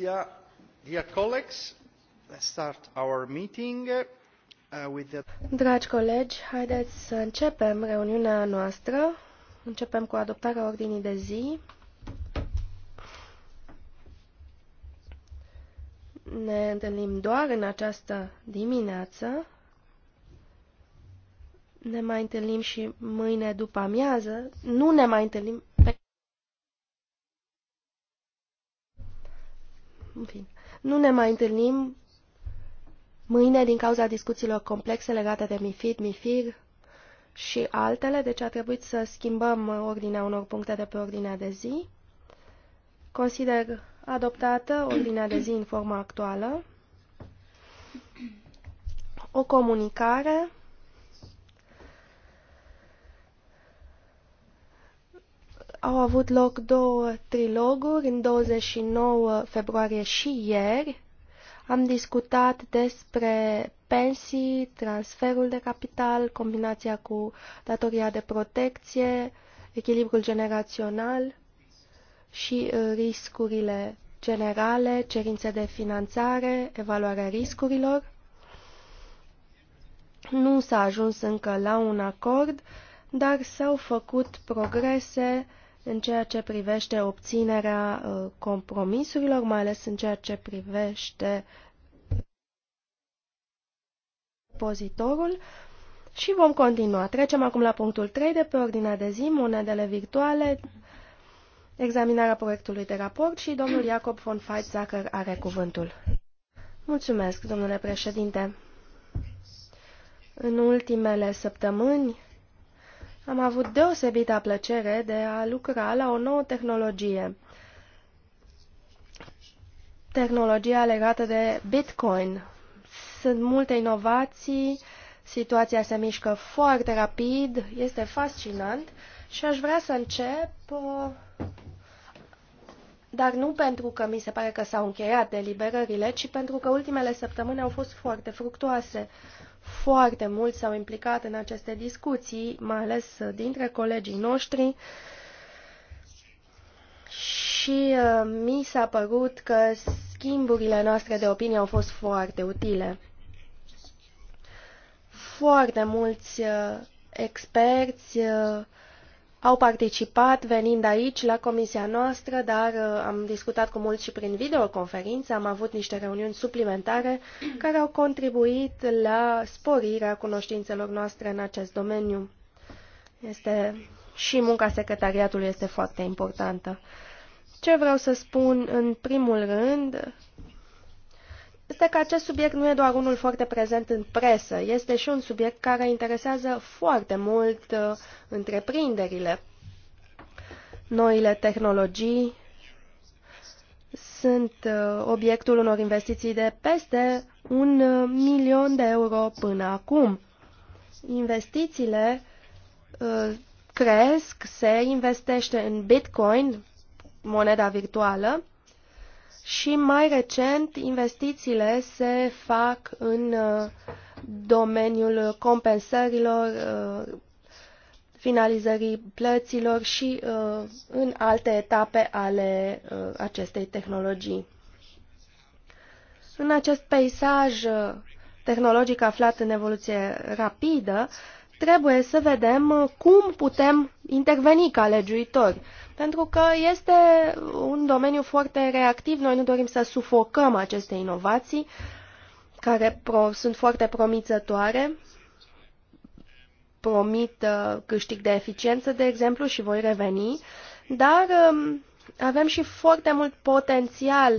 Dear, dear colleagues, let's start our meeting uh, Dragi colegi, haideți să începem reuniunea noastră. Începem cu adoptarea ordinii de zi. Ne întâlnim doar în această dimineață. Ne mai întâlnim și mâine după amiază. Nu ne mai întâlnim fin. Nu ne mai întâlnim mâine din cauza discuțiilor complexe legate de MIFID, MIFIR și altele, deci a trebuit să schimbăm ordinea unor puncte de pe ordinea de zi. Consider adoptată ordinea de zi în forma actuală. O comunicare Au avut loc două triloguri în 29 februarie și ieri. Am discutat despre pensii, transferul de capital, combinația cu datoria de protecție, echilibrul generațional și uh, riscurile generale, cerințe de finanțare, evaluarea riscurilor. Nu s-a ajuns încă la un acord, dar s-au făcut progrese în ceea ce privește obținerea uh, compromisurilor, mai ales în ceea ce privește pozitorul și vom continua. Trecem acum la punctul 3 de pe ordinea de zi, monedele virtuale, examinarea proiectului de raport și domnul Jacob von Feitzacher are cuvântul. Mulțumesc, domnule președinte. În ultimele săptămâni, am avut deosebita plăcere de a lucra la o nouă tehnologie. Tehnologia legată de Bitcoin. Sunt multe inovații, situația se mișcă foarte rapid, este fascinant și aș vrea să încep, uh, dar nu pentru că mi se pare că s-au încheiat deliberările, ci pentru că ultimele săptămâni au fost foarte fructoase. Foarte mulți s-au implicat în aceste discuții, mai ales uh, dintre colegii noștri și uh, mi s-a părut că schimburile noastre de opinie au fost foarte utile. Foarte mulți uh, experți au participat venind aici la comisia noastră, dar uh, am discutat cu mulți și prin videoconferință, am avut niște reuniuni suplimentare care au contribuit la sporirea cunoștințelor noastre în acest domeniu. Este și munca secretariatului este foarte importantă. Ce vreau să spun în primul rând este că acest subiect nu e doar unul foarte prezent în presă, este și un subiect care interesează foarte mult uh, întreprinderile. Noile tehnologii sunt uh, obiectul unor investiții de peste un uh, milion de euro până acum. Investițiile uh, cresc, se investește în Bitcoin, moneda virtuală, și mai recent, investițiile se fac în uh, domeniul compensărilor, uh, finalizării plăților și uh, în alte etape ale acestei tehnologii. În acest peisaj tehnologic aflat în evoluție rapidă, trebuie să vedem cum putem interveni ca legiuitori pentru că este un domeniu foarte reactiv. Noi nu dorim să sufocăm aceste inovații, care pro, sunt foarte promițătoare, promit uh, câștig de eficiență, de exemplu, și voi reveni, dar um, avem și foarte mult potențial,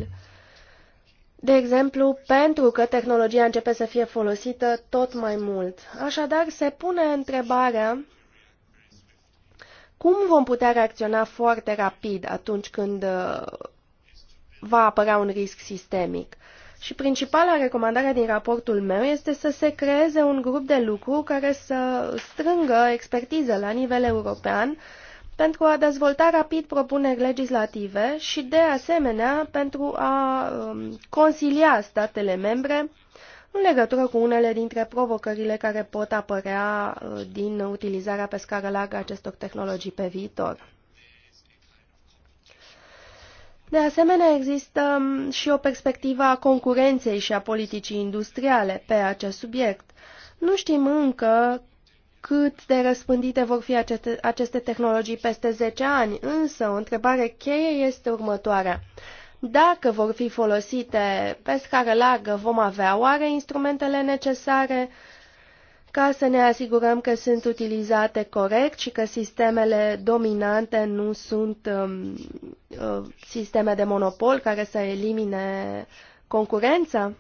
de exemplu, pentru că tehnologia începe să fie folosită tot mai mult. Așadar, se pune întrebarea cum vom putea reacționa foarte rapid atunci când uh, va apărea un risc sistemic? Și principala recomandare din raportul meu este să se creeze un grup de lucru care să strângă expertiză la nivel european pentru a dezvolta rapid propuneri legislative și, de asemenea, pentru a um, consilia statele membre în legătură cu unele dintre provocările care pot apărea uh, din utilizarea pe scară largă acestor tehnologii pe viitor. De asemenea, există um, și o perspectivă a concurenței și a politicii industriale pe acest subiect. Nu știm încă cât de răspândite vor fi aceste, aceste tehnologii peste 10 ani, însă o întrebare cheie este următoarea. Dacă vor fi folosite pe scară largă, vom avea oare instrumentele necesare ca să ne asigurăm că sunt utilizate corect și că sistemele dominante nu sunt um, uh, sisteme de monopol care să elimine concurența?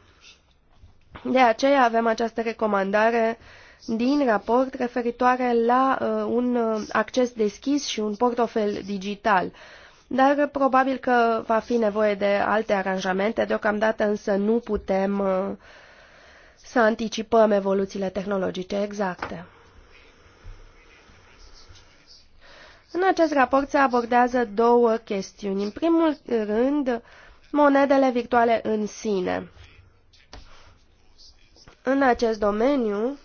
De aceea avem această recomandare din raport referitoare la uh, un uh, acces deschis și un portofel digital. Uh, dar probabil că va fi nevoie de alte aranjamente, deocamdată însă nu putem uh, să anticipăm evoluțiile tehnologice exacte. În acest raport se abordează două chestiuni. În primul rând, monedele virtuale în sine. În acest domeniu,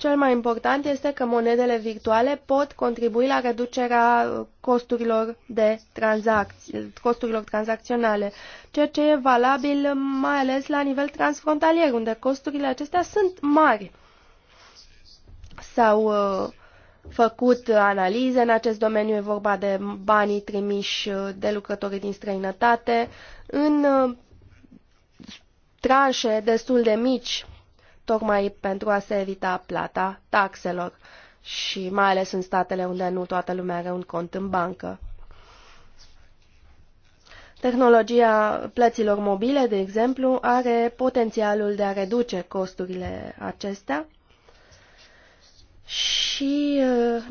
Cel mai important este că monedele virtuale pot contribui la reducerea costurilor, de tranzacție, costurilor tranzacționale, ceea ce e valabil mai ales la nivel transfrontalier, unde costurile acestea sunt mari. S-au uh, făcut analize în acest domeniu, e vorba de banii trimiși uh, de lucrătorii din străinătate, în uh, tranșe destul de mici tocmai pentru a se evita plata taxelor și mai ales în statele unde nu toată lumea are un cont în bancă. Tehnologia plăților mobile, de exemplu, are potențialul de a reduce costurile acestea și,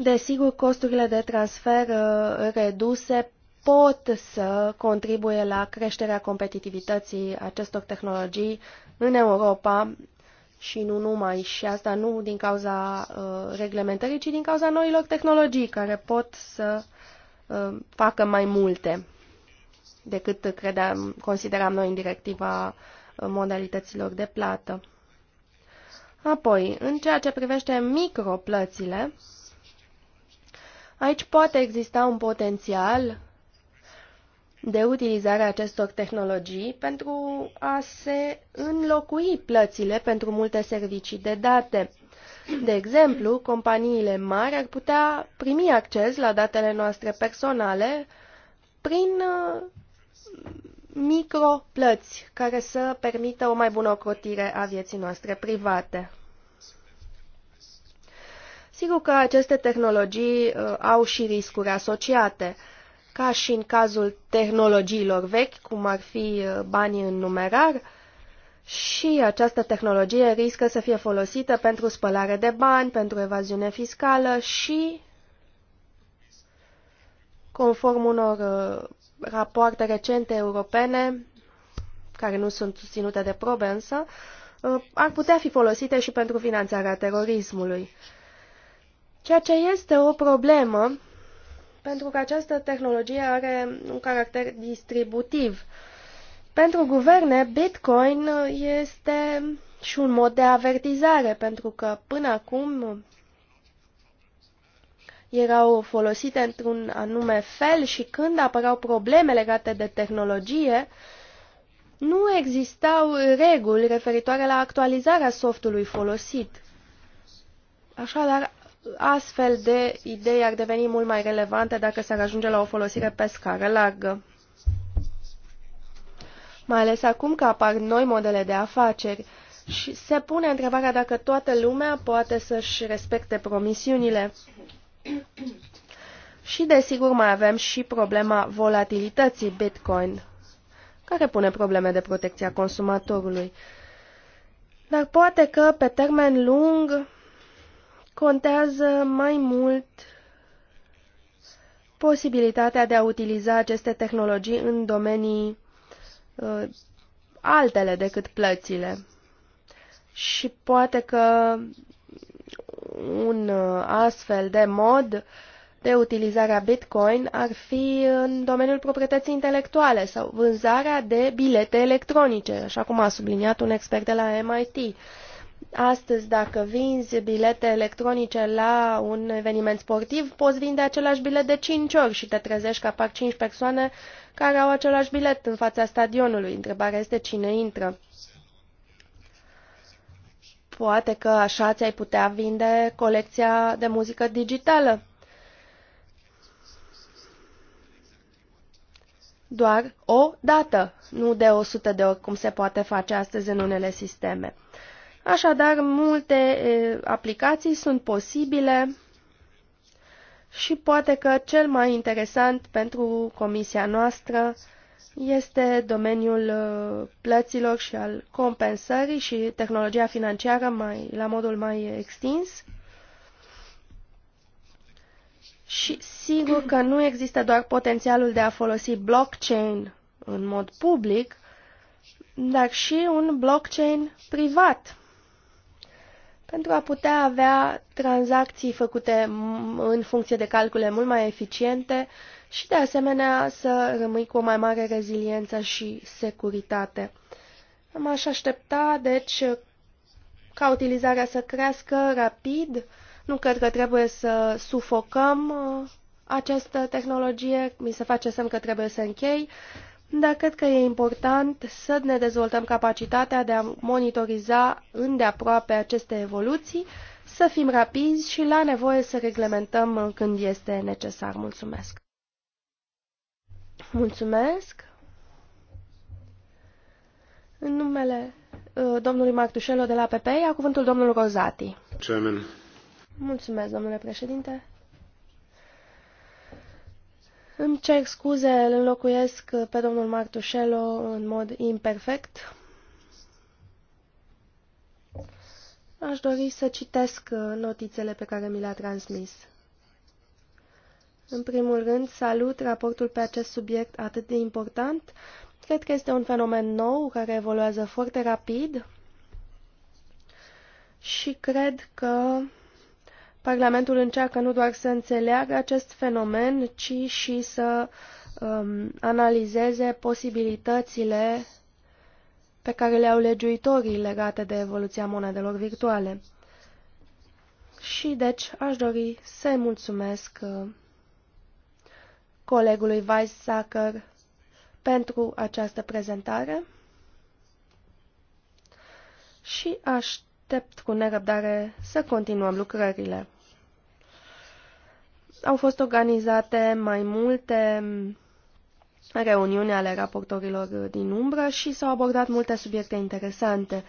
desigur, costurile de transfer uh, reduse pot să contribuie la creșterea competitivității acestor tehnologii în Europa, și nu numai, și asta nu din cauza uh, reglementării, ci din cauza noilor tehnologii care pot să uh, facă mai multe decât credeam, consideram noi în directiva uh, modalităților de plată. Apoi, în ceea ce privește microplățile, aici poate exista un potențial de utilizarea acestor tehnologii pentru a se înlocui plățile pentru multe servicii de date. De exemplu, companiile mari ar putea primi acces la datele noastre personale prin uh, microplăți care să permită o mai bună ocrotire a vieții noastre private. Sigur că aceste tehnologii uh, au și riscuri asociate ca și în cazul tehnologiilor vechi, cum ar fi uh, banii în numerar, și această tehnologie riscă să fie folosită pentru spălare de bani, pentru evaziune fiscală și, conform unor uh, rapoarte recente europene, care nu sunt susținute de probe însă, uh, ar putea fi folosite și pentru finanțarea terorismului. Ceea ce este o problemă pentru că această tehnologie are un caracter distributiv. Pentru guverne, Bitcoin este și un mod de avertizare, pentru că până acum erau folosite într-un anume fel și când apăreau probleme legate de tehnologie, nu existau reguli referitoare la actualizarea softului folosit. Așadar, astfel de idei ar deveni mult mai relevante dacă s-ar ajunge la o folosire pe scară largă. Mai ales acum că apar noi modele de afaceri și se pune întrebarea dacă toată lumea poate să-și respecte promisiunile. și desigur mai avem și problema volatilității Bitcoin, care pune probleme de protecție a consumatorului. Dar poate că pe termen lung contează mai mult posibilitatea de a utiliza aceste tehnologii în domenii uh, altele decât plățile. Și poate că un uh, astfel de mod de utilizare a Bitcoin ar fi în domeniul proprietății intelectuale sau vânzarea de bilete electronice, așa cum a subliniat un expert de la MIT astăzi dacă vinzi bilete electronice la un eveniment sportiv, poți vinde același bilet de 5 ori și te trezești că apar 5 persoane care au același bilet în fața stadionului. Întrebarea este cine intră. Poate că așa ți-ai putea vinde colecția de muzică digitală. Doar o dată, nu de 100 de ori, cum se poate face astăzi în unele sisteme. Așadar, multe aplicații sunt posibile și poate că cel mai interesant pentru comisia noastră este domeniul plăților și al compensării și tehnologia financiară mai, la modul mai extins. Și sigur că nu există doar potențialul de a folosi blockchain în mod public, dar și un blockchain privat pentru a putea avea tranzacții făcute în funcție de calcule mult mai eficiente și, de asemenea, să rămâi cu o mai mare reziliență și securitate. M-aș aștepta, deci, ca utilizarea să crească rapid. Nu cred că trebuie să sufocăm uh, această tehnologie. Mi se face semn că trebuie să închei dar cred că e important să ne dezvoltăm capacitatea de a monitoriza îndeaproape aceste evoluții, să fim rapizi și la nevoie să reglementăm când este necesar. Mulțumesc! Mulțumesc! În numele uh, domnului Martușelo de la PPI, a cuvântul domnul Rozati. German. Mulțumesc, domnule președinte. Îmi cer scuze, îl înlocuiesc pe domnul Martușelo în mod imperfect. Aș dori să citesc uh, notițele pe care mi le-a transmis. În primul rând, salut raportul pe acest subiect atât de important. Cred că este un fenomen nou care evoluează foarte rapid și cred că Parlamentul încearcă nu doar să înțeleagă acest fenomen, ci și să um, analizeze posibilitățile pe care le au legiuitorii legate de evoluția monedelor virtuale. Și deci aș dori să-i mulțumesc uh, colegului Weissacker pentru această prezentare și aș aștept cu nerăbdare să continuăm lucrările. Au fost organizate mai multe reuniuni ale raportorilor din umbră și s-au abordat multe subiecte interesante.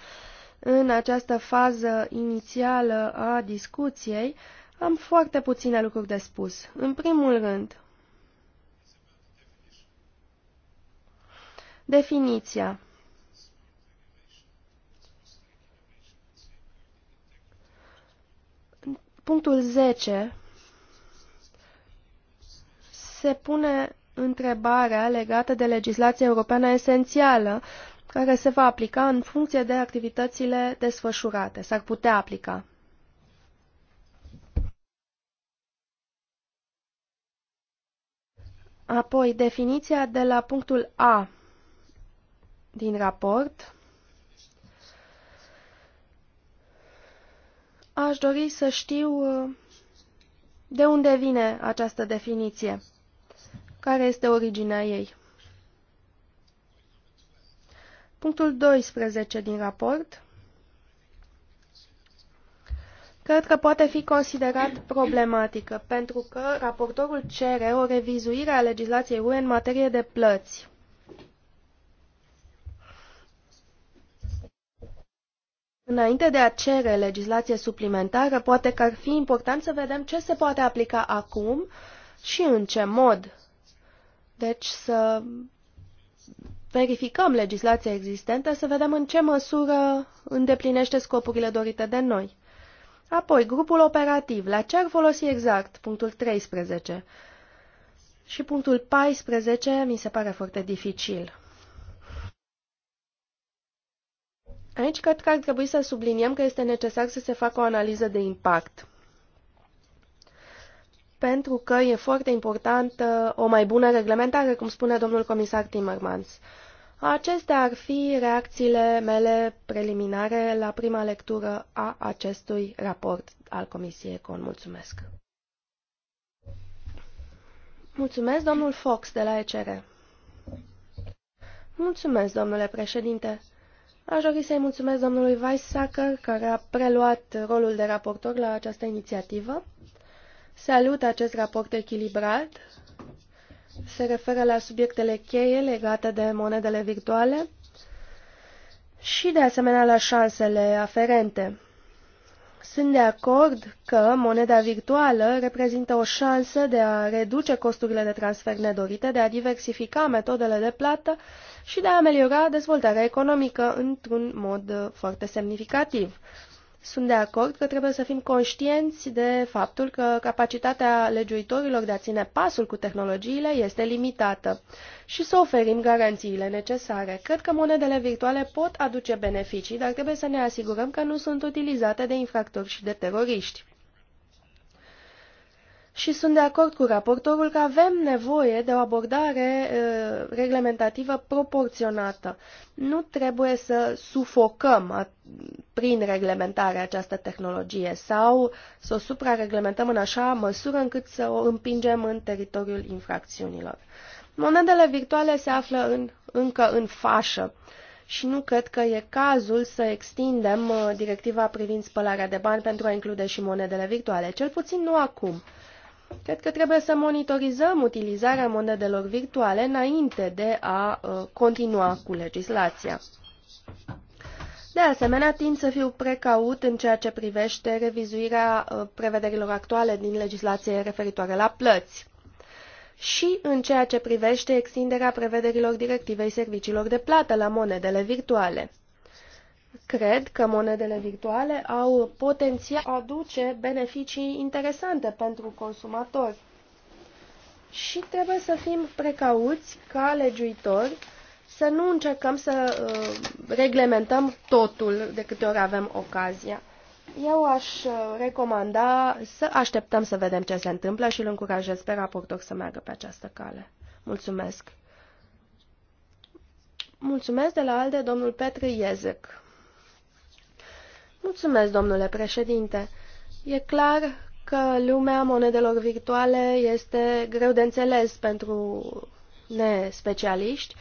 În această fază inițială a discuției am foarte puține lucruri de spus. În primul rând, definiția. punctul 10 se pune întrebarea legată de legislația europeană esențială care se va aplica în funcție de activitățile desfășurate. S-ar putea aplica. Apoi, definiția de la punctul A din raport Aș dori să știu uh, de unde vine această definiție, care este originea ei. Punctul 12 din raport cred că poate fi considerat problematică, pentru că raportorul cere o revizuire a legislației UE în materie de plăți. Înainte de a cere legislație suplimentară, poate că ar fi important să vedem ce se poate aplica acum și în ce mod. Deci să verificăm legislația existentă, să vedem în ce măsură îndeplinește scopurile dorite de noi. Apoi, grupul operativ. La ce ar folosi exact? Punctul 13. Și punctul 14 mi se pare foarte dificil. Aici cred că ar trebui să subliniem că este necesar să se facă o analiză de impact. Pentru că e foarte important o mai bună reglementare, cum spune domnul comisar Timmermans. Acestea ar fi reacțiile mele preliminare la prima lectură a acestui raport al Comisiei Econ. Mulțumesc! Mulțumesc, domnul Fox de la ECR. Mulțumesc, domnule președinte. Aș dori să-i mulțumesc domnului Weissacker, care a preluat rolul de raportor la această inițiativă. Salut acest raport echilibrat. Se referă la subiectele cheie legate de monedele virtuale și, de asemenea, la șansele aferente. Sunt de acord că moneda virtuală reprezintă o șansă de a reduce costurile de transfer nedorite, de a diversifica metodele de plată și de a ameliora dezvoltarea economică într-un mod uh, foarte semnificativ. Sunt de acord că trebuie să fim conștienți de faptul că capacitatea legiuitorilor de a ține pasul cu tehnologiile este limitată și să oferim garanțiile necesare. Cred că monedele virtuale pot aduce beneficii, dar trebuie să ne asigurăm că nu sunt utilizate de infractori și de teroriști și sunt de acord cu raportorul că avem nevoie de o abordare uh, reglementativă proporționată. Nu trebuie să sufocăm prin reglementare această tehnologie sau să o suprareglementăm în așa măsură încât să o împingem în teritoriul infracțiunilor. Monedele virtuale se află în, încă în fașă și nu cred că e cazul să extindem uh, directiva privind spălarea de bani pentru a include și monedele virtuale, cel puțin nu acum. Cred că trebuie să monitorizăm utilizarea monedelor virtuale înainte de a uh, continua cu legislația. De asemenea, tind să fiu precaut în ceea ce privește revizuirea uh, prevederilor actuale din legislație referitoare la plăți și în ceea ce privește extinderea prevederilor directivei serviciilor de plată la monedele virtuale. Cred că monedele virtuale au potențial aduce beneficii interesante pentru consumatori. Și trebuie să fim precauți ca legiuitori să nu încercăm să uh, reglementăm totul de câte ori avem ocazia. Eu aș uh, recomanda să așteptăm să vedem ce se întâmplă și îl încurajez pe raportor să meargă pe această cale. Mulțumesc! Mulțumesc de la ALDE, domnul Petru Iezec. Mulțumesc, domnule președinte. E clar că lumea monedelor virtuale este greu de înțeles pentru nespecialiști,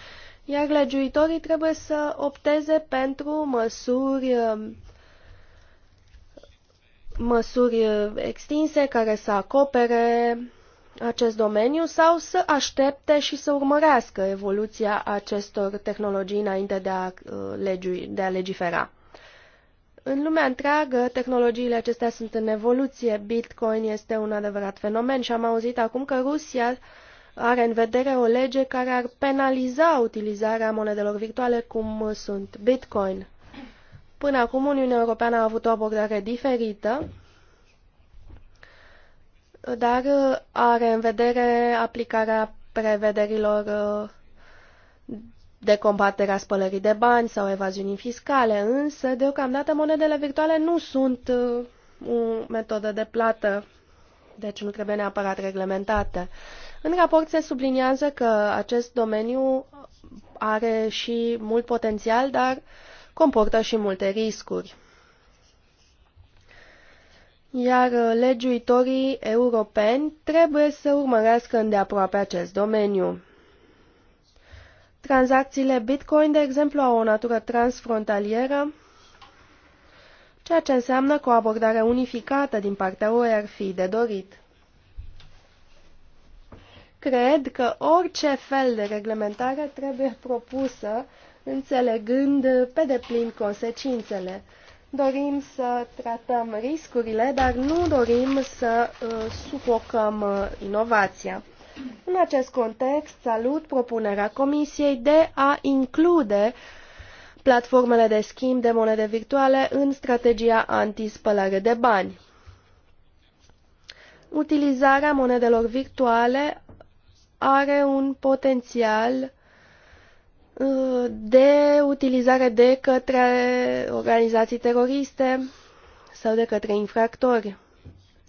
iar legiuitorii trebuie să opteze pentru măsuri măsuri extinse care să acopere acest domeniu sau să aștepte și să urmărească evoluția acestor tehnologii înainte de a, uh, legi, de a legifera. În lumea întreagă, tehnologiile acestea sunt în evoluție. Bitcoin este un adevărat fenomen și am auzit acum că Rusia are în vedere o lege care ar penaliza utilizarea monedelor virtuale cum sunt Bitcoin. Până acum, Uniunea Europeană a avut o abordare diferită, dar are în vedere aplicarea prevederilor uh, de combaterea spălării de bani sau evaziunii fiscale, însă deocamdată monedele virtuale nu sunt uh, o metodă de plată, deci nu trebuie neapărat reglementată. În raport se subliniază că acest domeniu are și mult potențial, dar comportă și multe riscuri. Iar uh, legiuitorii europeni trebuie să urmărească îndeaproape acest domeniu. Tranzacțiile Bitcoin, de exemplu, au o natură transfrontalieră, ceea ce înseamnă că o abordare unificată din partea UE ar fi de dorit. Cred că orice fel de reglementare trebuie propusă înțelegând pe deplin consecințele. Dorim să tratăm riscurile, dar nu dorim să uh, sufocăm uh, inovația. În acest context, salut propunerea Comisiei de a include platformele de schimb de monede virtuale în strategia antispălare de bani. Utilizarea monedelor virtuale are un potențial uh, de utilizare de către organizații teroriste sau de către infractori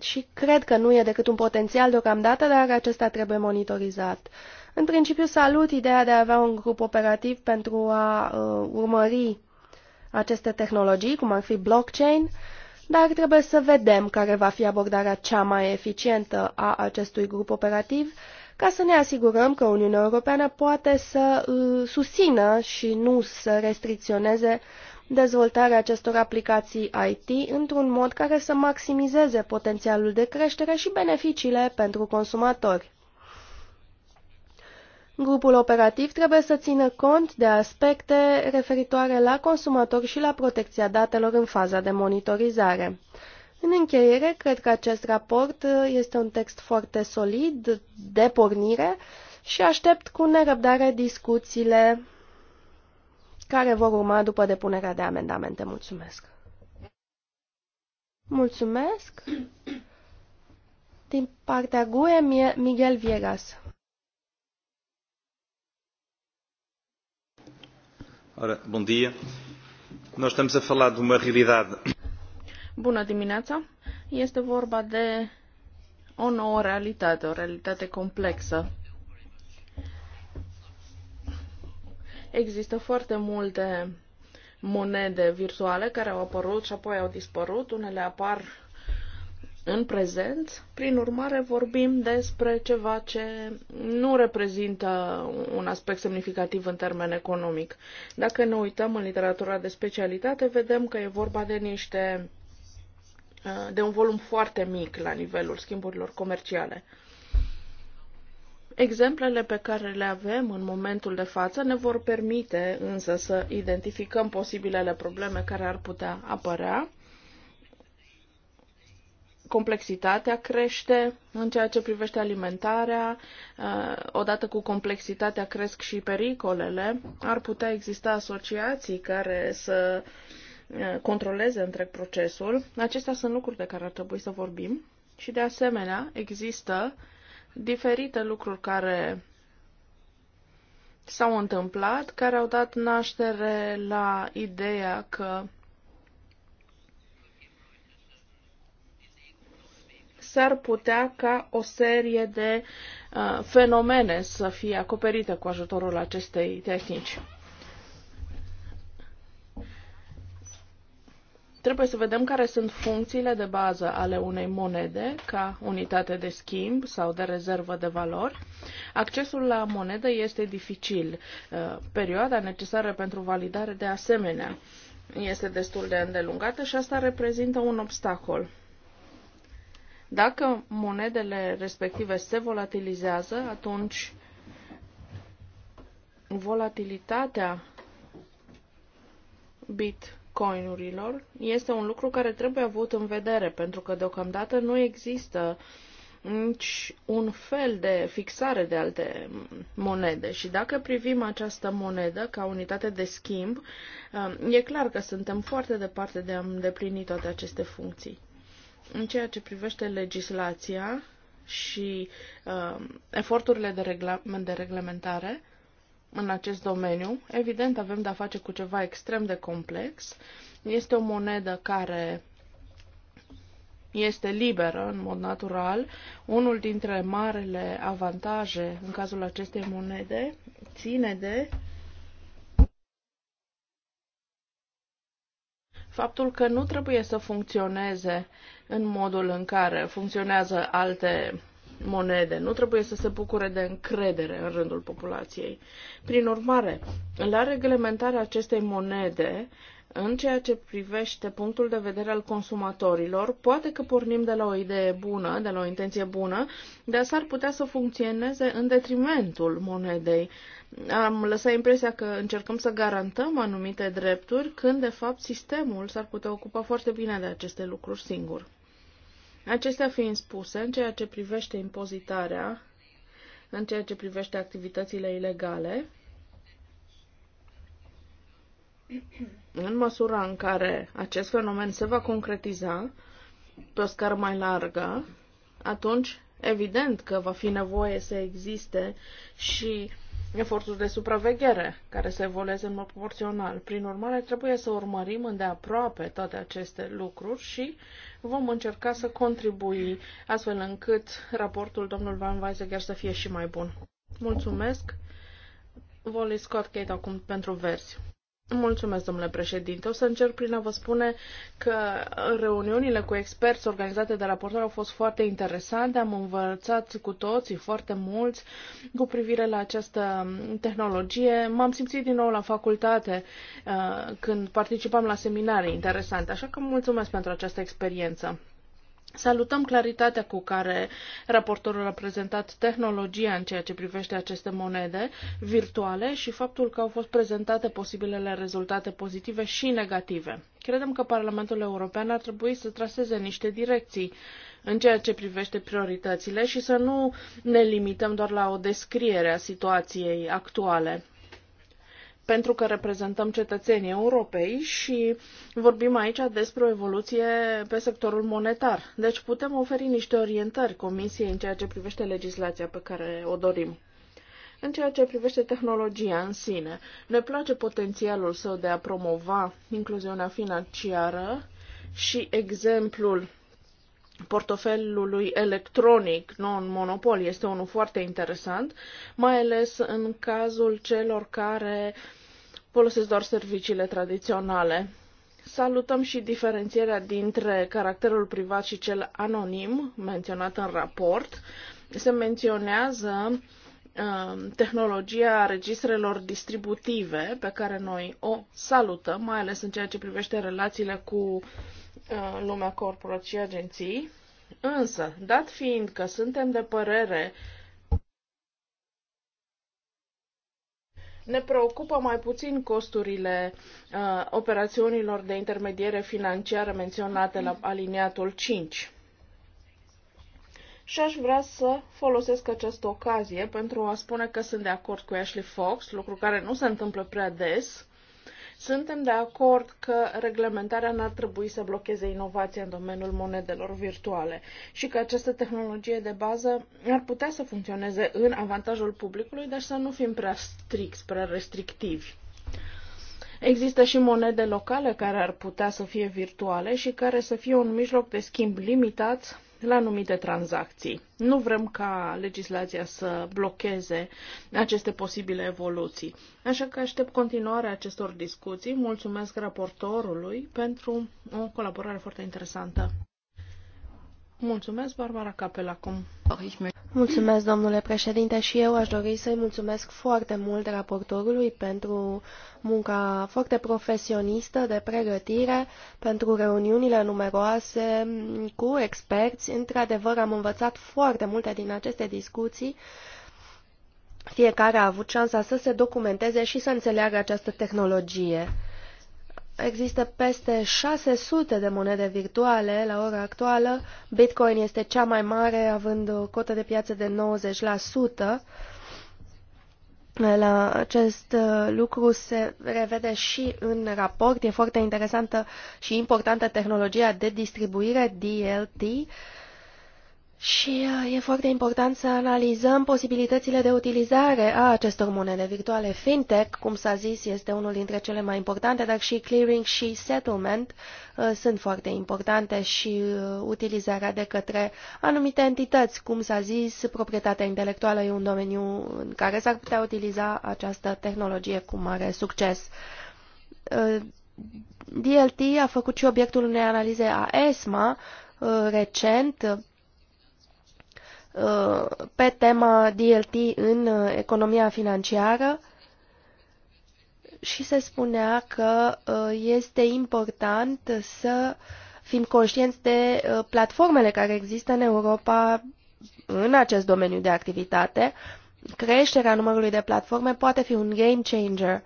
și cred că nu e decât un potențial deocamdată, dar acesta trebuie monitorizat. În principiu salut ideea de a avea un grup operativ pentru a uh, urmări aceste tehnologii, cum ar fi blockchain, dar trebuie să vedem care va fi abordarea cea mai eficientă a acestui grup operativ ca să ne asigurăm că Uniunea Europeană poate să uh, susțină și nu să restricționeze uh, dezvoltarea acestor aplicații IT într-un mod care să maximizeze potențialul de creștere și beneficiile pentru consumatori. Grupul operativ trebuie să țină cont de aspecte referitoare la consumatori și la protecția datelor în faza de monitorizare. În încheiere, cred că acest raport uh, este un text foarte solid, de pornire, și aștept cu nerăbdare discuțiile care vor urma după depunerea de amendamente. Mulțumesc! Mulțumesc! Din partea GUE, Miguel Viegas. Ora, bun dia. Noi stăm să falar de o realitate. Bună dimineața! Este vorba de o nouă realitate, o realitate complexă Există foarte multe monede virtuale care au apărut și apoi au dispărut. Unele apar în prezent. Prin urmare, vorbim despre ceva ce nu reprezintă un aspect semnificativ în termen economic. Dacă ne uităm în literatura de specialitate, vedem că e vorba de niște uh, de un volum foarte mic la nivelul schimburilor comerciale. Exemplele pe care le avem în momentul de față ne vor permite însă să identificăm posibilele probleme care ar putea apărea. Complexitatea crește în ceea ce privește alimentarea, uh, odată cu complexitatea cresc și pericolele. Ar putea exista asociații care să uh, controleze întreg procesul. Acestea sunt lucruri de care ar trebui să vorbim și de asemenea există diferite lucruri care s-au întâmplat, care au dat naștere la ideea că s-ar putea ca o serie de uh, fenomene să fie acoperite cu ajutorul acestei tehnici. Trebuie să vedem care sunt funcțiile de bază ale unei monede ca unitate de schimb sau de rezervă de valori. Accesul la monedă este dificil. Uh, perioada necesară pentru validare de asemenea este destul de îndelungată și asta reprezintă un obstacol. Dacă monedele respective se volatilizează, atunci volatilitatea bit bitcoinurilor este un lucru care trebuie avut în vedere, pentru că deocamdată nu există nici un fel de fixare de alte monede. Și dacă privim această monedă ca unitate de schimb, um, e clar că suntem foarte departe de a îndeplini toate aceste funcții. În ceea ce privește legislația și uh, eforturile de, regla- de reglementare, în acest domeniu. Evident, avem de-a face cu ceva extrem de complex. Este o monedă care este liberă în mod natural. Unul dintre marele avantaje în cazul acestei monede ține de faptul că nu trebuie să funcționeze în modul în care funcționează alte monede nu trebuie să se bucure de încredere în rândul populației. Prin urmare, la reglementarea acestei monede, în ceea ce privește punctul de vedere al consumatorilor, poate că pornim de la o idee bună, de la o intenție bună, dar s-ar putea să funcționeze în detrimentul monedei. Am lăsat impresia că încercăm să garantăm anumite drepturi, când de fapt sistemul s-ar putea ocupa foarte bine de aceste lucruri singur. Acestea fiind spuse, în ceea ce privește impozitarea, în ceea ce privește activitățile ilegale, în măsura în care acest fenomen se va concretiza pe o scară mai largă, atunci evident că va fi nevoie să existe și eforturi de supraveghere care se evolueze în mod proporțional. Prin urmare, trebuie să urmărim îndeaproape toate aceste lucruri și vom încerca să contribui astfel încât raportul domnul Van Weisegger să fie și mai bun. Mulțumesc! Voli Scott Kate acum pentru versi. Mulțumesc, domnule președinte. O să încerc prin a vă spune că reuniunile cu experți organizate de raportor au fost foarte interesante. Am învățat cu toții foarte mulți cu privire la această tehnologie. M-am simțit din nou la facultate uh, când participam la seminarii interesante, așa că mulțumesc pentru această experiență. Salutăm claritatea cu care raportorul a prezentat tehnologia în ceea ce privește aceste monede virtuale și faptul că au fost prezentate posibilele rezultate pozitive și negative. Credem că Parlamentul European ar trebui să traseze niște direcții în ceea ce privește prioritățile și să nu ne limităm doar la o descriere a situației actuale pentru că reprezentăm cetățenii Europei și vorbim aici despre o evoluție pe sectorul monetar. Deci putem oferi niște orientări Comisiei în ceea ce privește legislația pe care o dorim. În ceea ce privește tehnologia în sine, ne place potențialul său de a promova incluziunea financiară și exemplul portofelului electronic non-monopol este unul foarte interesant, mai ales în cazul celor care uh, folosesc doar serviciile tradiționale. Salutăm și diferențierea dintre caracterul privat și cel anonim menționat în raport. Se menționează uh, tehnologia registrelor distributive pe care noi o salutăm, mai ales în ceea ce privește relațiile cu uh, lumea corporației, și agenții. Însă, dat fiind că suntem de părere Ne preocupă mai puțin costurile uh, operațiunilor de intermediere financiară menționate la aliniatul 5. Și aș vrea să folosesc această ocazie pentru a spune că sunt de acord cu Ashley Fox, lucru care nu se întâmplă prea des, suntem de acord că reglementarea n-ar trebui să blocheze inovația în domeniul monedelor virtuale și că această tehnologie de bază ar putea să funcționeze în avantajul publicului, dar să nu fim prea stricți, prea restrictivi. Există și monede locale care ar putea să fie virtuale și care să fie un mijloc de schimb limitat la anumite tranzacții. Nu vrem ca legislația să blocheze aceste posibile evoluții. Așa că aștept continuarea acestor discuții. Mulțumesc raportorului pentru o colaborare foarte interesantă. Mulțumesc, Barbara Capel, Mulțumesc, domnule președinte, și eu aș dori să-i mulțumesc foarte mult raportorului pentru munca foarte profesionistă de pregătire, pentru reuniunile numeroase cu experți. Într-adevăr, am învățat foarte multe din aceste discuții. Fiecare a avut șansa să se documenteze și să înțeleagă această tehnologie. Există peste 600 de monede virtuale la ora actuală. Bitcoin este cea mai mare, având o cotă de piață de 90%. La acest uh, lucru se revede și în raport. E foarte interesantă și importantă tehnologia de distribuire DLT și uh, e foarte important să analizăm posibilitățile de utilizare a acestor monede virtuale. Fintech, cum s-a zis, este unul dintre cele mai importante, dar și clearing și settlement uh, sunt foarte importante și uh, utilizarea de către anumite entități, cum s-a zis, proprietatea intelectuală e un domeniu în care s-ar putea utiliza această tehnologie cu mare succes. Uh, DLT a făcut și obiectul unei analize a ESMA uh, recent Uh, pe tema DLT în uh, economia financiară și se spunea că uh, este important să fim conștienți de platformele care există în Europa în acest domeniu de activitate. Creșterea numărului de platforme poate fi un game changer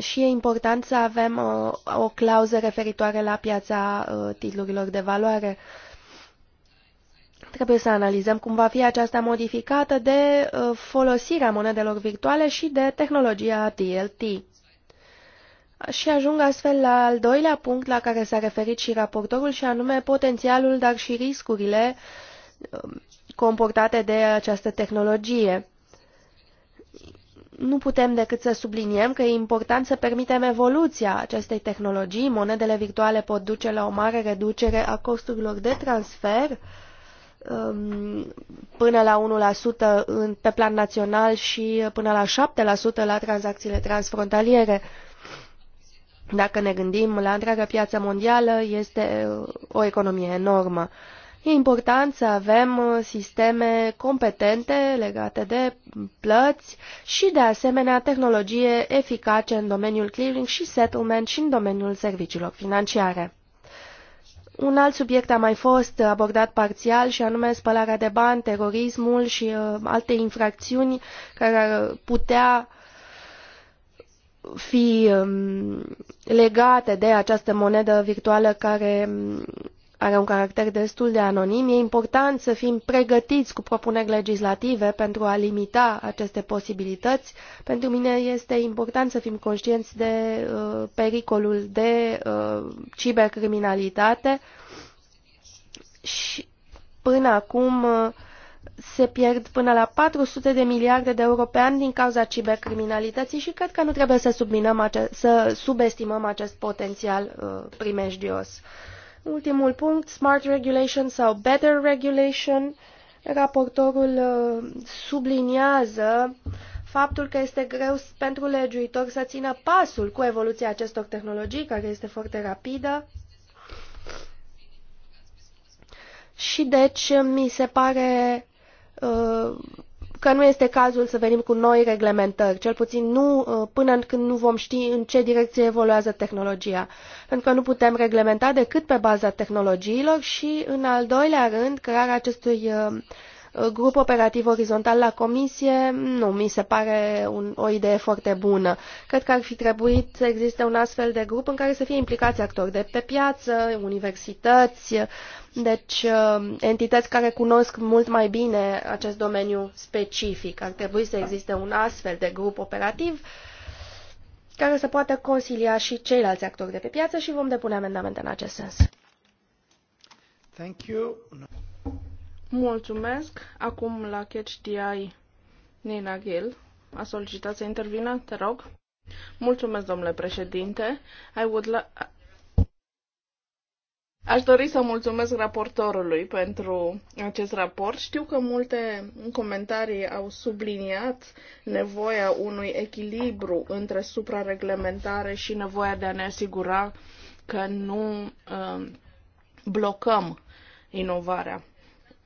și e important să avem o, o clauză referitoare la piața titlurilor de valoare. Trebuie să analizăm cum va fi aceasta modificată de uh, folosirea monedelor virtuale și de tehnologia DLT. Și ajung astfel la al doilea punct la care s-a referit și raportorul, și anume potențialul, dar și riscurile um, comportate de această tehnologie. Nu putem decât să subliniem că e important să permitem evoluția acestei tehnologii. Monedele virtuale pot duce la o mare reducere a costurilor de transfer Um, până la 1% pe plan național și până la 7% la tranzacțiile transfrontaliere. Dacă ne gândim la întreaga piață mondială, este o economie enormă. E important să avem sisteme competente legate de plăți și, de asemenea, tehnologie eficace în domeniul clearing și settlement și în domeniul serviciilor financiare. Un alt subiect a mai fost abordat parțial și anume spălarea de bani, terorismul și uh, alte infracțiuni care ar putea fi um, legate de această monedă virtuală care um, are un caracter destul de anonim, e important să fim pregătiți cu propuneri legislative pentru a limita aceste posibilități. Pentru mine este important să fim conștienți de uh, pericolul de uh, cibercriminalitate și până acum uh, se pierd până la 400 de miliarde de euro pe an din cauza cibercriminalității și cred că nu trebuie să, subminăm ace- să subestimăm acest potențial uh, primejdios. Uh, Ultimul punct, Smart Regulation sau Better Regulation. Raportorul uh, subliniază faptul că este greu pentru legiuitor să țină pasul cu evoluția acestor tehnologii, care este foarte rapidă. Și deci mi se pare uh, că nu este cazul să venim cu noi reglementări, cel puțin nu uh, până când nu vom ști în ce direcție evoluează tehnologia, pentru că nu putem reglementa decât pe baza tehnologiilor și, în al doilea rând, crearea acestui uh, uh, grup operativ orizontal la comisie, nu, mi se pare un, o idee foarte bună. Cred că ar fi trebuit să existe un astfel de grup în care să fie implicați actori de pe piață, universități, deci, uh, entități care cunosc mult mai bine acest domeniu specific. Ar trebui să existe un astfel de grup operativ care să poată consilia și ceilalți actori de pe piață și vom depune amendamente în acest sens. Thank you. Mulțumesc. Acum la CatchDI Nina Gill a solicitat să intervină. Te rog. Mulțumesc, domnule președinte. I would Aș dori să mulțumesc raportorului pentru acest raport. Știu că multe comentarii au subliniat nevoia unui echilibru între suprareglementare și nevoia de a ne asigura că nu uh, blocăm inovarea.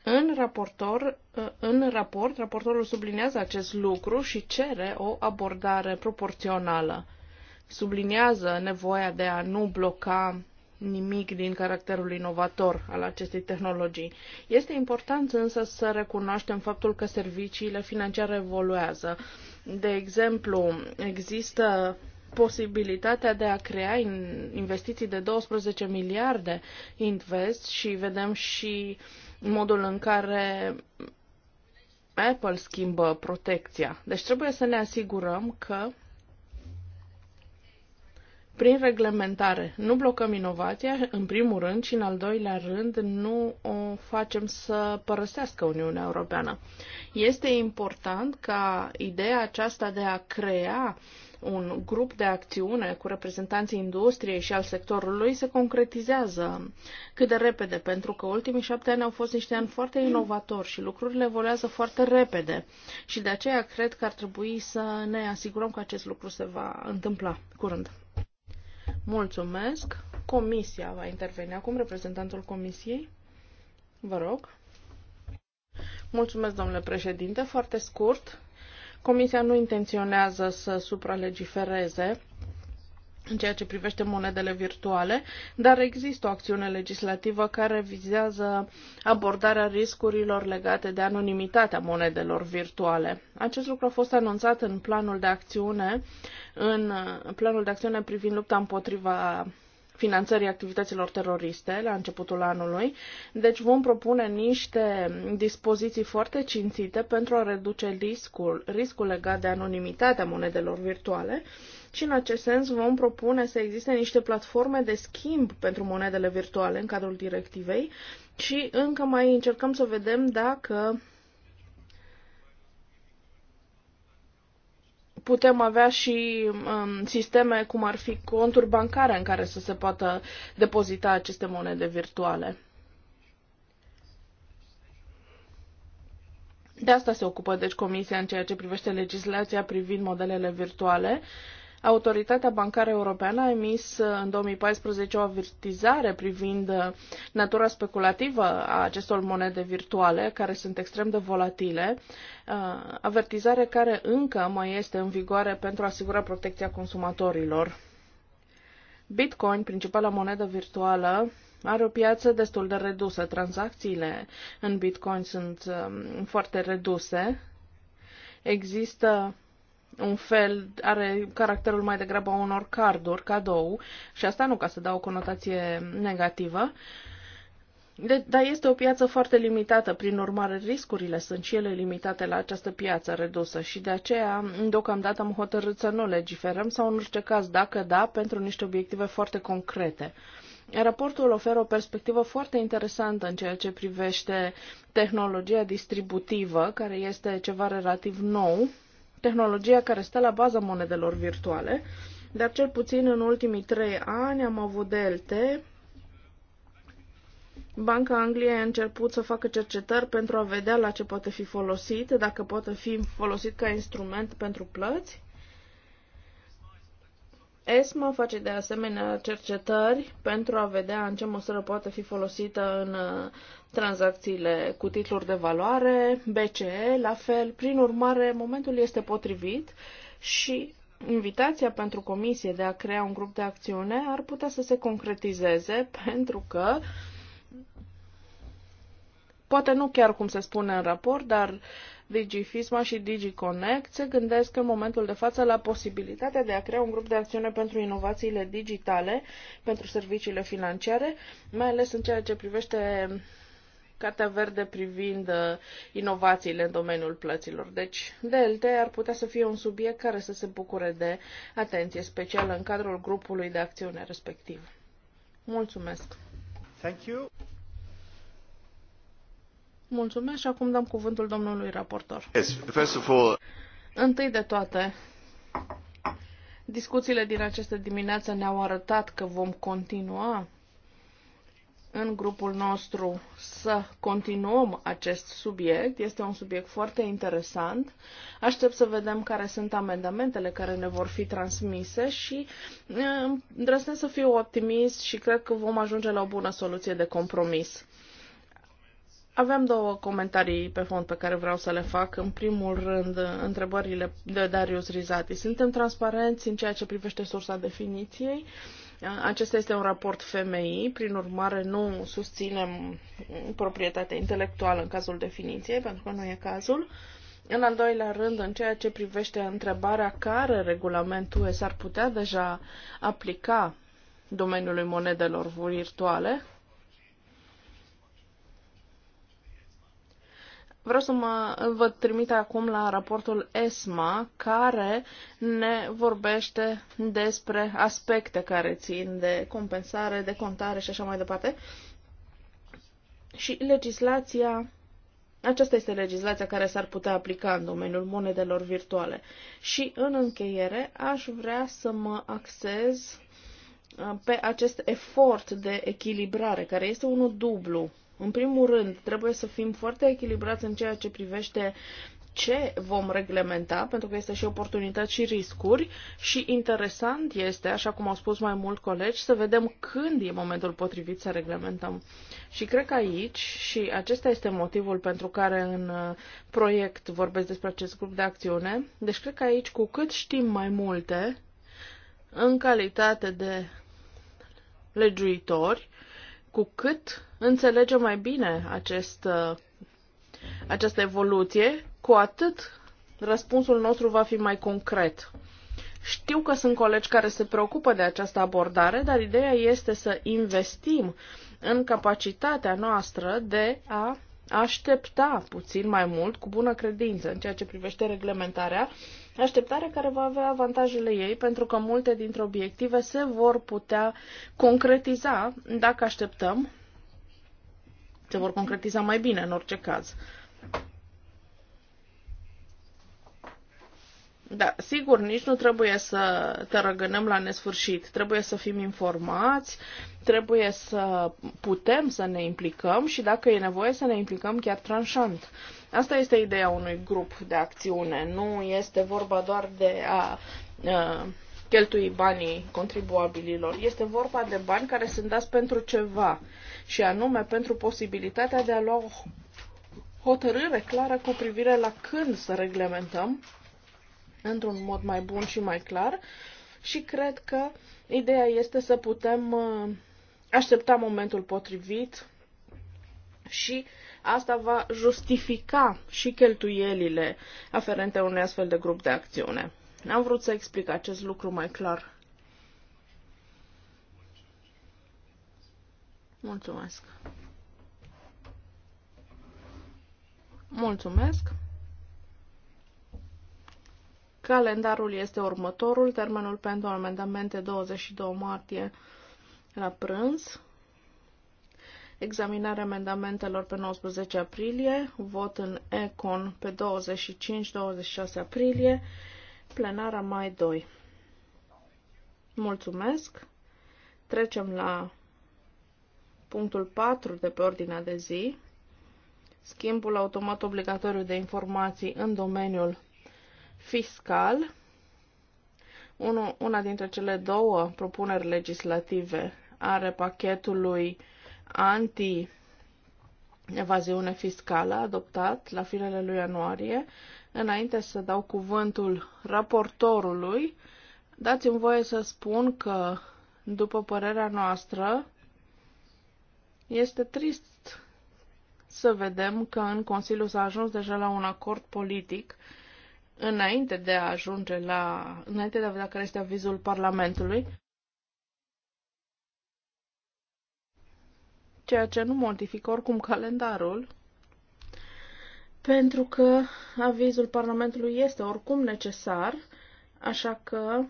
În, raportor, uh, în raport, raportorul subliniază acest lucru și cere o abordare proporțională. Subliniază nevoia de a nu bloca nimic din caracterul inovator al acestei tehnologii. Este important însă să recunoaștem faptul că serviciile financiare evoluează. De exemplu, există posibilitatea de a crea investiții de 12 miliarde invest și vedem și modul în care Apple schimbă protecția. Deci trebuie să ne asigurăm că prin reglementare nu blocăm inovația, în primul rând, și în al doilea rând nu o facem să părăsească Uniunea Europeană. Este important ca ideea aceasta de a crea un grup de acțiune cu reprezentanții industriei și al sectorului se concretizează cât de repede, pentru că ultimii șapte ani au fost niște ani foarte inovatori și lucrurile evoluează foarte repede. Și de aceea cred că ar trebui să ne asigurăm că acest lucru se va întâmpla curând. Mulțumesc. Comisia va interveni acum, reprezentantul Comisiei. Vă rog. Mulțumesc, domnule președinte. Foarte scurt. Comisia nu intenționează să supralegifereze în ceea ce privește monedele virtuale, dar există o acțiune legislativă care vizează abordarea riscurilor legate de anonimitatea monedelor virtuale. Acest lucru a fost anunțat în planul de acțiune, în planul de acțiune privind lupta împotriva finanțării activităților teroriste la începutul anului. Deci vom propune niște dispoziții foarte cințite pentru a reduce riscul, riscul legat de anonimitatea monedelor virtuale și în acest sens vom propune să existe niște platforme de schimb pentru monedele virtuale în cadrul directivei și încă mai încercăm să vedem dacă putem avea și um, sisteme cum ar fi conturi bancare în care să se poată depozita aceste monede virtuale. De asta se ocupă, deci, Comisia în ceea ce privește legislația privind modelele virtuale Autoritatea Bancară Europeană a emis uh, în 2014 o avertizare privind uh, natura speculativă a acestor monede virtuale, care sunt extrem de volatile, uh, avertizare care încă mai este în vigoare pentru a asigura protecția consumatorilor. Bitcoin, principala monedă virtuală, are o piață destul de redusă. Tranzacțiile în Bitcoin sunt um, foarte reduse. Există un fel, are caracterul mai degrabă unor carduri, cadou, și asta nu ca să dau o conotație negativă, de, dar este o piață foarte limitată, prin urmare riscurile sunt și ele limitate la această piață redusă și de aceea deocamdată am hotărât să nu legiferăm sau în orice caz, dacă da, pentru niște obiective foarte concrete. Raportul oferă o perspectivă foarte interesantă în ceea ce privește tehnologia distributivă, care este ceva relativ nou tehnologia care stă la baza monedelor virtuale, dar cel puțin în ultimii trei ani am avut delte. Banca Angliei a început să facă cercetări pentru a vedea la ce poate fi folosit, dacă poate fi folosit ca instrument pentru plăți. ESMA face de asemenea cercetări pentru a vedea în ce măsură poate fi folosită în uh, tranzacțiile cu titluri de valoare, BCE, la fel. Prin urmare, momentul este potrivit și invitația pentru comisie de a crea un grup de acțiune ar putea să se concretizeze pentru că uh, poate nu chiar cum se spune în raport, dar DigiFisma și DigiConnect se gândesc în momentul de față la posibilitatea de a crea un grup de acțiune pentru inovațiile digitale, pentru serviciile financiare, mai ales în ceea ce privește Cartea Verde privind uh, inovațiile în domeniul plăților. Deci, DLT ar putea să fie un subiect care să se bucure de atenție specială în cadrul grupului de acțiune respectiv. Mulțumesc! Thank you. Mulțumesc și acum dăm cuvântul domnului raportor. Yes, first of all... Întâi de toate, discuțiile din această dimineață ne-au arătat că vom continua în grupul nostru să continuăm acest subiect. Este un subiect foarte interesant. Aștept să vedem care sunt amendamentele care ne vor fi transmise și eh, îndrăznesc să fiu optimist și cred că vom ajunge la o bună soluție de compromis. Aveam două comentarii pe fond pe care vreau să le fac. În primul rând, întrebările de Darius Rizati. Suntem transparenți în ceea ce privește sursa definiției. Acesta este un raport FMI, prin urmare nu susținem proprietatea intelectuală în cazul definiției, pentru că nu e cazul. În al doilea rând, în ceea ce privește întrebarea care regulamentul s-ar putea deja aplica domeniului monedelor virtuale, Vreau să mă, vă trimit acum la raportul ESMA, care ne vorbește despre aspecte care țin de compensare, de contare și așa mai departe. Și legislația aceasta este legislația care s-ar putea aplica în domeniul monedelor virtuale. Și în încheiere aș vrea să mă axez uh, pe acest efort de echilibrare, care este unul dublu în primul rând, trebuie să fim foarte echilibrați în ceea ce privește ce vom reglementa, pentru că este și oportunități și riscuri și interesant este, așa cum au spus mai mult colegi, să vedem când e momentul potrivit să reglementăm. Și cred că aici, și acesta este motivul pentru care în uh, proiect vorbesc despre acest grup de acțiune, deci cred că aici cu cât știm mai multe în calitate de legiuitori, cu cât înțelegem mai bine acest, uh, această evoluție, cu atât răspunsul nostru va fi mai concret. Știu că sunt colegi care se preocupă de această abordare, dar ideea este să investim în capacitatea noastră de a aștepta puțin mai mult, cu bună credință, în ceea ce privește reglementarea Așteptare care va avea avantajele ei, pentru că multe dintre obiective se vor putea concretiza dacă așteptăm. Se vor concretiza mai bine, în orice caz. Da, sigur, nici nu trebuie să te răgânăm la nesfârșit. Trebuie să fim informați, trebuie să putem să ne implicăm și dacă e nevoie să ne implicăm chiar tranșant. Asta este ideea unui grup de acțiune. Nu este vorba doar de a a cheltui banii contribuabililor. Este vorba de bani care sunt dați pentru ceva și anume pentru posibilitatea de a lua o hotărâre clară cu privire la când să reglementăm într-un mod mai bun și mai clar și cred că ideea este să putem uh, aștepta momentul potrivit și asta va justifica și cheltuielile aferente unui astfel de grup de acțiune. Am vrut să explic acest lucru mai clar. Mulțumesc. Mulțumesc. Calendarul este următorul, termenul pentru amendamente 22 martie la prânz, examinarea amendamentelor pe 19 aprilie, vot în ECON pe 25-26 aprilie, plenara mai 2. Mulțumesc! Trecem la punctul 4 de pe ordinea de zi, schimbul automat obligatoriu de informații în domeniul fiscal, una dintre cele două propuneri legislative are pachetului anti evaziune fiscală adoptat la finele lui ianuarie. Înainte să dau cuvântul raportorului, dați-mi voie să spun că, după părerea noastră, este trist să vedem că în Consiliu s-a ajuns deja la un acord politic uh, înainte de a ajunge la, înainte de a vedea care este avizul Parlamentului, ceea ce nu modifică oricum calendarul, pentru că avizul Parlamentului este oricum necesar, așa că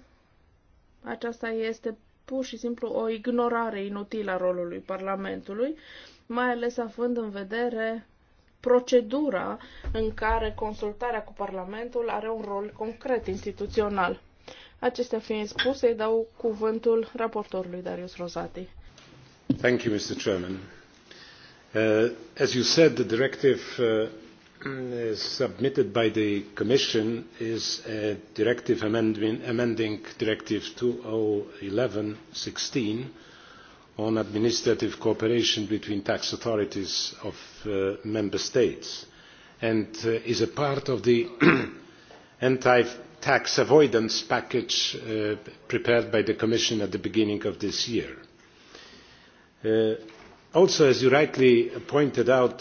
aceasta este pur și simplu o ignorare inutilă a rolului Parlamentului, mai ales având în vedere procedura în care consultarea cu Parlamentul are un rol concret instituțional. Acestea fiind spuse, îi dau cuvântul raportorului Darius Rosati. Thank you, Mr. Chairman. Uh, as you said, the directive uh, submitted by the Commission is a directive amending, amending Directive 2011-16 on administrative cooperation between tax authorities of uh, member states and uh, is a part of the anti tax avoidance package uh, prepared by the commission at the beginning of this year. also as you rightly pointed out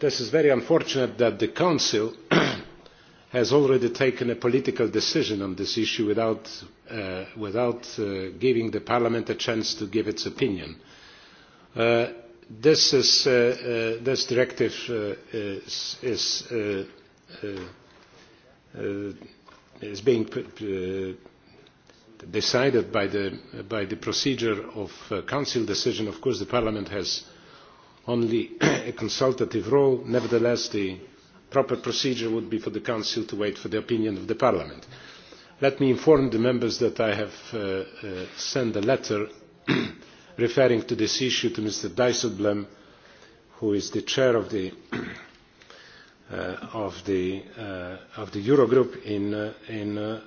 this is very unfortunate that the council has already taken a political decision on this issue without, uh, without uh, giving the Parliament a chance to give its opinion. Uh, this, is, uh, uh, this, directive uh, is, is, is, being decided by the, by the, procedure of Council decision. Of course, the Parliament has only a consultative role. Nevertheless, the proper procedure would be for the Council to wait for the opinion of the Parliament. Let me inform the members that I have uh, uh, sent a letter referring to this issue to Mr. Dijsselbloem, who is the chair of the, uh, of the, uh, of the Eurogroup in, uh, in uh,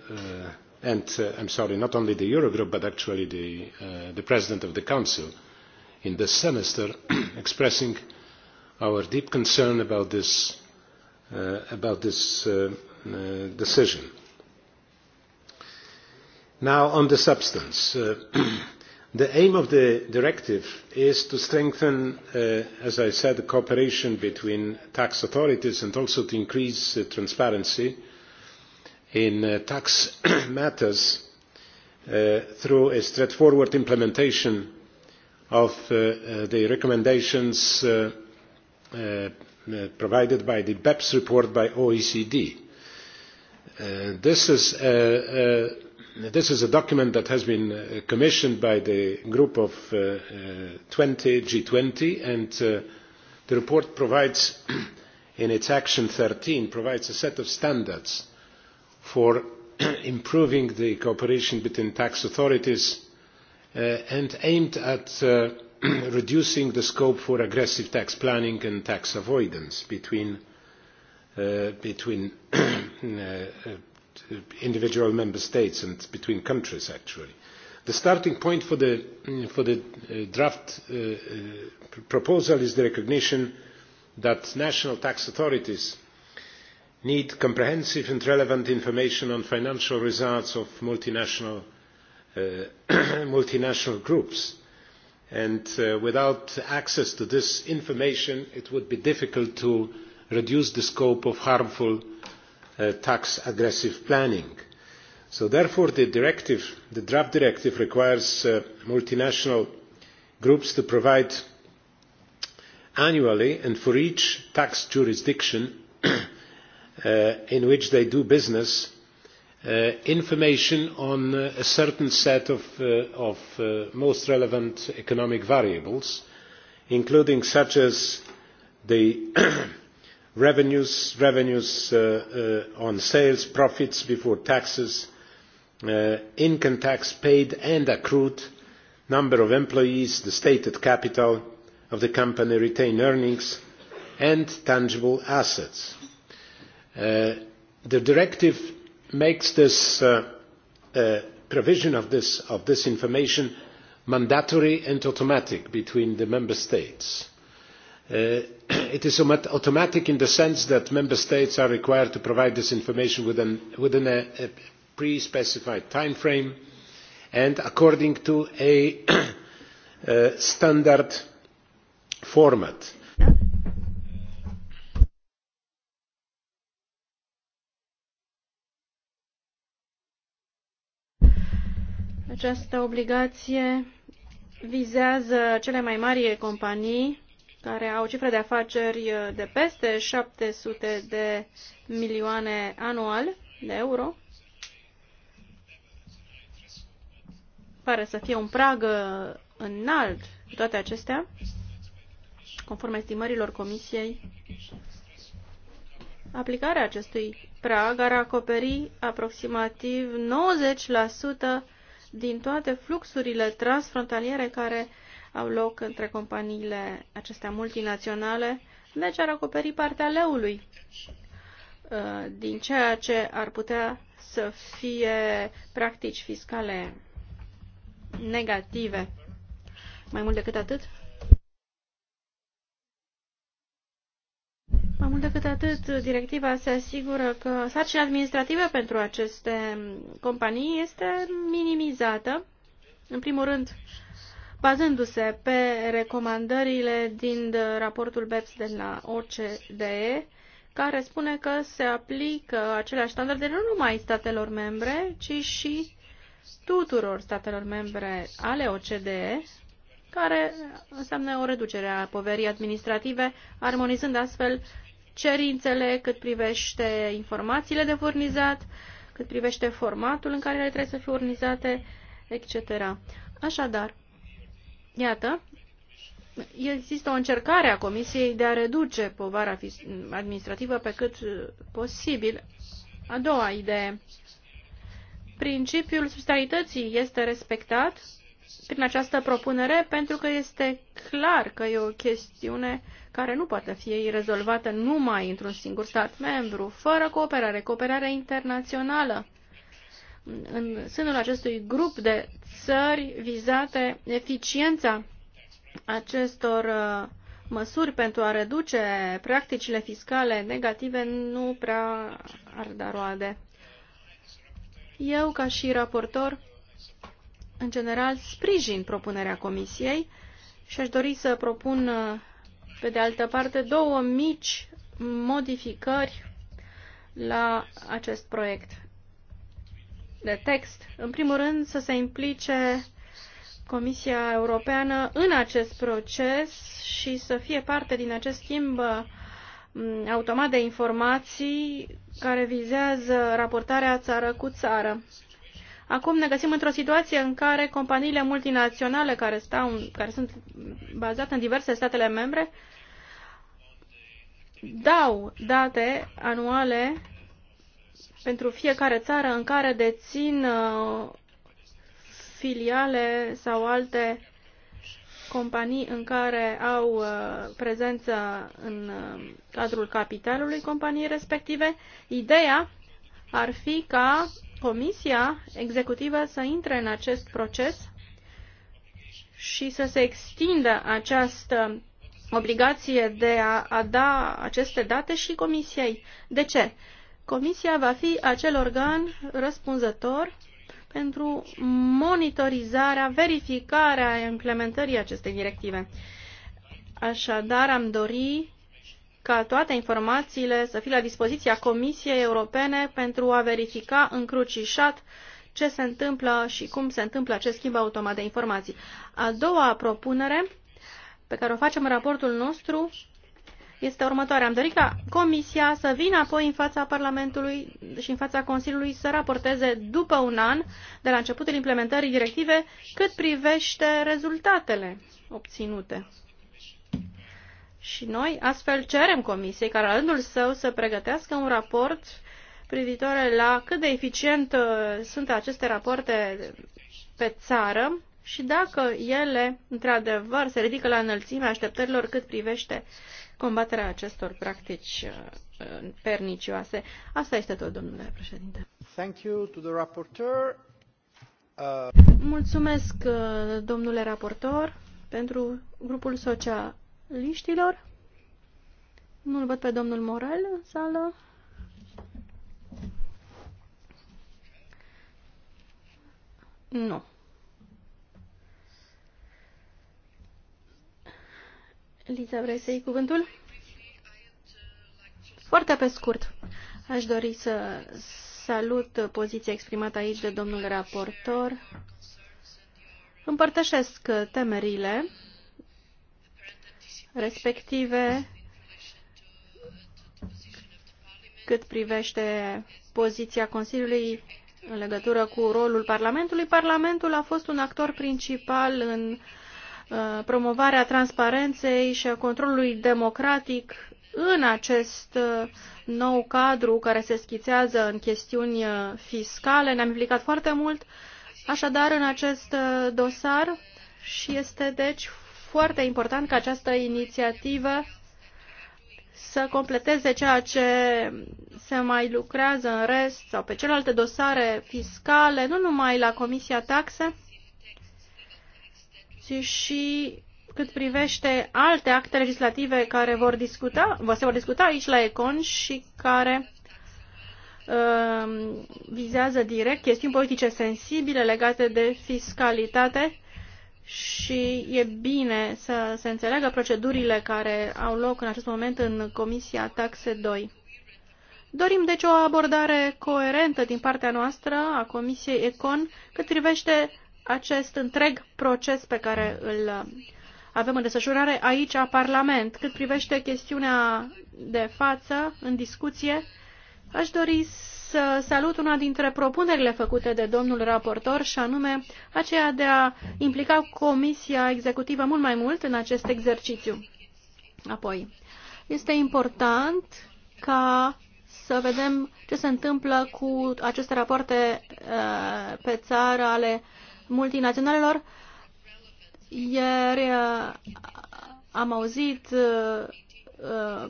and uh, I'm sorry, not only the Eurogroup, but actually the, the President of the Council in this semester, expressing our deep concern about this Uh, about this uh, uh, decision. now on the substance the aim of the directive is to strengthen as i said the cooperation between tax authorities and also to increase transparency in tax matters through a straightforward implementation of the recommendations Uh, provided by the BEPS report by OECD. Uh, this is, this is a document that has been uh, commissioned by the group of 20 G20 and the report provides in its action 13 provides a set of standards for improving the cooperation between tax authorities uh, and aimed at uh, reducing the scope for aggressive tax planning and tax avoidance between, uh, between uh, uh, individual member states and between countries actually. The starting point for the, for the uh, draft uh, proposal is the recognition that national tax authorities need comprehensive and relevant information on financial results of multinational, multinational groups and uh, without access to this information it would be difficult to reduce the scope of harmful uh, tax aggressive planning. So therefore the, directive, the draft directive requires uh, multinational groups to provide annually and for each tax jurisdiction uh, in which they do business Uh, information on uh, a certain set of, uh, most relevant economic variables including such as the revenues, revenues on sales, profits before taxes, income tax paid and accrued, number of employees, the stated capital of the company, retained earnings, and tangible assets. the directive makes this uh, uh, provision of this, of this information mandatory and automatic between the member states. Uh, it is automatic in the sense that member states are required to provide this information within, within a, a pre-specified time frame and according to a uh, standard format Această obligație vizează cele mai mari companii care au cifre de afaceri de peste 700 de milioane anual de euro. Pare să fie un prag înalt cu toate acestea, conform estimărilor Comisiei. Aplicarea acestui prag ar acoperi aproximativ 90% din toate fluxurile transfrontaliere care au loc între companiile acestea multinaționale, deci ar acoperi partea leului uh, din ceea ce ar putea să fie practici fiscale negative. Mai mult decât atât, Mai mult decât atât, directiva se asigură că sarcina administrativă pentru aceste companii este minimizată, în primul rând bazându-se pe recomandările din raportul BEPS de la OCDE, care spune că se aplică aceleași standarde nu numai statelor membre, ci și tuturor statelor membre ale OCDE, care înseamnă o reducere a poverii administrative, armonizând astfel cerințele, cât privește informațiile de furnizat, cât privește formatul în care ele trebuie să fie furnizate, etc. Așadar, iată, există o încercare a Comisiei de a reduce povara administrativă pe cât posibil. A doua idee. Principiul subsidiarității este respectat prin această propunere pentru că este clar că e o chestiune care nu poate fi rezolvată numai într-un singur stat membru, fără cooperare, cooperare internațională. În sânul acestui grup de țări vizate, eficiența acestor uh, măsuri pentru a reduce practicile fiscale negative nu prea ar da roade. Eu, ca și raportor, în general, sprijin propunerea Comisiei și aș dori să propun, uh, pe de altă parte, două mici modificări la acest proiect de text. În primul rând, să se implice Comisia Europeană în acest proces și să fie parte din acest schimb mm, automat de informații care vizează raportarea țară cu țară. Acum ne găsim într-o situație în care companiile multinaționale care, stau, care sunt bazate în diverse statele membre dau date anuale pentru fiecare țară în care dețin uh, filiale sau alte companii în care au uh, prezență în uh, cadrul capitalului companiei respective. Ideea ar fi ca Comisia Executivă să intre în acest proces și să se extindă această obligație de a, a da aceste date și Comisiei. De ce? Comisia va fi acel organ răspunzător pentru monitorizarea, verificarea implementării acestei directive. Așadar, am dori ca toate informațiile să fie la dispoziția Comisiei Europene pentru a verifica încrucișat ce se întâmplă și cum se întâmplă acest schimb automat de informații. A doua propunere pe care o facem în raportul nostru este următoarea. Am dorit ca Comisia să vină apoi în fața Parlamentului și în fața Consiliului să raporteze după un an de la începutul implementării directive cât privește rezultatele obținute. Și noi astfel cerem Comisiei ca la rândul său să pregătească un raport privitor la cât de eficient uh, sunt aceste rapoarte pe țară și dacă ele, într-adevăr, se ridică la înălțimea așteptărilor cât privește combaterea acestor practici uh, pernicioase. Asta este tot, domnule președinte. Thank you to the rapporteur. Uh... Mulțumesc, domnule raportor, pentru grupul social liștilor. Nu-l văd pe domnul Morel în sală. Nu. Liza, vrei să iei cuvântul? Foarte pe scurt, aș dori să salut poziția exprimată aici de domnul raportor. Împărtășesc temerile respective cât privește poziția Consiliului în legătură cu rolul Parlamentului. Parlamentul a fost un actor principal în uh, promovarea transparenței și a controlului democratic în acest uh, nou cadru care se schițează în chestiuni uh, fiscale. Ne-am implicat foarte mult așadar în acest dosar și este deci foarte important ca această inițiativă să completeze ceea ce se mai lucrează în rest sau pe celelalte dosare fiscale, nu numai la Comisia Taxe, ci și cât privește alte acte legislative care vor discuta, se vor discuta aici la Econ și care uh, vizează direct chestiuni politice sensibile legate de fiscalitate și e bine să se înțeleagă procedurile care au loc în acest moment în Comisia Taxe 2. Dorim deci o abordare coerentă din partea noastră a Comisiei Econ cât privește acest întreg proces pe care îl uh, avem în desfășurare aici a Parlament. Cât privește chestiunea de față, în discuție, aș dori să salut una dintre propunerile făcute de domnul raportor și anume aceea de a implica Comisia Executivă mult mai mult în acest exercițiu. Apoi, este important ca să vedem ce se întâmplă cu aceste rapoarte uh, pe țară ale multinaționalelor. Ieri uh, am auzit uh,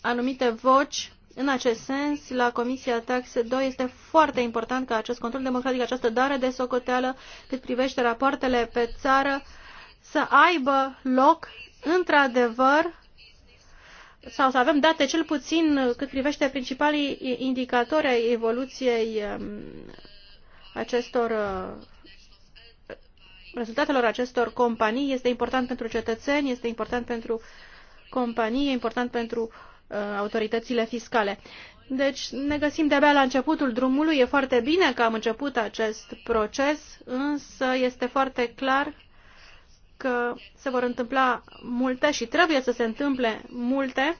anumite voci în acest sens, la Comisia Tax 2 este foarte important ca acest control democratic, această dare de socoteală cât privește rapoartele pe țară să aibă loc într-adevăr sau să avem date cel puțin cât privește principalii indicatori ai evoluției um, acestor uh, rezultatelor acestor companii este important pentru cetățeni, este important pentru companii, este important pentru uh, Uh, autoritățile fiscale. Deci ne găsim de-abia la începutul drumului, e foarte bine că am început acest proces, însă este foarte clar că se vor întâmpla multe și trebuie să se întâmple multe,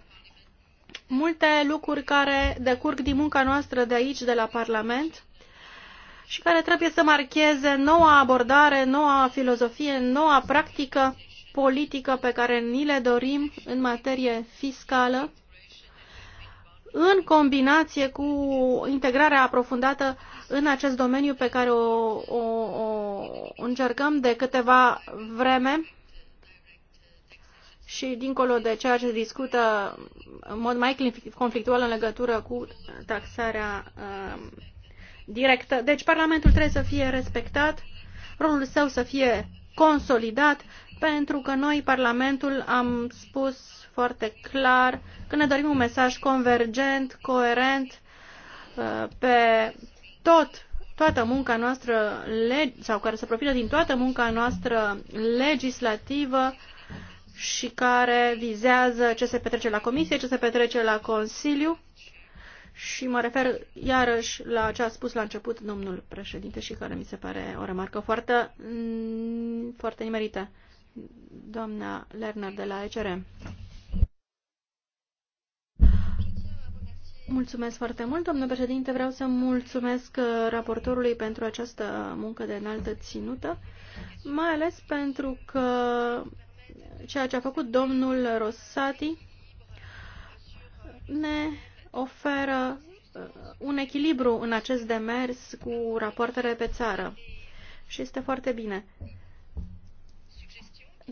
multe lucruri care decurg din munca noastră de aici, de la Parlament, și care trebuie să marcheze noua abordare, noua filozofie, noua practică politică pe care ni le dorim în materie fiscală în combinație cu integrarea aprofundată în acest domeniu pe care o, o, o încercăm de câteva vreme și dincolo de ceea ce discută în mod mai conflictual în legătură cu taxarea uh, directă. Deci Parlamentul trebuie să fie respectat, rolul său să fie consolidat, pentru că noi, Parlamentul, am spus foarte clar că ne dorim un mesaj convergent, coerent uh, pe tot, toată munca noastră sau care se profilă din toată munca noastră legislativă și care vizează ce se petrece la Comisie, ce se petrece la Consiliu și mă refer iarăși la ce a spus la început domnul președinte și care mi se pare o remarcă foarte, mm, foarte nimerită. Doamna Lerner de la ECRM. Mulțumesc foarte mult, domnule președinte. Vreau să mulțumesc uh, raportorului pentru această muncă de înaltă ținută, mai ales pentru că ceea ce a făcut domnul Rossati ne oferă uh, un echilibru în acest demers cu rapoartele pe țară și este foarte bine.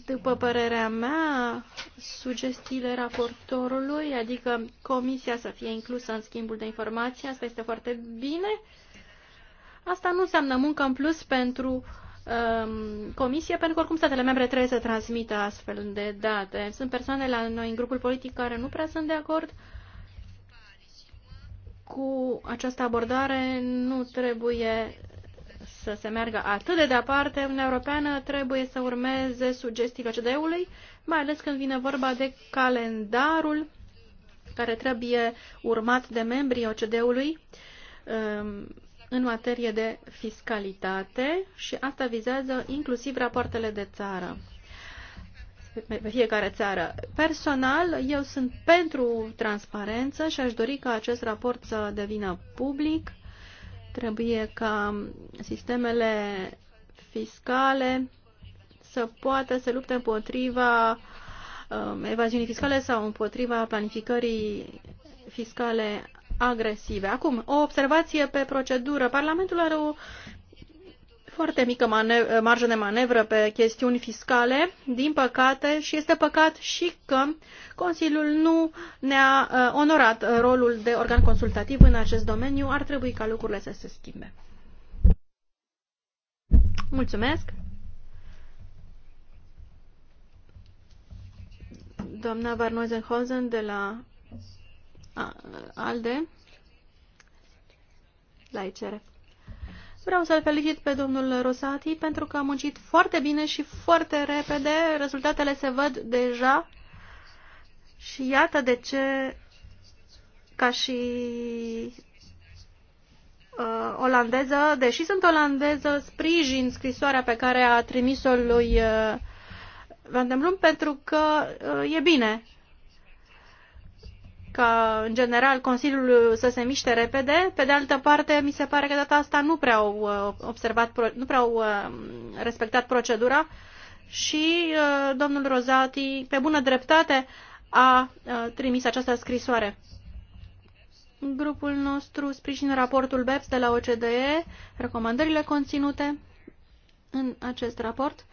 După părerea mea, sugestiile raportorului, adică comisia să fie inclusă în schimbul de informații, asta este foarte bine. Asta nu înseamnă muncă în plus pentru um, comisie, pentru că oricum statele membre trebuie să transmită astfel de date. Sunt persoane la noi în grupul politic care nu prea sunt de acord cu această abordare. Nu trebuie să se meargă atât de departe, Uniunea Europeană trebuie să urmeze sugestiile OCDE-ului, mai ales când vine vorba de calendarul care trebuie urmat de membrii OCDE-ului um, în materie de fiscalitate și asta vizează inclusiv rapoartele de țară pe fiecare țară. Personal, eu sunt pentru transparență și aș dori ca acest raport să devină public Trebuie ca sistemele fiscale să poată să lupte împotriva um, evaziunii fiscale sau împotriva planificării fiscale agresive. Acum, o observație pe procedură. Parlamentul are o foarte mică marjă de manevră pe chestiuni fiscale, din păcate, și este păcat și că Consiliul nu ne-a uh, onorat rolul de organ consultativ în acest domeniu. Ar trebui ca lucrurile să se schimbe. Mulțumesc! Doamna Varnoisenhausen de la uh, ALDE, la ICRF. Vreau să-l felicit pe domnul Rosati pentru că a muncit foarte bine și foarte repede. Rezultatele se văd deja și iată de ce, ca și uh, olandeză, deși sunt olandeză, sprijin scrisoarea pe care a trimis-o lui uh, Van den Blum pentru că uh, e bine ca în general Consiliul să se miște repede. Pe de altă parte, mi se pare că data asta nu prea au uh, observat, nu prea au uh, respectat procedura și uh, domnul Rozati, pe bună dreptate, a trimis această scrisoare. Grupul nostru sprijină raportul BEPS de la OCDE, recomandările conținute în acest raport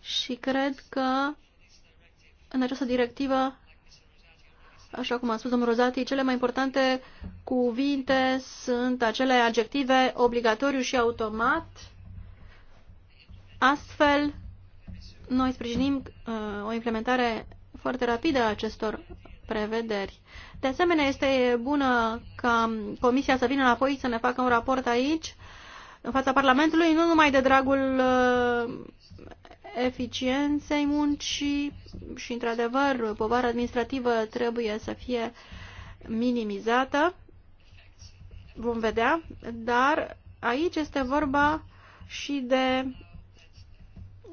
și cred că în această directivă Așa cum a spus domnul Rozati, cele mai importante cuvinte sunt acele adjective obligatoriu și automat. Astfel, noi sprijinim uh, o implementare foarte rapidă a acestor prevederi. De asemenea, este bună ca Comisia să vină înapoi să ne facă un raport aici, în fața Parlamentului, nu numai de dragul uh, eficienței muncii și, într-adevăr, povara administrativă trebuie să fie minimizată. Vom vedea, dar aici este vorba și de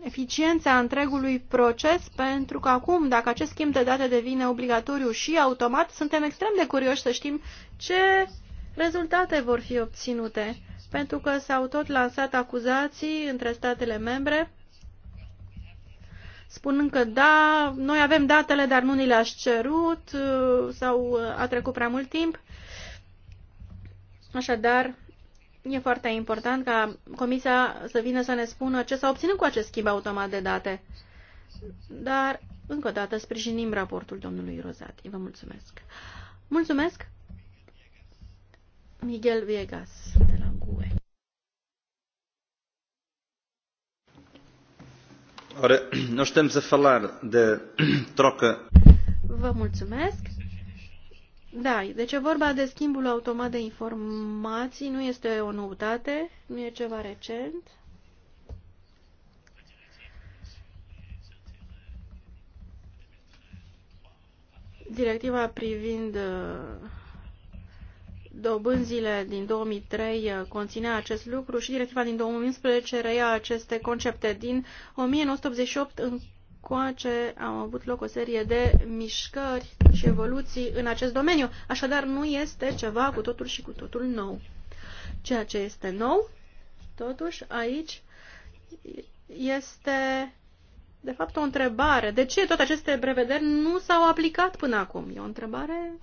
eficiența întregului proces, pentru că acum, dacă acest schimb de date devine obligatoriu și automat, suntem extrem de curioși să știm ce rezultate vor fi obținute, pentru că s-au tot lansat acuzații între statele membre spunând că da, noi avem datele, dar nu ni le-ați cerut uh, sau uh, a trecut prea mult timp. Așadar, e foarte important ca Comisia să vină să ne spună ce s-a obținut cu acest schimb automat de date. Dar, încă o dată, sprijinim raportul domnului Rozati. Vă mulțumesc. Mulțumesc! Miguel Viegas de la GUE. Ora, de Vă mulțumesc. Da, deci e vorba de schimbul automat de informații, nu este o noutate, nu e ceva recent. Directiva privind uh, dobânzile din 2003 uh, conținea acest lucru și directiva din 2011 reia aceste concepte. Din 1988 încoace au avut loc o serie de mișcări și evoluții în acest domeniu, așadar nu este ceva cu totul și cu totul nou. Ceea ce este nou, totuși, aici este de fapt o întrebare. De ce toate aceste prevederi nu s-au aplicat până acum? E o întrebare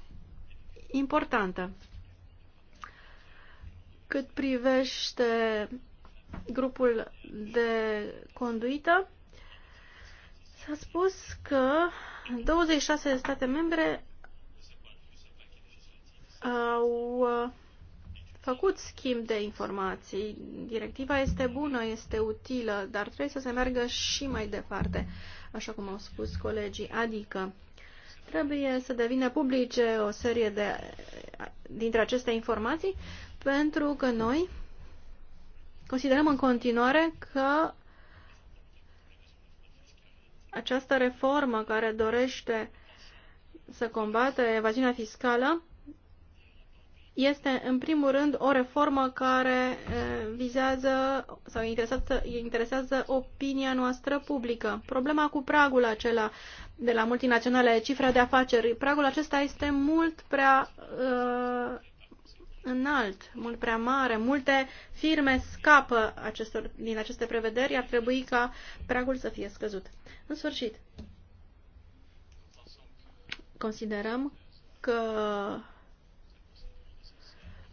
importantă. Cât privește grupul de conduită, s-a spus că 26 de state membre au uh, făcut schimb de informații. Directiva este bună, este utilă, dar trebuie să se meargă și mai departe, așa cum au spus colegii, adică trebuie să devină publice o serie de, dintre aceste informații pentru că noi considerăm în continuare că această reformă care dorește să combată evaziunea fiscală este, în primul rând, o reformă care vizează sau interesează, interesează opinia noastră publică. Problema cu pragul acela de la multinaționale, cifra de afaceri, pragul acesta este mult prea uh, înalt, mult prea mare. Multe firme scapă acestor, din aceste prevederi, ar trebui ca pragul să fie scăzut. În sfârșit, considerăm că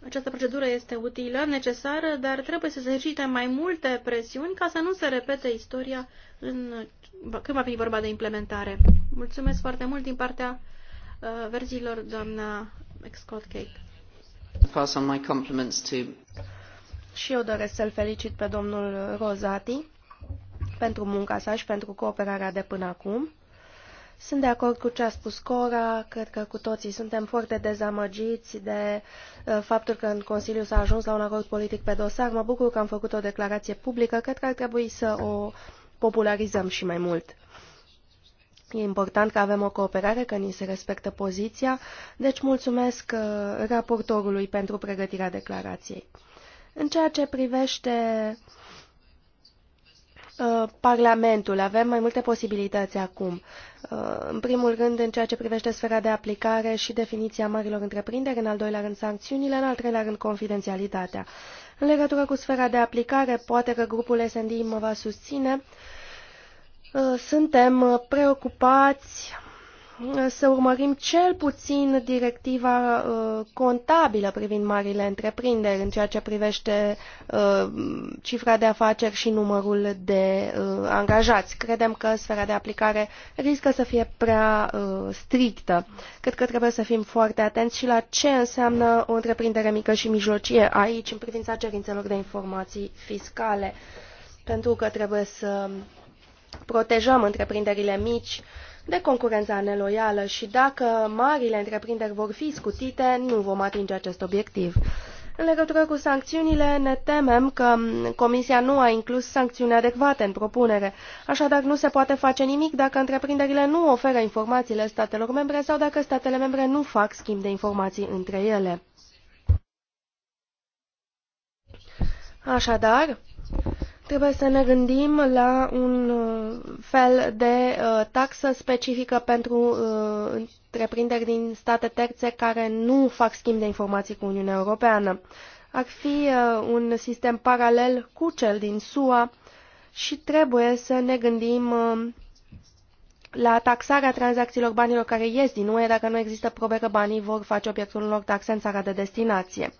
această procedură este utilă, necesară, dar trebuie să se exercite mai multe presiuni ca să nu se repete istoria în, când va fi vorba de implementare. Mulțumesc foarte mult din partea uh, verzilor, doamna Excott Cake. Și eu doresc să-l felicit pe domnul Rozati pentru munca sa și pentru cooperarea de până acum. Sunt de acord cu ce a spus Cora, cred că cu toții suntem foarte dezamăgiți de uh, faptul că în Consiliu s-a ajuns la un acord politic pe dosar. Mă bucur că am făcut o declarație publică, cred că ar trebui să o popularizăm și mai mult. E important că avem o cooperare, că ni se respectă poziția, deci mulțumesc uh, raportorului pentru pregătirea declarației. În ceea ce privește uh, Parlamentul. Avem mai multe posibilități acum. Uh, în primul rând, în ceea ce privește sfera de aplicare și definiția marilor întreprinderi, în al doilea rând sancțiunile, în al treilea rând confidențialitatea. În legătură cu sfera de aplicare, poate că grupul S&D mă va susține Uh, suntem preocupați uh, să urmărim cel puțin directiva uh, contabilă privind marile întreprinderi în ceea ce privește cifra de afaceri și numărul de angajați. Credem că sfera de aplicare riscă să fie prea strictă. Cred că trebuie să fim foarte atenți și la ce înseamnă o întreprindere mică și mijlocie aici în privința cerințelor de informații fiscale, pentru că trebuie să protejăm întreprinderile mici de concurența neloială și dacă marile întreprinderi vor fi scutite, nu vom atinge acest obiectiv. În legătură cu sancțiunile, ne temem că Comisia nu a inclus sancțiuni adecvate în propunere, așadar nu se poate face nimic dacă întreprinderile nu oferă informațiile statelor membre sau dacă statele membre nu fac schimb de informații între ele. Așadar, Trebuie să ne gândim la un uh, fel de uh, taxă specifică pentru uh, întreprinderi din state terțe care nu fac schimb de informații cu Uniunea Europeană. Ar fi un sistem paralel cu cel din SUA și trebuie să ne gândim la taxarea tranzacțiilor banilor care ies din UE dacă nu există probe că banii vor face obiectul unor taxe în țara de destinație.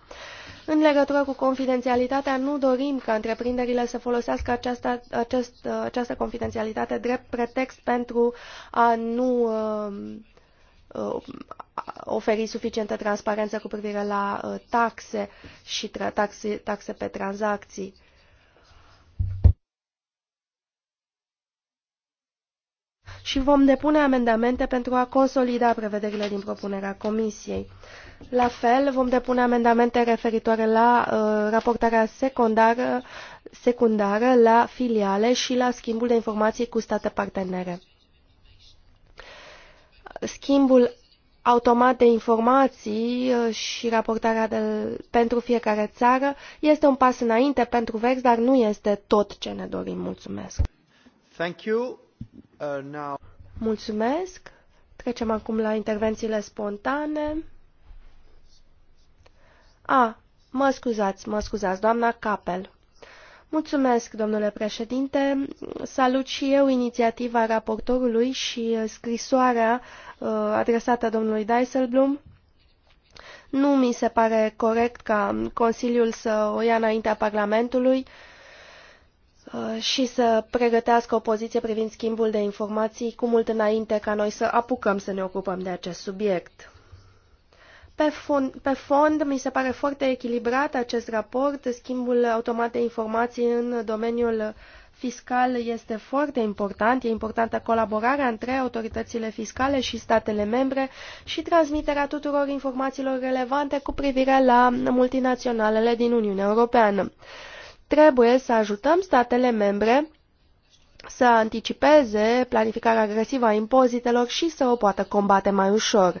În legătură cu confidențialitatea, nu dorim ca întreprinderile să folosească aceasta, acest, uh, această confidențialitate drept pretext pentru a nu um, uh, oferi suficientă transparență cu privire la uh, taxe și taxe, taxe pe tranzacții. și vom depune amendamente pentru a consolida prevederile din propunerea Comisiei. La fel, vom depune amendamente referitoare la uh, raportarea secundară, secundară, la filiale și la schimbul de informații cu state partenere. Schimbul automat de informații uh, și raportarea de, pentru fiecare țară este un pas înainte pentru vechi, dar nu este tot ce ne dorim. Mulțumesc! Thank you. Uh, Mulțumesc. Trecem acum la intervențiile spontane. A, mă scuzați, mă scuzați, doamna Capel. Mulțumesc, domnule președinte. Salut și eu inițiativa raportorului și uh, scrisoarea uh, adresată domnului Dijsselbloem. Nu mi se pare corect ca Consiliul să o ia înaintea Parlamentului. Uh, Uh, și să pregătească o poziție privind schimbul de informații cu mult înainte ca noi să apucăm să ne ocupăm de acest subiect. Pe fond, pe fond mi se pare foarte echilibrat acest raport. Schimbul automat de informații în domeniul fiscal este foarte important. E importantă colaborarea între autoritățile fiscale și statele membre și transmiterea tuturor informațiilor relevante cu privire la multinaționalele din Uniunea Europeană. Trebuie să ajutăm statele membre să anticipeze planificarea agresivă a impozitelor și să o poată combate mai ușor.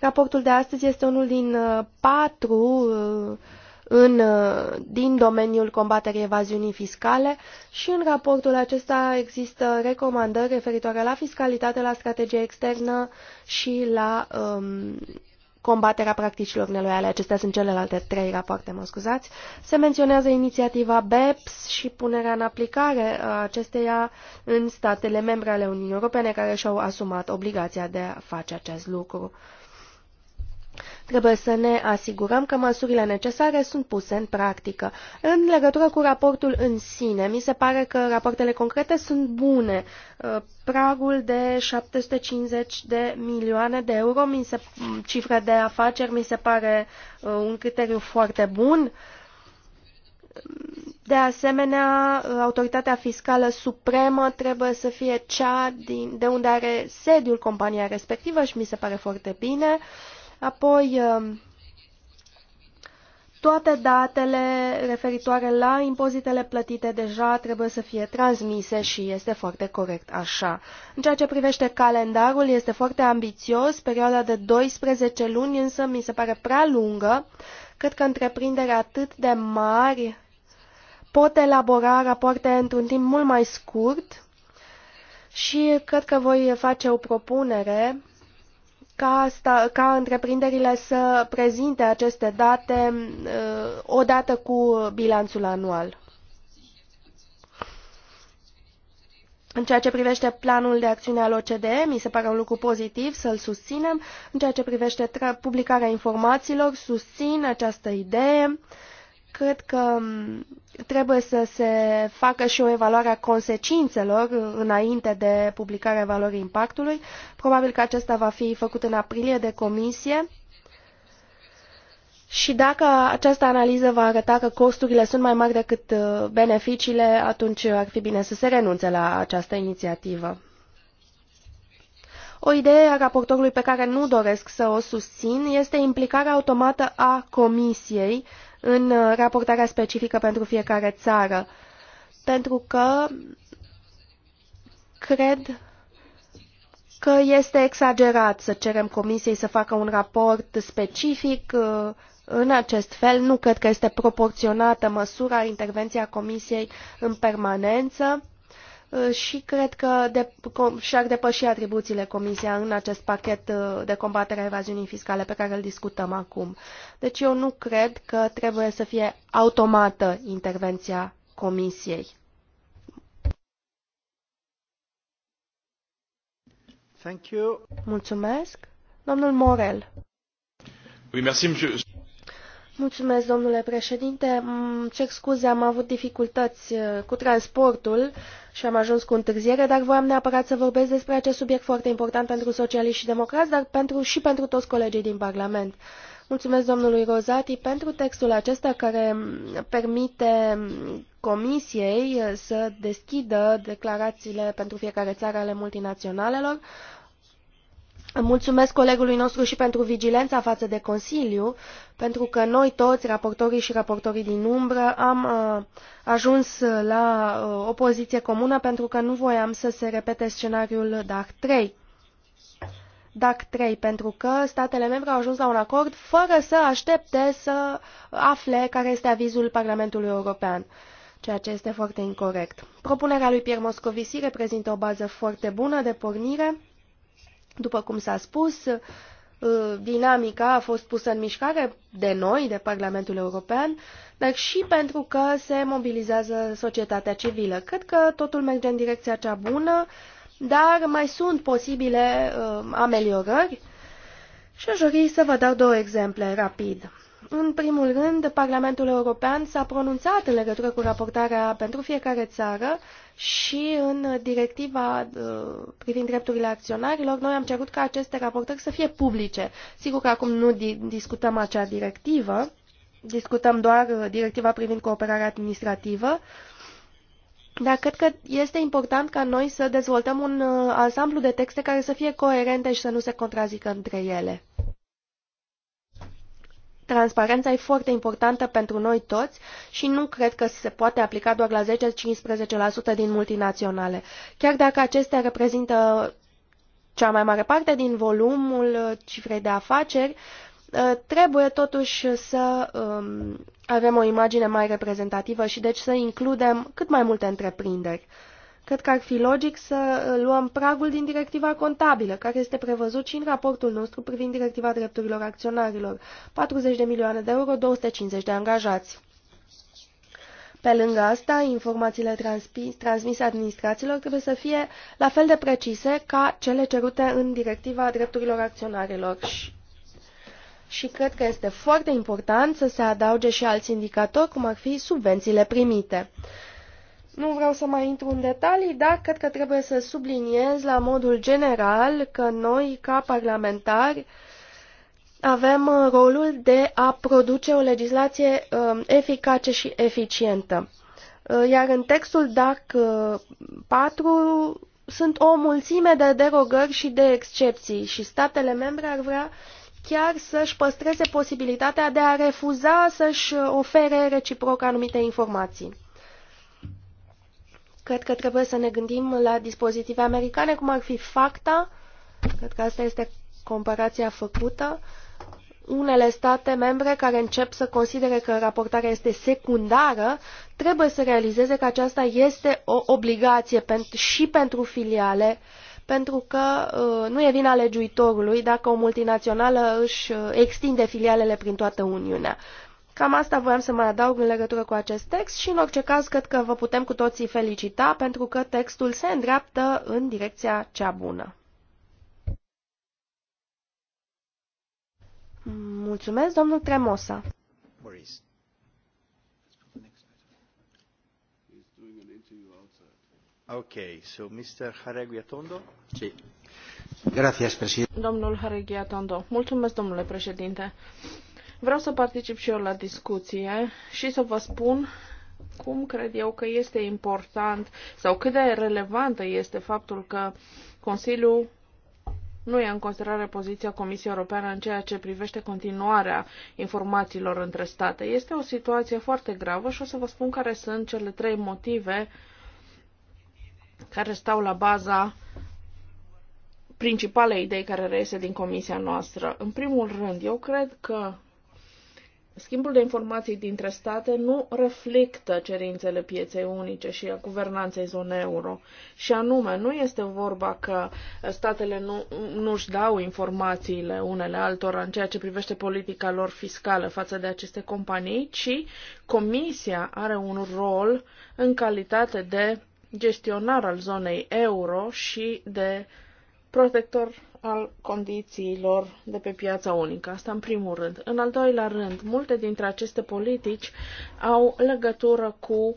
Raportul de astăzi este unul din uh, patru uh, în, uh, din domeniul combaterii evaziunii fiscale și în raportul acesta există recomandări referitoare la fiscalitate, la strategie externă și la um, combaterea practicilor neloiale, acestea sunt celelalte trei rapoarte, mă scuzați, se menționează inițiativa BEPS și punerea în aplicare a acesteia în statele membre ale Uniunii Europene care și-au asumat obligația de a face acest lucru. Trebuie să ne asigurăm că măsurile necesare sunt puse în practică. În legătură cu raportul în sine, mi se pare că rapoartele concrete sunt bune. Uh, pragul de 750 de milioane de euro, mi se, cifra de afaceri, mi se pare uh, un criteriu foarte bun. De asemenea, uh, autoritatea fiscală supremă trebuie să fie cea din, de unde are sediul compania respectivă și mi se pare foarte bine. Uh, Apoi, um, toate datele referitoare la impozitele plătite deja trebuie să fie transmise și este foarte corect așa. În ceea ce privește calendarul, este foarte ambițios, perioada de 12 luni însă mi se pare prea lungă. Cred că întreprindere atât de mari pot elabora rapoarte într-un timp mult mai scurt și cred că voi face o propunere ca, asta, ca întreprinderile să prezinte aceste date uh, odată cu bilanțul anual. În ceea ce privește planul de acțiune al OCDE, mi se pare un lucru pozitiv să-l susținem. În ceea ce privește publicarea informațiilor, susțin această idee. Uh, Cred că mm, trebuie să se facă și o evaluare a consecințelor mm, înainte de publicarea valorii impactului. Probabil că acesta va fi făcut în aprilie de comisie. Și dacă această analiză va arăta că costurile sunt mai mari decât mm, beneficiile, atunci ar fi bine să se renunțe la această inițiativă. O idee a raportorului pe care nu doresc să o susțin este implicarea automată a Comisiei în raportarea specifică pentru fiecare țară, pentru că cred că este exagerat să cerem Comisiei să facă un raport specific uh, în acest fel. Nu cred că este proporționată măsura intervenției Comisiei în permanență Uh, și cred că de, com, și-ar depăși atribuțiile Comisia în acest pachet uh, de combatere a evaziunii fiscale pe care îl discutăm acum. Deci eu nu cred că trebuie să fie automată intervenția Comisiei. Thank you. Mulțumesc. Domnul Morel. Oui, merci, monsieur. Mulțumesc, domnule președinte. Mm, cer scuze, am avut dificultăți uh, cu transportul și am ajuns cu întârziere, dar voiam neapărat să vorbesc despre acest subiect foarte important pentru socialiști și democrați, dar pentru, și pentru toți colegii din Parlament. Mulțumesc domnului Rozati pentru textul acesta care mm, permite mm, Comisiei uh, să deschidă declarațiile pentru fiecare țară ale multinaționalelor Mulțumesc colegului nostru și pentru vigilența față de Consiliu, pentru că noi toți, raportorii și raportorii din umbră, am uh, ajuns la uh, o poziție comună pentru că nu voiam să se repete scenariul DAC 3. DAC 3, pentru că statele membre au ajuns la un acord fără să aștepte să afle care este avizul Parlamentului European ceea ce este foarte incorrect. Propunerea lui Pierre Moscovici reprezintă o bază foarte bună de pornire după cum s-a spus, uh, dinamica a fost pusă în mișcare de noi, de Parlamentul European, dar și pentru că se mobilizează societatea civilă. Cred că totul merge în direcția cea bună, dar mai sunt posibile uh, ameliorări și aș dori să vă dau două exemple rapid. În primul rând, Parlamentul European s-a pronunțat în legătură cu raportarea pentru fiecare țară și în directiva uh, privind drepturile acționarilor, noi am cerut ca aceste raportări să fie publice. Sigur că acum nu discutăm acea directivă, discutăm doar uh, directiva privind cooperarea administrativă, dar cred că este important ca noi să dezvoltăm un uh, ansamblu de texte care să fie coerente și să nu se contrazică între ele. Transparența e foarte importantă pentru noi toți și nu cred că se poate aplica doar la 10-15% din multinaționale. Chiar dacă acestea reprezintă cea mai mare parte din volumul cifrei de afaceri, uh, trebuie totuși să um, avem o imagine mai reprezentativă și deci să includem cât mai multe întreprinderi. Cred că ar fi logic să uh, luăm pragul din directiva contabilă, care este prevăzut și în raportul nostru privind directiva drepturilor acționarilor, 40 de milioane de euro, 250 de angajați. Pe lângă asta, informațiile transmise administrațiilor trebuie să fie la fel de precise ca cele cerute în directiva drepturilor acționarilor. Și, și cred că este foarte important să se adauge și alți indicatori, cum ar fi subvențiile primite. Nu vreau să mai intru în detalii, dar cred că trebuie să subliniez la modul general că noi, ca parlamentari, avem uh, rolul de a produce o legislație um, eficace și eficientă. Uh, iar în textul DAC 4 uh, sunt o mulțime de derogări și de excepții și statele membre ar vrea chiar să-și păstreze posibilitatea de a refuza să-și ofere reciproc anumite informații. Cred că trebuie să ne gândim la dispozitive americane, cum ar fi FACTA, cred că asta este comparația făcută, unele state membre care încep să considere că raportarea este secundară, trebuie să realizeze că aceasta este o obligație și pentru filiale, pentru că uh, nu e vina legiuitorului dacă o multinațională își uh, extinde filialele prin toată Uniunea. Cam asta voiam să mai adaug în legătură cu acest text și, în orice caz, cred că vă putem cu toții felicita pentru că textul se îndreaptă în direcția cea bună. Mulțumesc, domnul Tremosa. Ok, Okay, so Mr. Hareguiatondo? Sí. Gracias, presidente. Domnul Hareguiatondo. Mulțumesc, domnule președinte. Vreau să particip și eu la discuție și să vă spun cum cred eu că este important sau cât de relevantă este faptul că Consiliul nu ia în considerare poziția Comisiei Europeană în ceea ce privește continuarea informațiilor între state. Este o situație foarte gravă și o să vă spun care sunt cele trei motive care stau la baza principalei idei care reiese din comisia noastră. În primul rând, eu cred că Schimbul de informații dintre state nu reflectă cerințele pieței unice și a guvernanței zonei euro. Și anume, nu este vorba că statele nu, nu-și dau informațiile unele altora în ceea ce privește politica lor fiscală față de aceste companii, ci Comisia are un rol în calitate de gestionar al zonei euro și de uh, protector al condițiilor de pe piața unică. Asta în primul rând. În al doilea rând, multe dintre aceste politici au legătură cu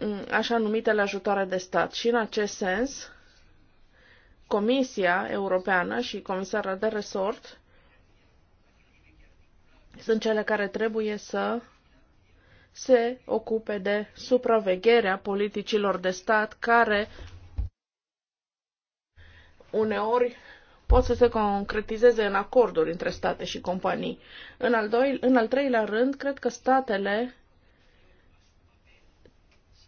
mm, așa numitele ajutoare de stat și în acest sens Comisia Europeană și Comisarea de Resort sunt cele care trebuie să se ocupe de supravegherea politicilor de stat care uneori pot să se concretizeze în acorduri între state și companii. În al, doi, în al treilea rând, cred că statele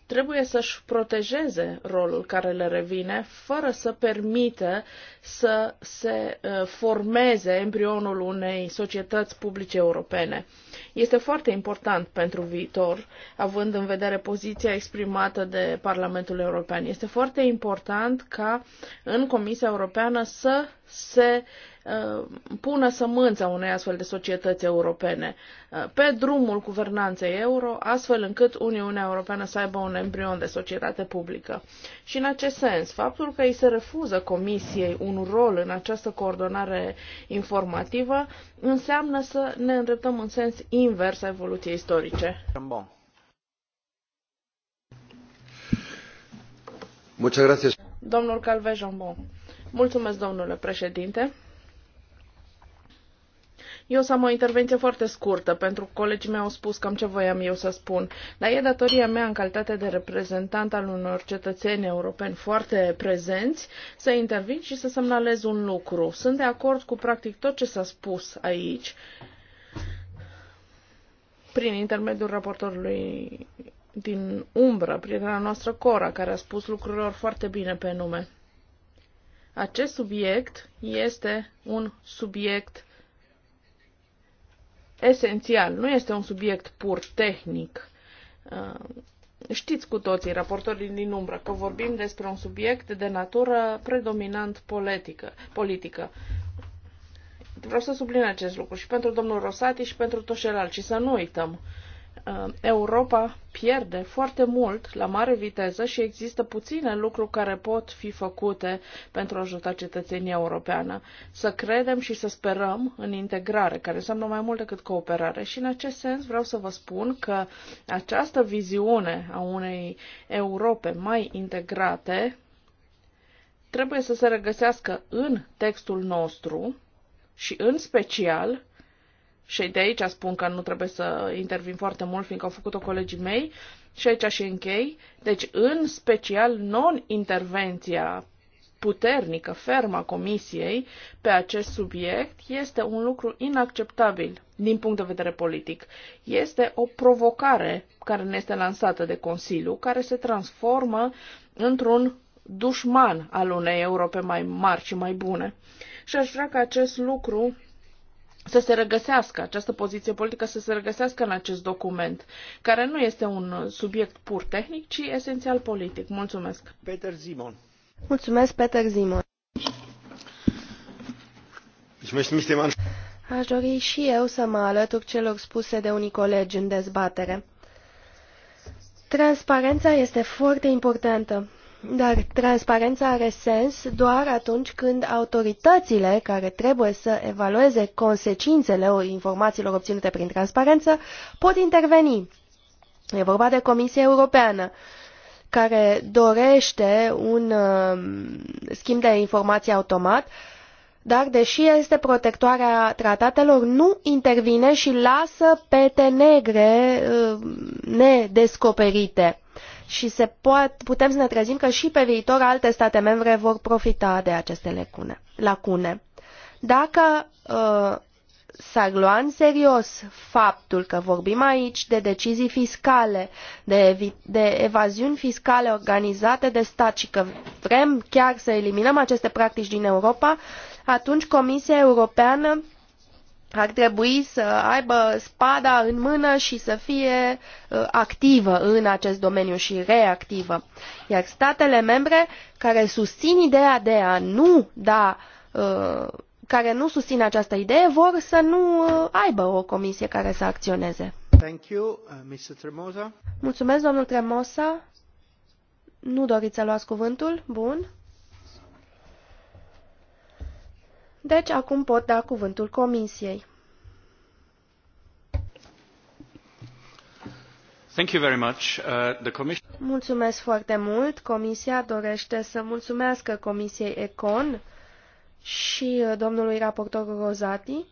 trebuie să-și protejeze rolul care le revine, fără să permită să se uh, formeze embrionul unei societăți publice europene. Este foarte important pentru viitor, având în vedere poziția exprimată de Parlamentul European. Este foarte important ca în Comisia Europeană să se uh, Uh, pună sămânța unei astfel de societăți europene uh, pe drumul guvernanței euro, astfel încât Uniunea Europeană să aibă un embrion de societate publică. Și în acest sens, faptul că îi se refuză Comisiei un rol în această coordonare informativă înseamnă să ne îndreptăm în sens invers a evoluției istorice. Calvejambon, Mulțumesc, domnule președinte eu să am o intervenție foarte scurtă, pentru că colegii mei au spus cam ce voiam eu să spun, dar e datoria mea în calitate de reprezentant al unor cetățeni europeni foarte prezenți să intervin și să semnalez un lucru. Sunt de acord cu practic tot ce s-a spus aici prin intermediul raportorului din umbră, prietena noastră Cora, care a spus lucrurilor foarte bine pe nume. Acest subiect este un subiect esențial, nu este un subiect pur tehnic. Uh, știți cu toții, raportorii din umbră, că vorbim despre un subiect de natură predominant politică. politică. Vreau să sublin acest lucru și pentru domnul Rosati și pentru toți ceilalți și să nu uităm. Uh, Um, Europa pierde foarte mult la mare viteză și există puține lucruri care pot fi făcute pentru a ajuta cetățenia europeană. Să credem și să sperăm în integrare, care înseamnă mai mult decât cooperare. Și în acest sens vreau să vă spun că această viziune a unei Europe mai integrate trebuie să se regăsească în textul nostru și în special și de aici spun că nu trebuie să intervin foarte mult, fiindcă au făcut-o colegii mei, și aici și închei. Deci, în special, non-intervenția puternică, fermă a Comisiei pe acest subiect este un lucru inacceptabil din punct de vedere politic. Este o provocare care ne este lansată de Consiliu, care se transformă într-un dușman al unei Europe mai mari și mai bune. Și aș vrea ca acest lucru să se regăsească, această poziție politică să se regăsească în acest document, care nu este un subiect pur tehnic, ci esențial politic. Mulțumesc. Peter Zimon. Mulțumesc, Peter Zimon. Aș dori și eu să mă alătur celor spuse de unii colegi în dezbatere. Transparența este foarte importantă. Dar transparența are sens doar atunci când autoritățile care trebuie să evalueze consecințele informațiilor obținute prin transparență pot interveni. E vorba de Comisia Europeană care dorește un um, schimb de informații automat, dar deși este protectoarea tratatelor, nu intervine și lasă pete negre um, nedescoperite și se poate putem să ne trezim că și pe viitor alte state membre vor profita de aceste lecune, lacune. Dacă uh, s-ar lua în serios faptul că vorbim aici de decizii fiscale, de, de evaziuni fiscale organizate de stat și că vrem chiar să eliminăm aceste practici din Europa, atunci Comisia Europeană ar trebui să aibă spada în mână și să fie uh, activă în acest domeniu și reactivă. Iar statele membre care susțin ideea de a nu da uh, care nu susțin această idee vor să nu uh, aibă o comisie care să acționeze. Thank you, Mr. Tremosa. Mulțumesc, domnul Tremosa. Nu doriți să luați cuvântul? Bun. Deci, acum pot da cuvântul Comisiei. Thank you very much. Uh, the commission... Mulțumesc foarte mult. Comisia dorește să mulțumească Comisiei ECON și uh, domnului raportor Rozati.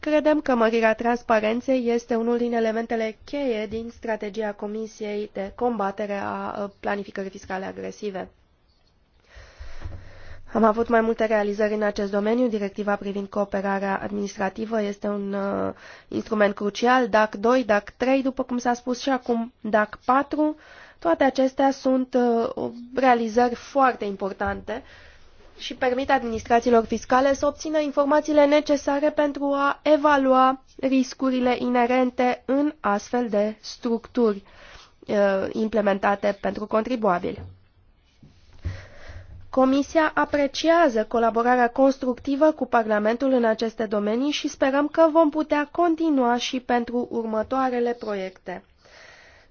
Credem că mărirea transparenței este unul din elementele cheie din strategia Comisiei de combatere a uh, planificării fiscale agresive. Am avut mai multe realizări în acest domeniu. Directiva privind cooperarea administrativă este un uh, instrument crucial. DAC 2, DAC 3, după cum s-a spus și acum, DAC 4, toate acestea sunt uh, realizări foarte importante și permit administrațiilor fiscale să obțină informațiile necesare pentru a evalua riscurile inerente în astfel de structuri uh, implementate pentru contribuabili. Comisia apreciază colaborarea constructivă cu Parlamentul în aceste domenii și sperăm că vom putea continua și pentru următoarele proiecte.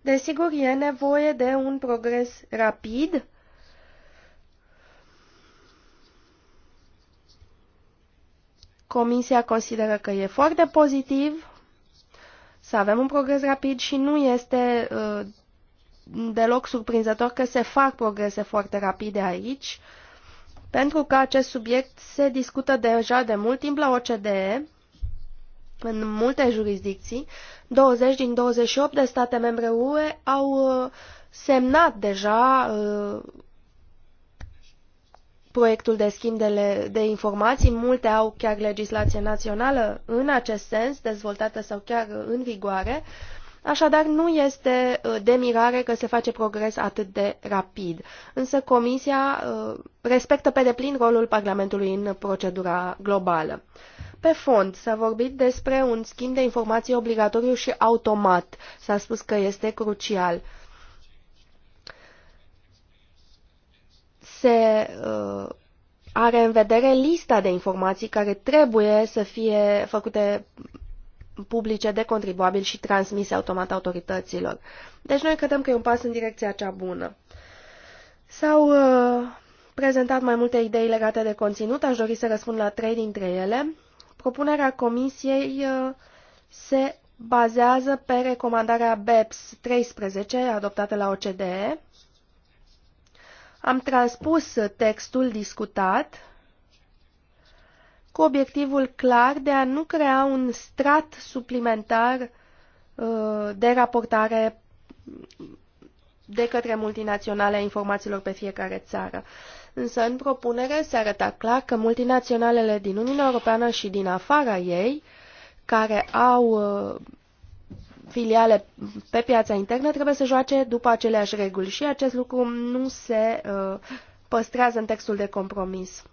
Desigur, e nevoie de un progres rapid Comisia consideră că e foarte pozitiv să avem un progres rapid și nu este uh, deloc surprinzător că se fac progrese foarte rapide aici, pentru că acest subiect se discută deja de mult timp la OCDE, în multe jurisdicții. 20 din 28 de state membre UE au uh, semnat deja uh, proiectul de schimb de, de informații, multe au chiar legislație națională în acest sens, dezvoltată sau chiar în vigoare. Uh, Așadar, nu este uh, de mirare că se face progres atât de rapid, însă Comisia uh, respectă pe deplin rolul Parlamentului în procedura globală. Pe fond, s-a vorbit despre un schimb de informații obligatoriu și automat. S-a spus că este crucial. Se uh, are în vedere lista de informații care trebuie să fie făcute publice de contribuabil și transmise automat autorităților. Deci noi credem că e un pas în direcția cea bună. S-au uh, prezentat mai multe idei legate de conținut, aș dori să răspund la trei dintre ele. Propunerea comisiei uh, se bazează pe recomandarea BEPS 13 adoptată la OCDE. Am transpus textul discutat cu obiectivul clar de a nu crea un strat suplimentar uh, de raportare de către multinaționale a informațiilor pe fiecare țară. Însă în propunere se arăta clar că multinaționalele din Uniunea Europeană și din afara ei, care au uh, filiale pe piața internă, trebuie să joace după aceleași reguli și acest lucru nu se uh, păstrează în textul de compromis.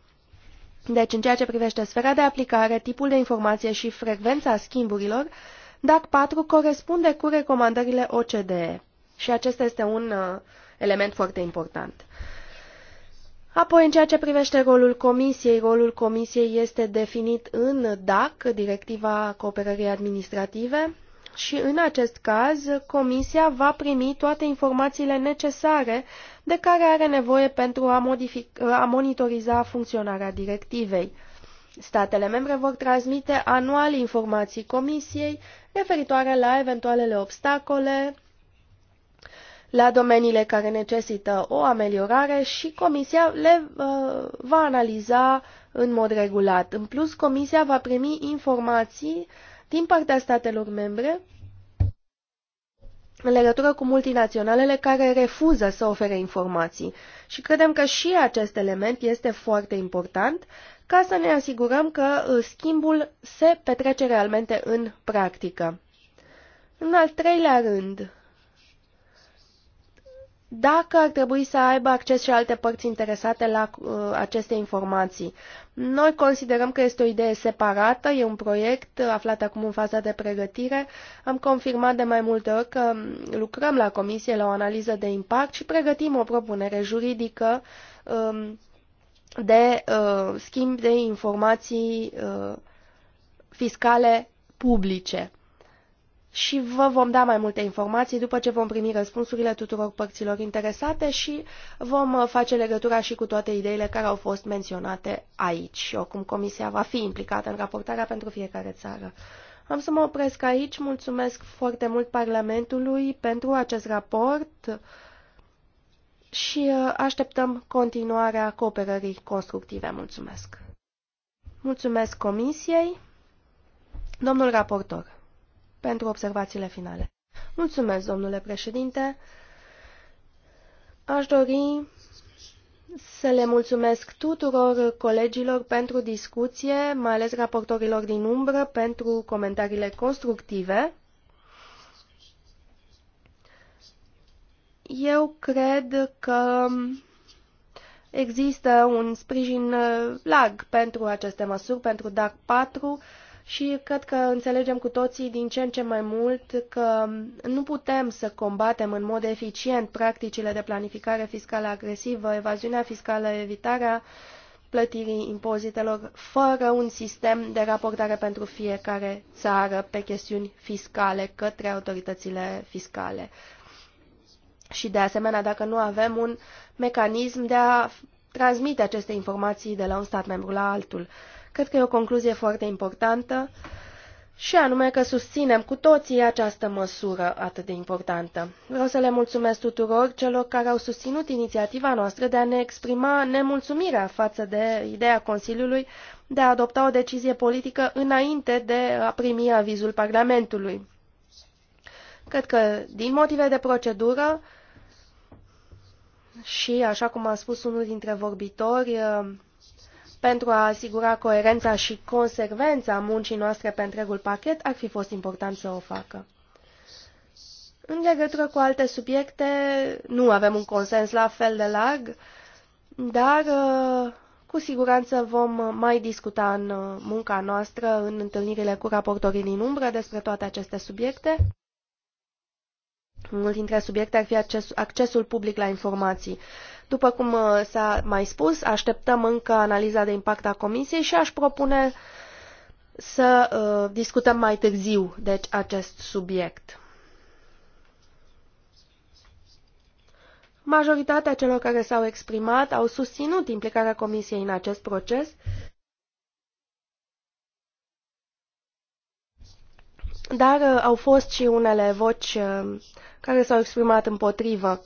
Deci, în ceea ce privește sfera de aplicare, tipul de informație și frecvența schimburilor, DAC 4 corespunde cu recomandările OCDE și acesta este un uh, element foarte important. Apoi, în ceea ce privește rolul comisiei, rolul comisiei este definit în DAC, Directiva Cooperării Administrative, și în acest caz Comisia va primi toate informațiile necesare de care are nevoie pentru a, modific, a monitoriza funcționarea directivei. Statele membre vor transmite anual informații Comisiei referitoare la eventualele obstacole, la domeniile care necesită o ameliorare și Comisia le uh, va analiza în mod regulat. În plus, Comisia va primi informații uh, din partea statelor membre în legătură cu multinaționalele care refuză să ofere informații. Și credem că și acest element este foarte important ca să ne asigurăm că uh, schimbul se petrece realmente în practică. În al treilea rând, dacă ar trebui să aibă acces și alte părți interesate la uh, aceste informații. Noi considerăm că este o idee separată, e un proiect aflat acum în faza de pregătire. Am confirmat de mai multe ori că lucrăm la comisie la o analiză de impact și pregătim o propunere juridică um, de uh, schimb de informații uh, fiscale publice și vă vom da mai multe informații după ce vom primi răspunsurile tuturor părților interesate și vom uh, face legătura și cu toate ideile care au fost menționate aici. Oricum, Comisia va fi implicată în raportarea pentru fiecare țară. Am să mă opresc aici. Mulțumesc foarte mult Parlamentului pentru acest raport și uh, așteptăm continuarea cooperării constructive. Mulțumesc! Mulțumesc Comisiei. Domnul raportor pentru observațiile finale. Mulțumesc, domnule președinte. Aș dori să le mulțumesc tuturor colegilor pentru discuție, mai ales raportorilor din umbră, pentru comentariile constructive. Eu cred că există un sprijin larg pentru aceste măsuri, pentru DAC 4, și cred că înțelegem cu toții din ce în ce mai mult că nu putem să combatem în mod eficient practicile de planificare fiscală agresivă, evaziunea fiscală, evitarea plătirii impozitelor fără un sistem de raportare pentru fiecare țară pe chestiuni fiscale către autoritățile fiscale. Și de asemenea, dacă nu avem un mecanism de a transmite aceste informații de la un stat membru la altul. Uh, Cred că e o concluzie foarte importantă și anume că susținem cu toții această măsură atât de importantă. Vreau să le mulțumesc tuturor celor care au susținut inițiativa noastră de a ne exprima nemulțumirea față de ideea Consiliului de a adopta o decizie politică înainte de a primi avizul Parlamentului. Cred că, din motive de procedură, și, așa cum a spus unul dintre vorbitori, pentru a asigura coerența și consecvența muncii noastre pe întregul pachet, ar fi fost important să o facă. În legătură cu alte subiecte, nu avem un consens la fel de larg, dar uh, cu siguranță vom mai discuta în uh, munca noastră, în întâlnirile cu raportorii din umbră despre toate aceste subiecte. Unul dintre subiecte ar fi acces, accesul public la informații. După cum uh, s-a mai spus, așteptăm încă analiza de impact a Comisiei și aș propune să uh, discutăm mai târziu deci, acest subiect. Majoritatea celor care s-au exprimat au susținut implicarea Comisiei în acest proces dar uh, au fost și unele voci uh, care s-au exprimat împotrivă.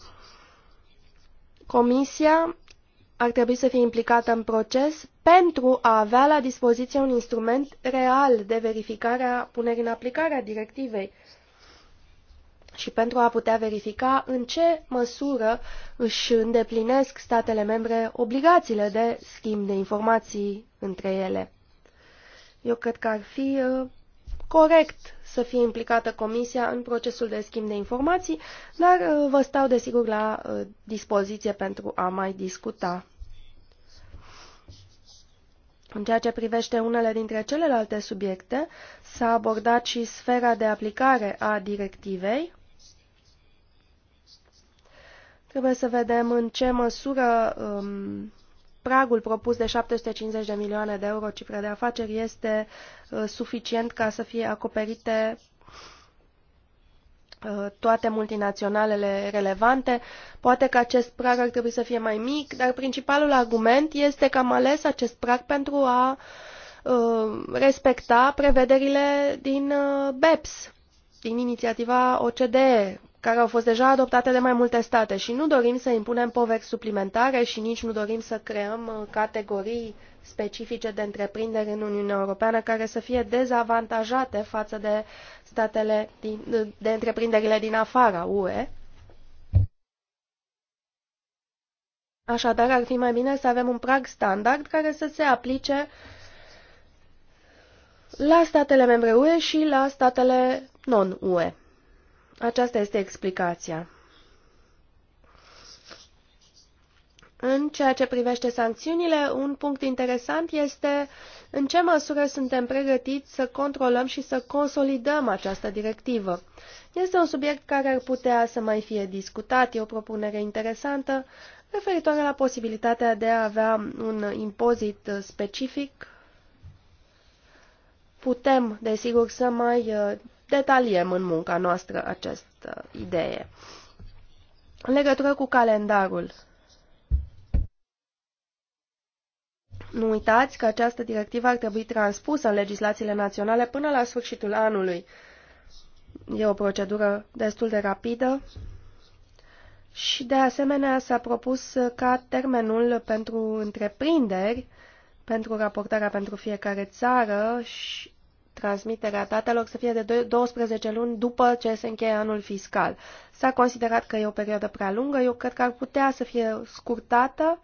Comisia ar trebui să fie implicată în proces pentru a avea la dispoziție un instrument real de verificare a punerii în aplicare a directivei și pentru a putea verifica în ce măsură își îndeplinesc statele membre obligațiile de schimb de informații între ele. Eu cred că ar fi uh, corect să fie implicată Comisia în procesul de schimb de informații, dar uh, vă stau desigur la uh, dispoziție pentru a mai discuta. În ceea ce privește unele dintre celelalte subiecte, s-a abordat și sfera de aplicare a directivei. Trebuie să vedem în ce măsură um, pragul propus de 750 de milioane de euro cifre de afaceri este uh, suficient ca să fie acoperite uh, toate multinaționalele relevante. Poate că acest prag ar trebui să fie mai mic, dar principalul argument este că am ales acest prag pentru a uh, respecta prevederile din BEPS, din inițiativa OCDE care au fost deja adoptate de mai multe state și nu dorim să impunem poveri suplimentare și nici nu dorim să creăm uh, categorii specifice de întreprinderi în Uniunea Europeană care să fie dezavantajate față de statele din, uh, de întreprinderile din afara UE. Așadar, ar fi mai bine să avem un prag standard care să se aplice la statele membre UE și la statele non-UE. Aceasta este explicația. În ceea ce privește sancțiunile, un punct interesant este în ce măsură suntem pregătiți să controlăm și să consolidăm această directivă. Este un subiect care ar putea să mai fie discutat, e o propunere interesantă referitoare la posibilitatea de a avea un impozit specific. Putem, desigur, să mai uh, detaliem în munca noastră această idee. În legătură cu calendarul, nu uitați că această directivă ar trebui transpusă în legislațiile naționale până la sfârșitul anului. E o procedură destul de rapidă și, de asemenea, s-a propus ca termenul pentru întreprinderi, pentru raportarea pentru fiecare țară și transmiterea datelor să fie de 12 luni după ce se încheie anul fiscal. S-a considerat că e o perioadă prea lungă, eu cred că ar putea să fie scurtată,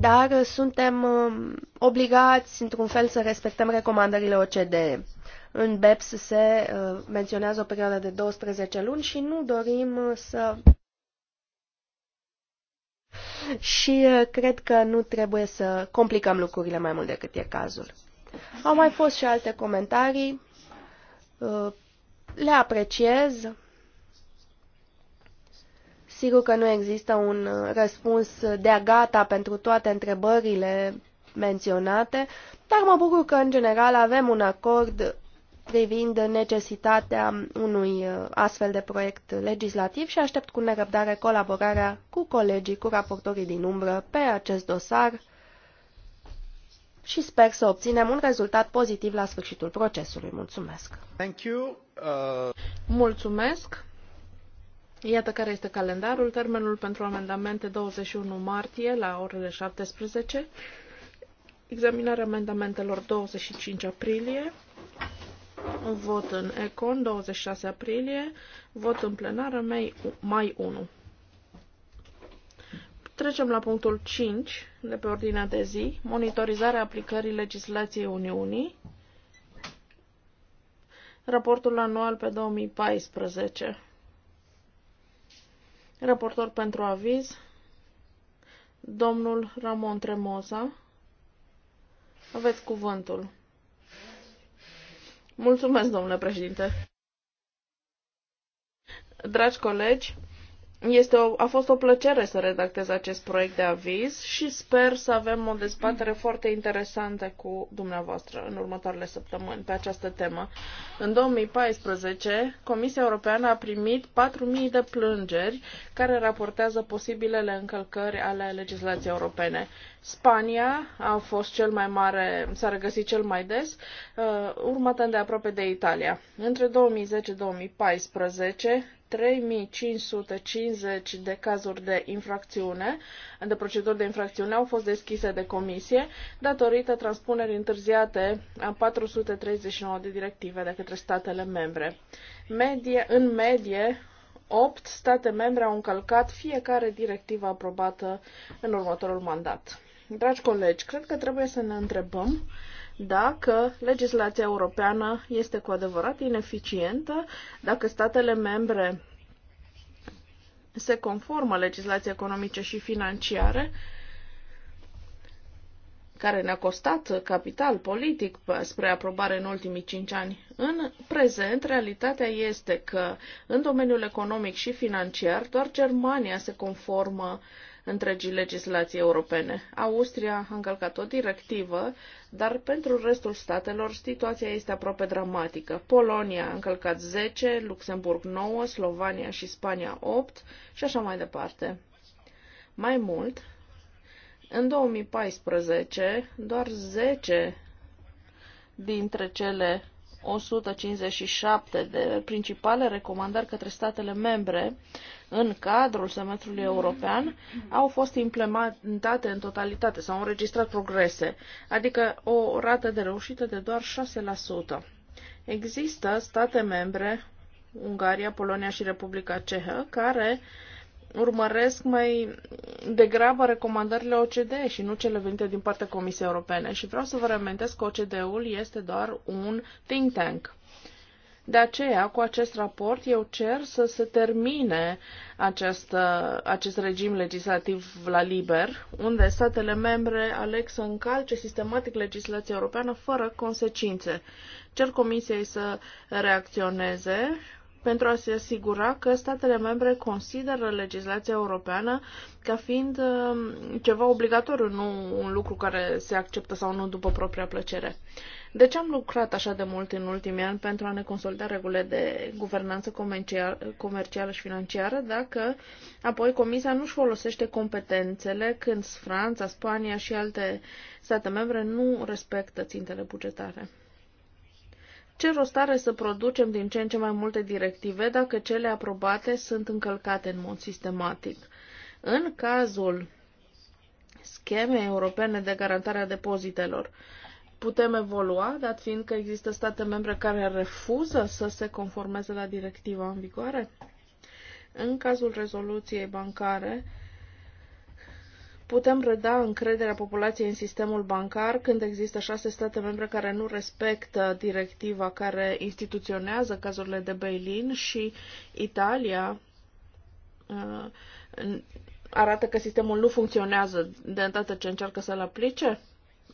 dar suntem um, obligați, într-un fel, să respectăm recomandările OCDE. În BEPS se uh, menționează o perioadă de 12 luni și nu dorim să și uh, cred că nu trebuie să complicăm lucrurile mai mult decât e cazul. Au mai fost și alte comentarii, uh, le apreciez. Sigur că nu există un uh, răspuns de gata pentru toate întrebările menționate, dar mă bucur că, în general, avem un acord privind necesitatea unui uh, astfel de proiect legislativ și aștept cu nerăbdare colaborarea cu colegii, cu raportorii din umbră pe acest dosar și sper să obținem un rezultat pozitiv la sfârșitul procesului. Mulțumesc! Thank you. Uh... Mulțumesc! Iată care este calendarul. Termenul pentru amendamente 21 martie la orele 17. Examinarea amendamentelor 25 aprilie Vot în Econ, 26 aprilie. Vot în plenară, mai, mai 1. Trecem la punctul 5 de pe ordinea de zi, monitorizarea aplicării legislației Uniunii, raportul anual pe 2014. Raportor pentru aviz, domnul Ramon Tremosa. Aveți cuvântul. Mulțumesc, domnule președinte. Dragi colegi, este o, a fost o plăcere să redactez acest proiect de aviz și sper să avem o dezbatere foarte interesantă cu dumneavoastră în următoarele săptămâni pe această temă. În 2014, Comisia Europeană a primit 4.000 de plângeri care raportează posibilele încălcări ale legislației europene. Spania a fost cel mai mare, s-a regăsit cel mai des, uh, urmată de aproape de Italia. Între 2010-2014, 3550 de cazuri de infracțiune, de proceduri de infracțiune au fost deschise de comisie datorită transpunerii întârziate a 439 de directive de către statele membre. Medie, în medie, 8 state membre au încălcat fiecare directivă aprobată în următorul mandat. Dragi colegi, cred că trebuie să ne întrebăm dacă legislația europeană este cu adevărat ineficientă, dacă statele membre se conformă legislației economice și financiare, care ne-a costat capital politic spre aprobare în ultimii cinci ani. În prezent, realitatea este că în domeniul economic și financiar doar Germania se conformă uh, întregii legislații europene. Austria a încălcat o directivă, dar pentru restul statelor situația este aproape dramatică. Polonia a încălcat 10, Luxemburg 9, Slovania și Spania 8 și așa mai departe. Mai mult, în 2014, doar 10 dintre cele 157 de principale recomandări către statele membre în cadrul semestrului european au fost implementate în totalitate, s-au înregistrat progrese, adică o rată de reușită de doar 6%. Există state membre, Ungaria, Polonia și Republica Cehă, care uh, urmăresc mai degrabă recomandările OCD și nu cele venite din partea Comisiei Europene. Și vreau să vă reamintesc că ocd ul este doar un think tank. De aceea, cu acest raport, eu cer să se termine acest, acest regim legislativ la liber, unde statele membre aleg să încalce sistematic legislația europeană fără consecințe. Cer Comisiei să reacționeze pentru a se asigura că statele membre consideră legislația europeană ca fiind um, ceva obligatoriu, nu un lucru care se acceptă sau nu după propria plăcere. De ce am lucrat așa de mult în ultimii ani pentru a ne consolida regulile de guvernanță comercială și financiară dacă apoi Comisia nu-și folosește competențele când Franța, Spania și alte state membre nu respectă țintele bugetare? Ce rost are să producem din ce în ce mai multe directive dacă cele aprobate sunt încălcate în mod sistematic? În cazul schemei europene de garantare a depozitelor, putem evolua, dat fiind că există state membre care refuză să se conformeze la directiva în vigoare? În cazul rezoluției bancare, Putem reda încrederea populației în sistemul bancar când există șase state membre care nu respectă directiva care instituționează cazurile de bail-in și Italia uh, arată că sistemul nu funcționează de îndată ce încearcă să-l aplice?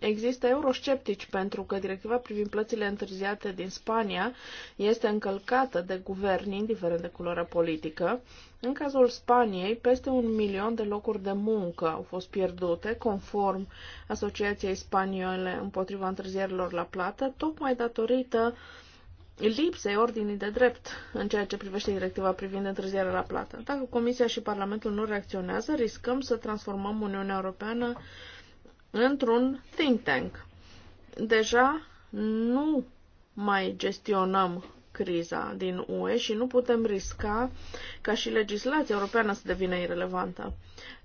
Există eurosceptici pentru că directiva privind plățile întârziate din Spania este încălcată de guvern, indiferent de culoarea politică, în cazul Spaniei, peste un milion de locuri de muncă au fost pierdute, conform Asociației Spaniole împotriva întârzierilor la plată, tocmai datorită lipsei ordinii de drept în ceea ce privește directiva privind întârzierea la plată. Dacă Comisia și Parlamentul nu reacționează, riscăm să transformăm Uniunea Europeană într-un think tank. Deja nu mai gestionăm criza din UE și nu putem risca ca și legislația europeană să devină irelevantă.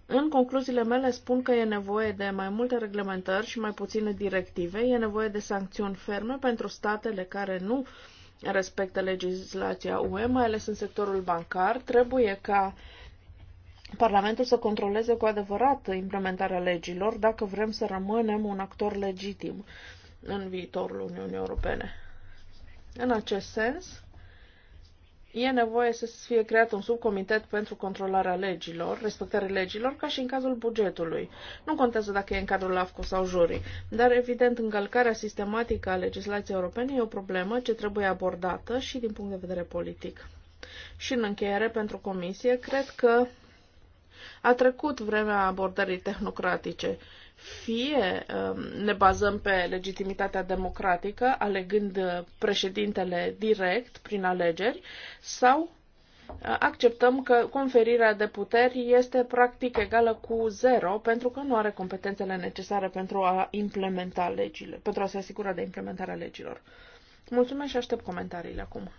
În concluziile mele spun că e nevoie de mai multe reglementări și mai puține directive, e nevoie de sancțiuni ferme pentru statele care nu respectă legislația UE, mai ales în sectorul bancar. Trebuie ca Parlamentul să controleze cu adevărat implementarea legilor dacă vrem să rămânem un actor legitim în viitorul Uniunii Europene. În acest sens, e nevoie să fie creat un subcomitet pentru controlarea legilor, respectarea legilor, ca și în cazul bugetului. Nu contează dacă e în cadrul AFCO sau Juri. dar evident încălcarea sistematică a legislației europene e o problemă ce trebuie abordată și din punct de vedere politic. Și în încheiere, pentru comisie, cred că a trecut vremea abordării tehnocratice fie um, ne bazăm pe legitimitatea democratică, alegând uh, președintele direct prin alegeri, sau uh, acceptăm că conferirea de puteri este practic egală cu zero pentru că nu are competențele necesare pentru a implementa legile, pentru a se asigura de implementarea legilor. Mulțumesc și aștept comentariile acum.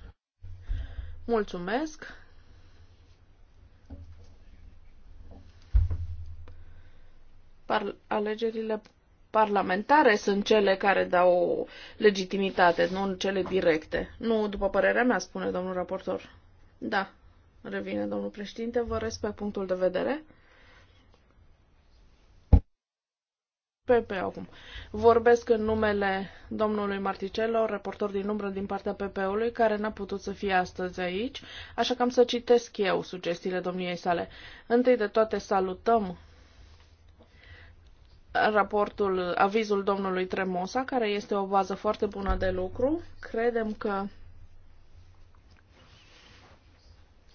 Mulțumesc. par- alegerile parlamentare sunt cele care dau legitimitate, nu cele directe. Nu, după părerea mea, spune domnul raportor. Da, revine domnul președinte, vă respect punctul de vedere. Pe pe acum. Vorbesc în numele domnului Marticello, reporter din umbră din partea PP-ului, care n-a putut să fie astăzi aici, așa că am să citesc eu sugestiile domniei sale. Întâi de toate salutăm raportul, avizul domnului Tremosa, care este o bază foarte bună de lucru. Credem că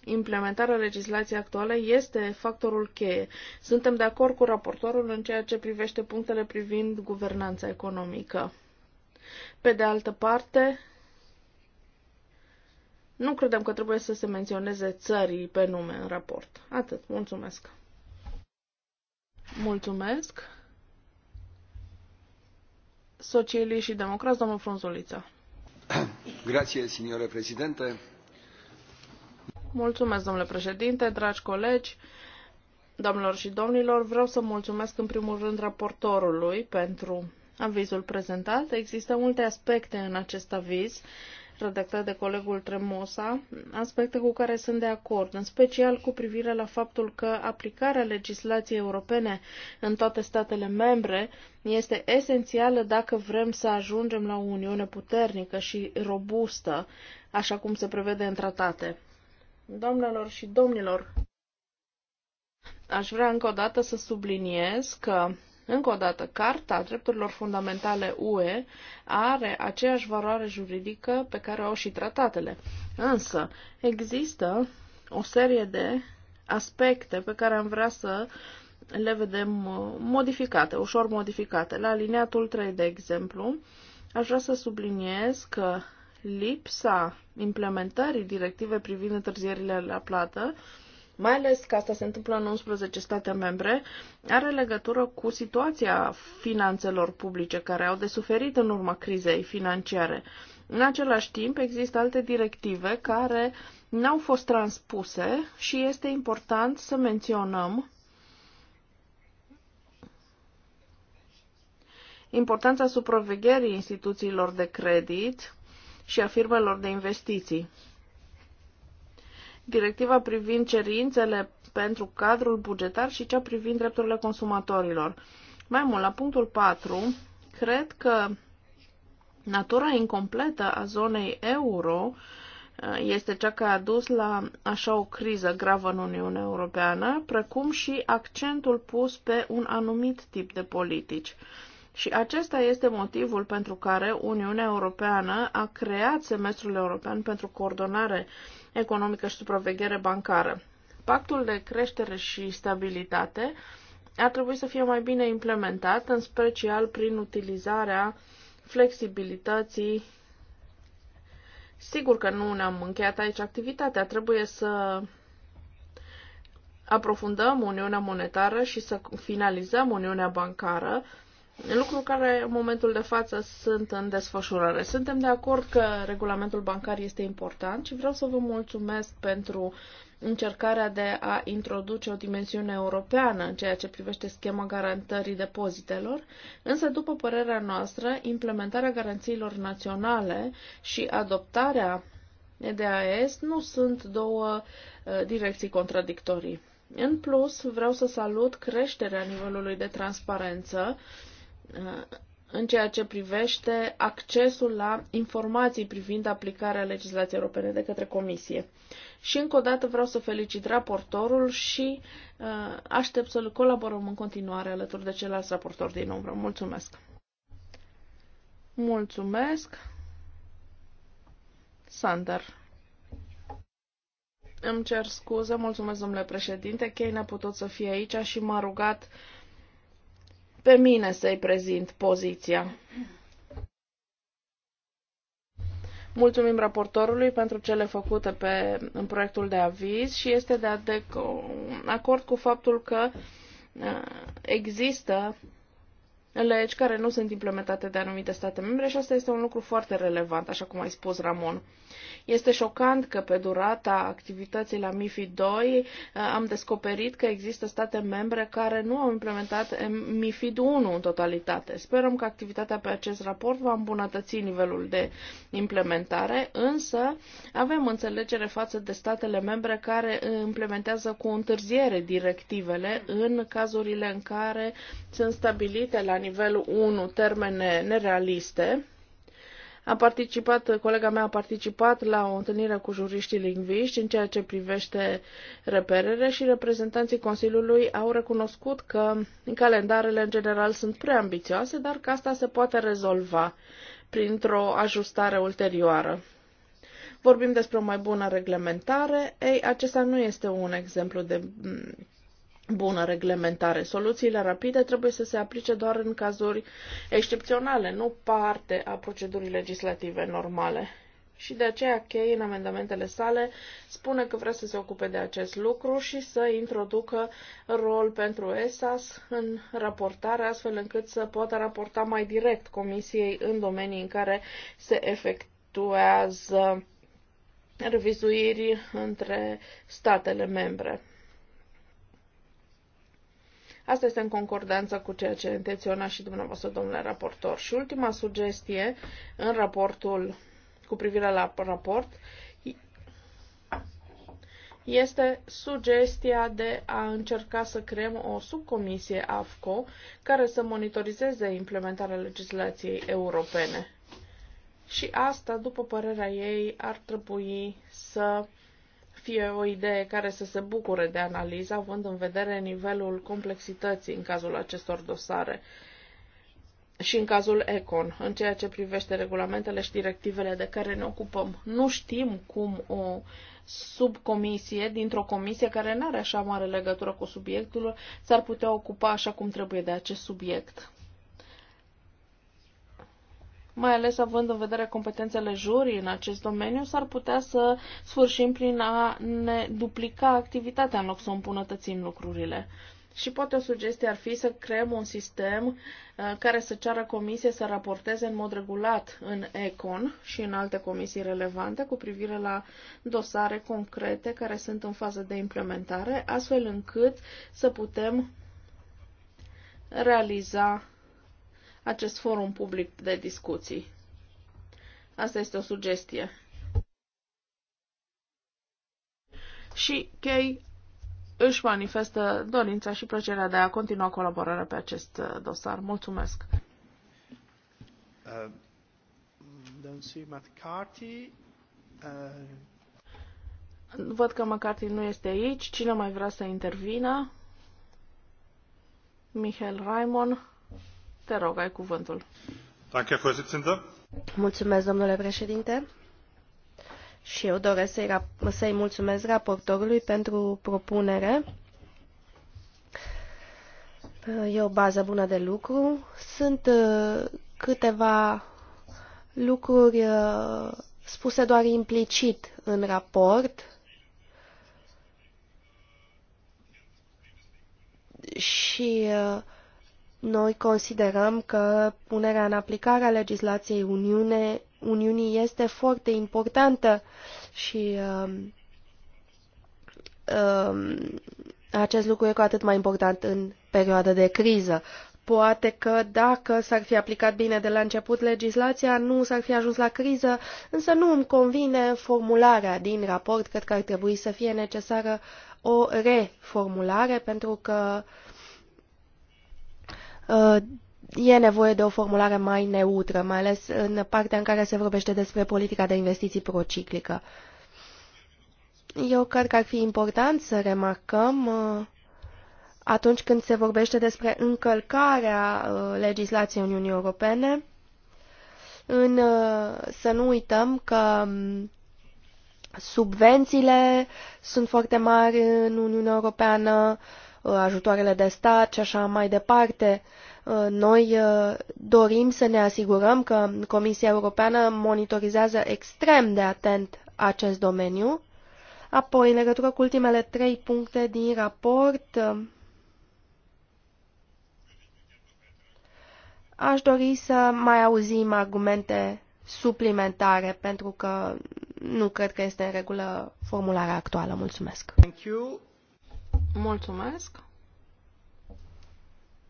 implementarea legislației actuale este factorul cheie. Suntem de acord cu raportorul în ceea ce privește punctele privind guvernanța economică. Pe de altă parte, nu credem că trebuie să se menționeze țării pe nume în raport. Atât. Mulțumesc. Mulțumesc. Socialii și Democrați, domnul Frunzuliță. Grație, signore președinte. Mulțumesc, domnule președinte, dragi colegi, domnilor și domnilor. Vreau să mulțumesc în primul rând raportorului pentru avizul prezentat. Există multe aspecte în acest aviz redactat de colegul Tremosa, aspecte cu care sunt de acord, în special cu privire la faptul că aplicarea legislației europene în toate statele membre este esențială dacă vrem să ajungem la o uniune puternică și robustă, așa cum se prevede în tratate. Doamnelor și domnilor, aș vrea încă o dată să subliniez că încă o dată, Carta Drepturilor Fundamentale UE are aceeași valoare juridică pe care o au și tratatele. Însă, există o serie de aspecte pe care am vrea să le vedem uh, modificate, ușor modificate. La alineatul 3, de exemplu, aș vrea să subliniez că lipsa implementării directive privind întârzierile la plată uh, mai ales că asta se întâmplă în 11 state membre, are legătură cu situația finanțelor publice care au de suferit în urma crizei financiare. În același timp, există alte directive care n-au fost transpuse și este important să menționăm importanța supravegherii instituțiilor de credit și a firmelor de investiții directiva privind cerințele pentru cadrul bugetar și cea privind drepturile consumatorilor. Mai mult, la punctul 4, cred că natura incompletă a zonei euro uh, este cea care a dus la așa o criză gravă în Uniunea Europeană, precum și accentul pus pe un anumit tip de politici. Și acesta este motivul pentru care Uniunea Europeană a creat semestrul european pentru coordonare economică și supraveghere bancară. Pactul de creștere și stabilitate ar trebui să fie mai bine implementat, în special prin utilizarea flexibilității. Sigur că nu ne-am încheiat aici activitatea, trebuie să aprofundăm Uniunea Monetară și să finalizăm Uniunea Bancară, lucru care în momentul de față sunt în desfășurare. Suntem de acord că regulamentul bancar este important și vreau să vă mulțumesc pentru încercarea de a introduce o dimensiune europeană în ceea ce privește schema garantării depozitelor, însă, după părerea noastră, implementarea garanțiilor naționale și adoptarea EDAS nu sunt două uh, direcții contradictorii. În plus, vreau să salut creșterea nivelului de transparență uh, în ceea ce privește accesul la informații privind aplicarea legislației europene de către Comisie. Și încă o dată vreau să felicit raportorul și uh, aștept să-l colaborăm în continuare alături de ceilalți raportori din umbră. Mulțumesc! Mulțumesc! Sander. Îmi cer scuze, mulțumesc domnule președinte, Chei n-a putut să fie aici și m-a rugat uh, pe mine să-i prezint poziția. Mulțumim raportorului pentru cele făcute pe, în proiectul de aviz și este de acord cu faptul că uh, există legi care nu sunt implementate de anumite state membre și asta este un lucru foarte relevant, așa cum ai spus, Ramon. Este șocant că pe durata activității la MIFID 2 eh, am descoperit că există state membre care nu au implementat eh, MIFID 1 în totalitate. Sperăm că activitatea pe acest raport va îmbunătăți nivelul de implementare, însă avem înțelegere față de statele membre care eh, implementează cu întârziere directivele în cazurile în care sunt stabilite la nivelul 1 termene nerealiste. A participat, colega mea a participat la o întâlnire cu juriștii lingviști în ceea ce privește reperere și reprezentanții Consiliului au recunoscut că calendarele în general sunt prea ambițioase, dar că asta se poate rezolva printr-o ajustare ulterioară. Vorbim despre o mai bună reglementare. Ei, acesta nu este un exemplu de bună reglementare. Soluțiile rapide trebuie să se aplice doar în cazuri excepționale, nu parte a procedurii legislative normale. Și de aceea Chei, în amendamentele sale, spune că vrea să se ocupe de acest lucru și să introducă rol pentru ESAS în raportare, astfel încât să poată raporta mai direct comisiei în domenii în care se efectuează revizuiri între statele membre. Asta este în concordanță cu ceea ce intenționa și dumneavoastră, domnule raportor. Și ultima sugestie în raportul cu privire la raport este sugestia de a încerca să creăm o subcomisie AFCO care să monitorizeze implementarea legislației europene. Și asta, după părerea ei, ar trebui să fie o idee care să se bucure de analiză, având în vedere nivelul complexității în cazul acestor dosare și în cazul ECON, în ceea ce privește regulamentele și directivele de care ne ocupăm. Nu știm cum o subcomisie dintr-o comisie care nu are așa mare legătură cu subiectul s-ar putea ocupa așa cum trebuie de acest subiect mai ales având în vedere competențele jurii în acest domeniu, s-ar putea să sfârșim prin a ne duplica activitatea în loc să îmbunătățim lucrurile. Și poate o sugestie ar fi să creăm un sistem uh, care să ceară comisie să raporteze în mod regulat în ECON și în alte comisii relevante cu privire la dosare concrete care sunt în fază de implementare, astfel încât să putem realiza acest forum public de discuții. Asta este o sugestie. Și Kay își manifestă dorința și plăcerea de a continua colaborarea pe acest uh, dosar. Mulțumesc! Uh, uh, Văd că McCarthy nu este aici. Cine mai vrea să intervină? Michael Raimon. Te rog, ai cuvântul. Mulțumesc, domnule președinte. Și eu doresc să-i, să mulțumesc raportorului pentru propunere. E o bază bună de lucru. Sunt uh, câteva lucruri uh, spuse doar implicit în raport și uh, noi considerăm că punerea în aplicare a legislației Uniune, Uniunii este foarte importantă și um, um, acest lucru e cu atât mai important în perioada de criză. Poate că dacă s-ar fi aplicat bine de la început legislația, nu s-ar fi ajuns la criză, însă nu îmi convine formularea din raport. Cred că ar trebui să fie necesară o reformulare, pentru că uh, Uh, e nevoie de o formulare mai neutră, mai ales în partea în care se vorbește despre politica de investiții prociclică. Eu cred că ar fi important să remarcăm uh, atunci când se vorbește despre încălcarea uh, legislației Uniunii Europene, în, să nu uităm că um, subvențiile sunt foarte mari în Uniunea Europeană, ajutoarele de stat și așa mai departe. Uh, noi uh, dorim să ne asigurăm că Comisia Europeană monitorizează extrem de atent acest domeniu. Apoi, în legătură cu ultimele trei puncte din raport, uh, aș dori să mai auzim argumente suplimentare, pentru că nu cred că este în regulă formularea actuală. Mulțumesc. Thank you. Mulțumesc.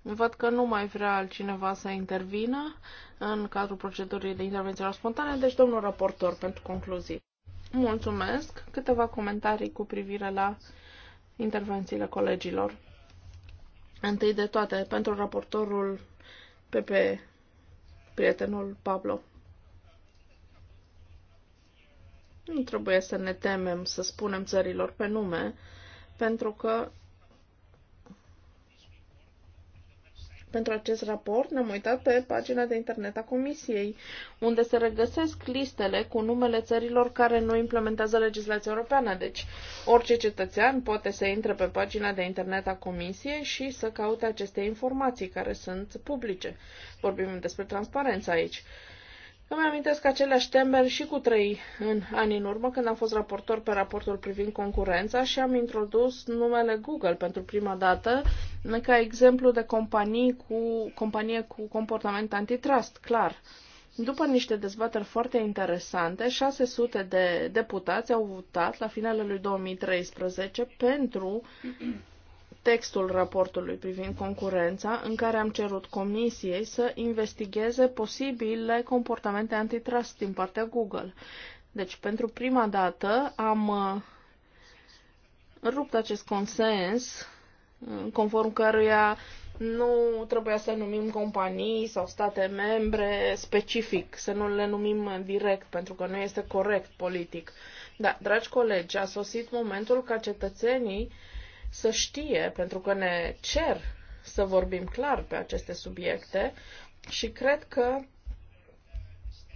Văd că nu mai vrea altcineva să intervină în cadrul procedurii de intervenție spontane, deci domnul raportor pentru concluzii. Mulțumesc. Câteva comentarii cu privire la intervențiile colegilor. Întâi de toate, pentru raportorul PP, prietenul Pablo. Nu trebuie să ne temem să spunem țărilor pe nume, pentru că pentru acest raport ne-am uitat pe pagina de internet a Comisiei, unde se regăsesc listele cu numele țărilor care nu implementează legislația europeană. Deci, orice cetățean poate să intre pe pagina de internet a Comisiei și să caute aceste informații care sunt publice. Vorbim despre transparență aici. Uh, îmi amintesc aceleași temeri și cu trei în anii în urmă, când am fost raportor pe raportul privind concurența și am introdus numele Google pentru prima dată ca exemplu de companii cu, companie cu comportament antitrust, clar. După niște dezbateri foarte interesante, 600 de deputați au votat la finalul lui 2013 pentru textul raportului privind concurența, în care am cerut comisiei să investigheze posibile comportamente antitrust din partea Google. Deci, pentru prima dată am uh, rupt acest consens uh, conform căruia nu trebuia să numim companii sau state membre specific, să nu le numim direct, pentru că nu este corect politic. Da, dragi colegi, a sosit momentul ca cetățenii uh, să știe, pentru că ne cer să vorbim clar pe aceste subiecte și cred că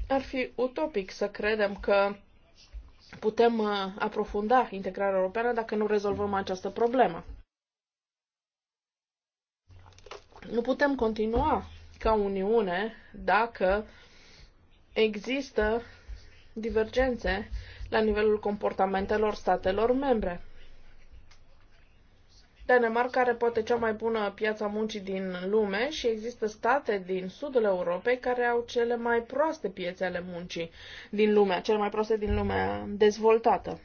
ar fi utopic să credem că putem uh, aprofunda integrarea europeană dacă nu rezolvăm această problemă. Nu putem continua ca Uniune dacă există divergențe la nivelul comportamentelor statelor membre. Danemarca are poate cea mai bună piața muncii din lume și există state din sudul Europei care au cele mai proaste piețe ale muncii din lume, cele mai proaste din lumea dezvoltată.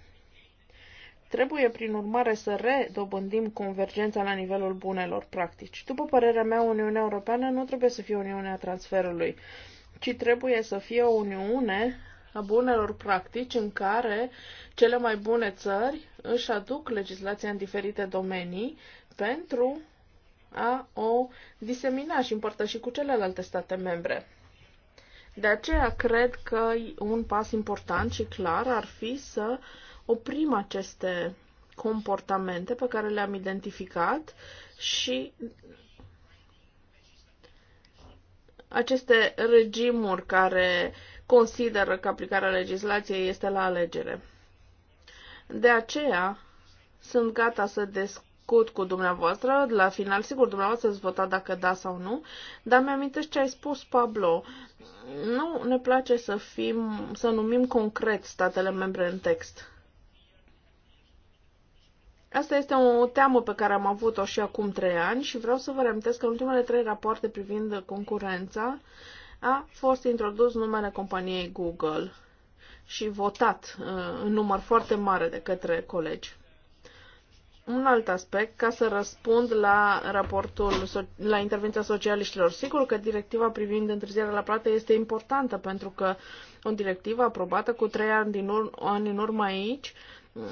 Trebuie, prin urmare, să redobândim convergența la nivelul bunelor practici. După părerea mea, Uniunea Europeană nu trebuie să fie Uniunea Transferului, ci trebuie să fie o Uniune a bunelor practici în care cele mai bune țări își aduc legislația în diferite domenii pentru a o disemina și împărtăși cu celelalte state membre. De aceea cred că un pas important și clar ar fi să oprim aceste comportamente pe care le-am identificat și aceste regimuri care consideră că aplicarea legislației este la alegere. De aceea, sunt gata să discut cu dumneavoastră. La final, sigur, dumneavoastră ați vota dacă da sau nu, dar mi-amintesc ce ai spus, Pablo. Nu ne place să, fim, să numim concret statele membre în text. Asta este o teamă pe care am avut-o și acum trei ani și vreau să vă reamintesc că în ultimele trei rapoarte privind concurența a fost introdus numele companiei Google și votat uh, în număr foarte mare de către colegi. Un alt aspect, ca să răspund la raportul, la intervenția socialiștilor. Sigur că directiva privind întârzierea la plată este importantă, pentru că o directivă aprobată cu trei ani, din ur- ani în urmă aici, mm,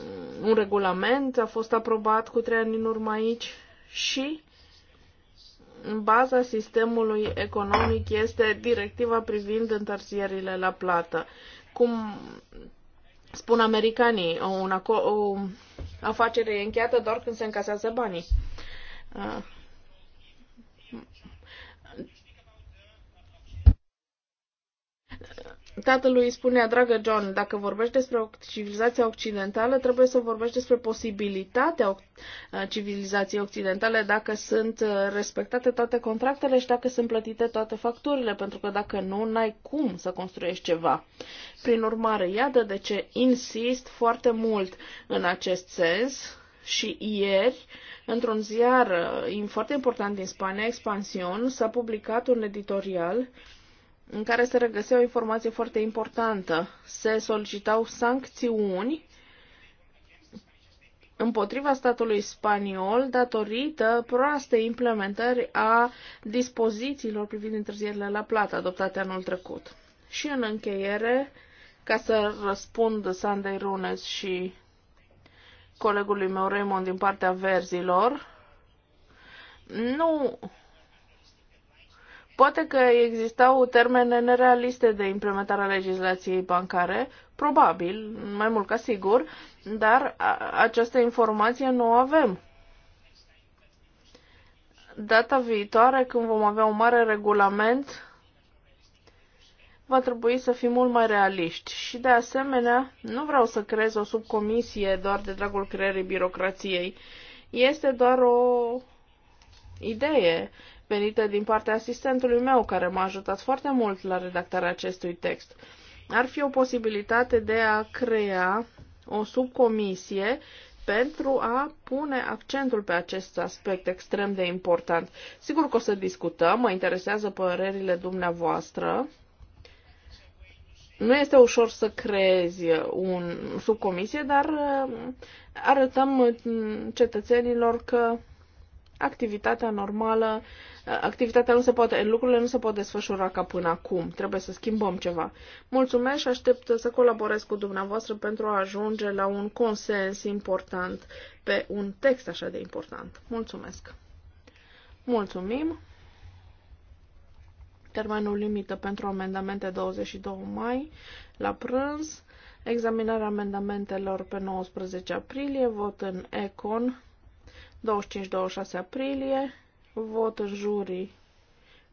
un regulament a fost aprobat cu trei ani în urmă aici și baza sistemului economic este directiva privind întârzierile la plată. Cum spun americanii, o, o afacere e încheiată doar când se încasează banii. Ah. Tatălui îi spunea, dragă John, dacă vorbești despre civilizația occidentală, trebuie să vorbești despre posibilitatea uh, civilizației occidentale dacă sunt uh, respectate toate contractele și dacă sunt plătite toate facturile, pentru că dacă nu, n-ai cum să construiești ceva. Prin urmare, iată de ce insist foarte mult în acest sens și ieri, într-un ziar uh, foarte important din Spania, Expansion, s-a publicat un editorial în care se regăsea o informație foarte importantă. Se solicitau sancțiuni împotriva statului spaniol datorită proastei implementări a dispozițiilor privind întârzierile la plată adoptate anul trecut. Și în încheiere, ca să răspund Sandei Runes și colegului meu Raymond din partea verzilor, nu Poate că existau termene nerealiste de implementare a legislației bancare, probabil, mai mult ca sigur, dar această informație nu o avem. Data viitoare, când vom avea un mare regulament, va trebui să fim mult mai realiști și, de asemenea, nu vreau să creez o subcomisie doar de dragul creierii birocrației. Este doar o idee venită din partea asistentului meu, care m-a ajutat foarte mult la redactarea acestui text. Ar fi o posibilitate de a crea o subcomisie pentru a pune accentul pe acest aspect extrem de important. Sigur că o să discutăm, mă interesează părerile dumneavoastră. Nu este ușor să creezi un subcomisie, dar uh, arătăm uh, cetățenilor că activitatea normală, activitatea nu se poate, lucrurile nu se pot desfășura ca până acum. Trebuie să schimbăm ceva. Mulțumesc și aștept să colaborez cu dumneavoastră pentru a ajunge la un consens important pe un text așa de important. Mulțumesc! Mulțumim! Termenul limită pentru amendamente 22 mai la prânz, examinarea amendamentelor pe 19 aprilie, vot în ECON 25-26 aprilie, vot jurii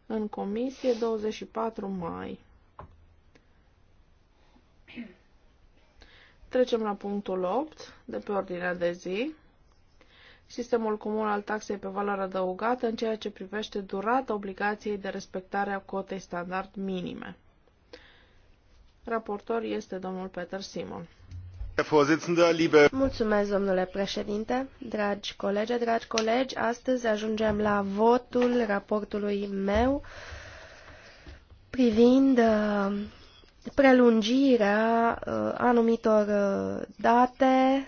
în comisie 24 mai. Trecem la punctul 8 de pe ordinea de zi. Sistemul comun al taxei pe valoare adăugată în ceea ce privește durata obligației de respectare a cotei standard minime. Raportor este domnul Peter Simon. Mulțumesc, domnule președinte, dragi colegi, dragi colegi. Astăzi ajungem la votul raportului meu privind uh, prelungirea uh, anumitor uh, date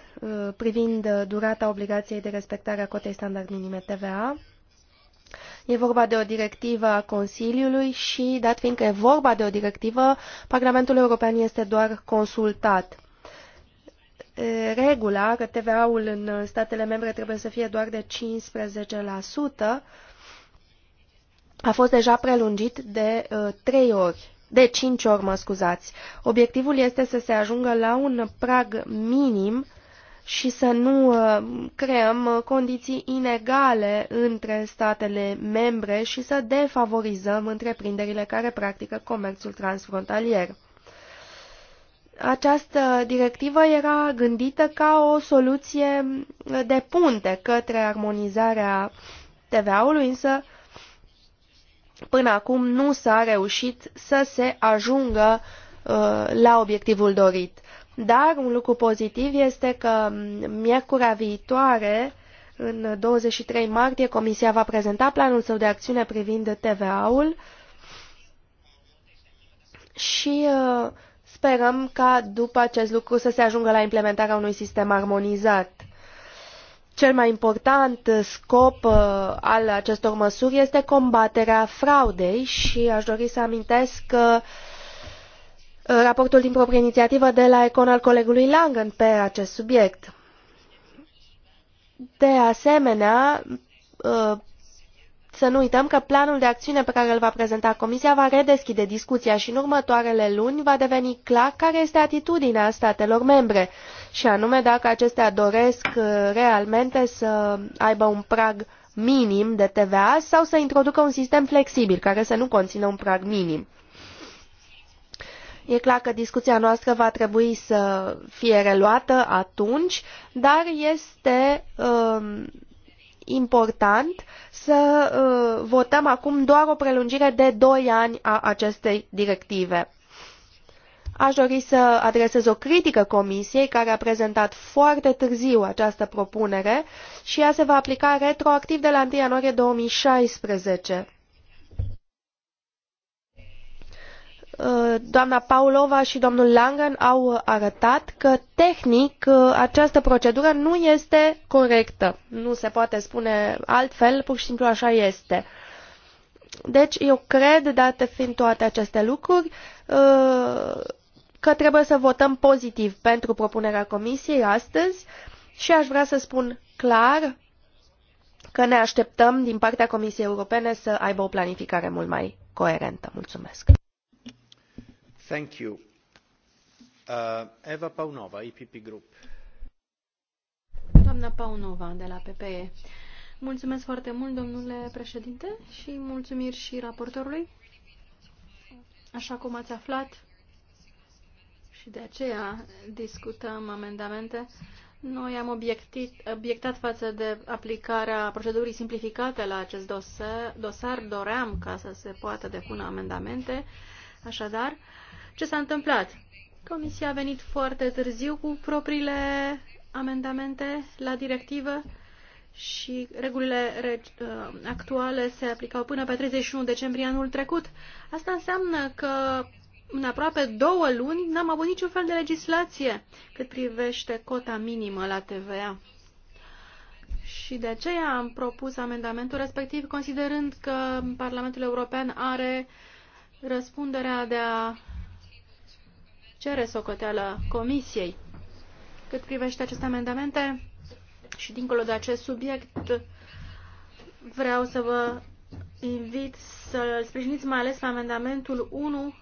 privind durata obligației de respectare a cotei standard minime TVA. E vorba de o directivă a Consiliului și, dat fiindcă e vorba de o directivă, Parlamentul European este doar consultat regula că TVA-ul în statele membre trebuie să fie doar de 15%, a fost deja prelungit de uh, ori, de 5 ori, mă scuzați. Obiectivul este să se ajungă la un prag minim și să nu uh, creăm condiții inegale între statele membre și să defavorizăm întreprinderile care practică comerțul transfrontalier această directivă era gândită ca o soluție de punte către armonizarea TVA-ului, însă până acum nu s-a reușit să se ajungă uh, la obiectivul dorit. Dar un lucru pozitiv este că miercurea viitoare, în 23 martie, Comisia va prezenta planul său de acțiune privind TVA-ul și uh, Sperăm ca după acest lucru să se ajungă la implementarea unui sistem armonizat. Cel mai important scop uh, al acestor măsuri este combaterea fraudei și aș dori să amintesc că uh, raportul din proprie inițiativă de la Econ al colegului Langen pe acest subiect. De asemenea, uh, să nu uităm că planul de acțiune pe care îl va prezenta Comisia va redeschide discuția și în următoarele luni va deveni clar care este atitudinea statelor membre și anume dacă acestea doresc uh, realmente să aibă un prag minim de TVA sau să introducă un sistem flexibil care să nu conțină un prag minim. E clar că discuția noastră va trebui să fie reluată atunci, dar este... Um, important să uh, votăm acum doar o prelungire de 2 ani a acestei directive. Aș dori să adresez o critică Comisiei, care a prezentat foarte târziu această propunere și ea se va aplica retroactiv de la 1 ianuarie 2016. Uh, doamna Paulova și domnul Langen au arătat că tehnic uh, această procedură nu este corectă. Nu se poate spune altfel, pur și simplu așa este. Deci eu cred, date fiind toate aceste lucruri, uh, că trebuie să votăm pozitiv pentru propunerea comisiei astăzi și aș vrea să spun clar că ne așteptăm din partea Comisiei Europene să aibă o planificare mult mai coerentă. Mulțumesc! Thank you. Uh, Eva Paunova, IPP Group. Doamna Paunova, de la PPE. Mulțumesc foarte mult, domnule președinte, și mulțumiri și raportorului. Așa cum ați aflat, și de aceea discutăm amendamente, noi am obiectit, obiectat față de aplicarea procedurii simplificate la acest dosar. dosar doream ca să se poată depune amendamente, așadar, uh, ce s-a întâmplat? Comisia a venit foarte târziu cu propriile amendamente la directivă și regulile uh, actuale se aplicau până pe 31 decembrie anul trecut. Asta înseamnă că în aproape două luni n-am avut niciun fel de legislație cât privește cota minimă la TVA. Și de aceea am propus amendamentul respectiv, considerând că Parlamentul European are răspunderea de a cere socoteală Comisiei. Cât privește aceste amendamente și dincolo de acest subiect, vreau să vă invit să sprijiniți mai ales pe amendamentul 1,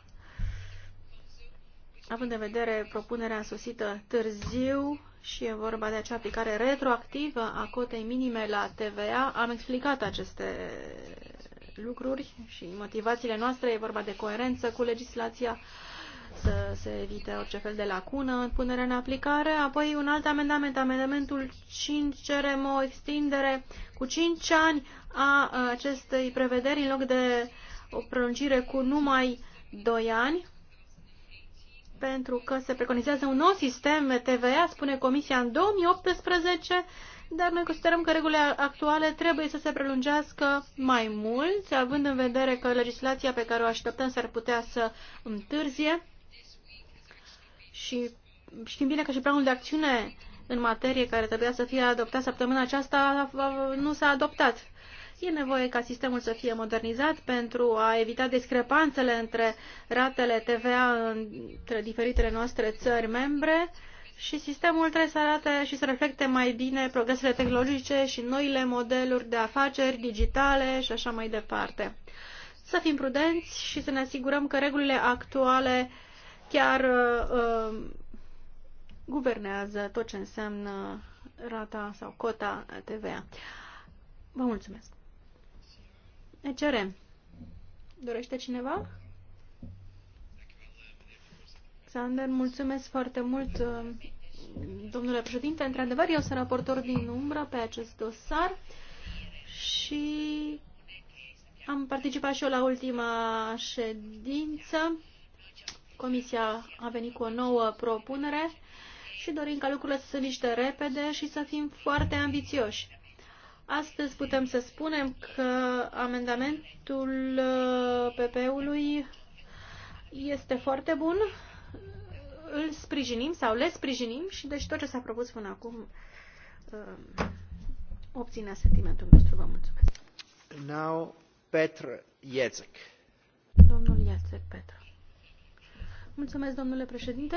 având în vedere propunerea sosită târziu și e vorba de acea aplicare retroactivă a cotei minime la TVA. Am explicat aceste lucruri și motivațiile noastre. E vorba de coerență cu legislația să se evite orice fel de lacună în punerea în aplicare. Apoi un alt amendament, amendamentul 5, cerem o extindere cu 5 ani a acestei prevederi în loc de o prelungire cu numai 2 ani pentru că se preconizează un nou sistem TVA, spune Comisia, în 2018, dar noi considerăm că regulile actuale trebuie să se prelungească mai mult, având în vedere că legislația pe care o așteptăm s-ar putea să întârzie și știm bine că și planul de acțiune în materie care trebuia să fie adoptat săptămâna aceasta nu s-a adoptat. E nevoie ca sistemul să fie modernizat pentru a evita discrepanțele între ratele TVA între diferitele noastre țări membre și sistemul trebuie să arate și să reflecte mai bine progresele tehnologice și noile modeluri de afaceri digitale și așa mai departe. Să fim prudenți și să ne asigurăm că regulile actuale uh, chiar uh, uh, guvernează tot ce înseamnă rata sau cota TVA. Vă mulțumesc. cerem. Dorește cineva? Xander, mulțumesc foarte mult, uh, domnule președinte. Într-adevăr, eu sunt raportor din umbră pe acest dosar și am participat și eu la ultima ședință Comisia a venit cu o nouă propunere și dorim ca lucrurile să se niște repede și să fim foarte ambițioși. Astăzi putem să spunem că amendamentul uh, PP-ului este foarte bun, îl sprijinim sau le sprijinim și deci tot ce s-a propus până acum uh, obține sentimentul nostru. Vă mulțumesc. Now, Petr Jezek. Domnul Jezek, Petr. Mulțumesc, domnule președinte.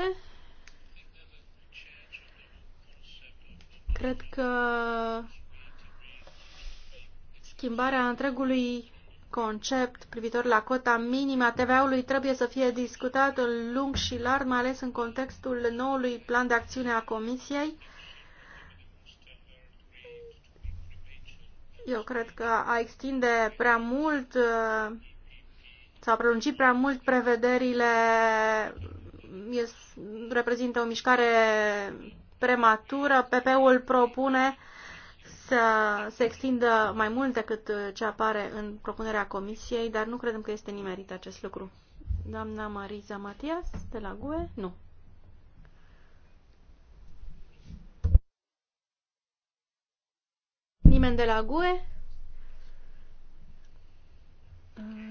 Cred că schimbarea întregului concept privitor la cota minimă a TVA-ului trebuie să fie discutată în lung și larg, mai ales în contextul noului plan de acțiune a Comisiei. Eu cred că a extinde prea mult uh, s-au prelungit prea mult prevederile, yes, reprezintă o mișcare prematură. PP-ul propune să se extindă mai mult decât ce apare în propunerea comisiei, dar nu credem că este nimerit acest lucru. Doamna Mariza Matias, de la GUE? Nu. Nimeni de la GUE?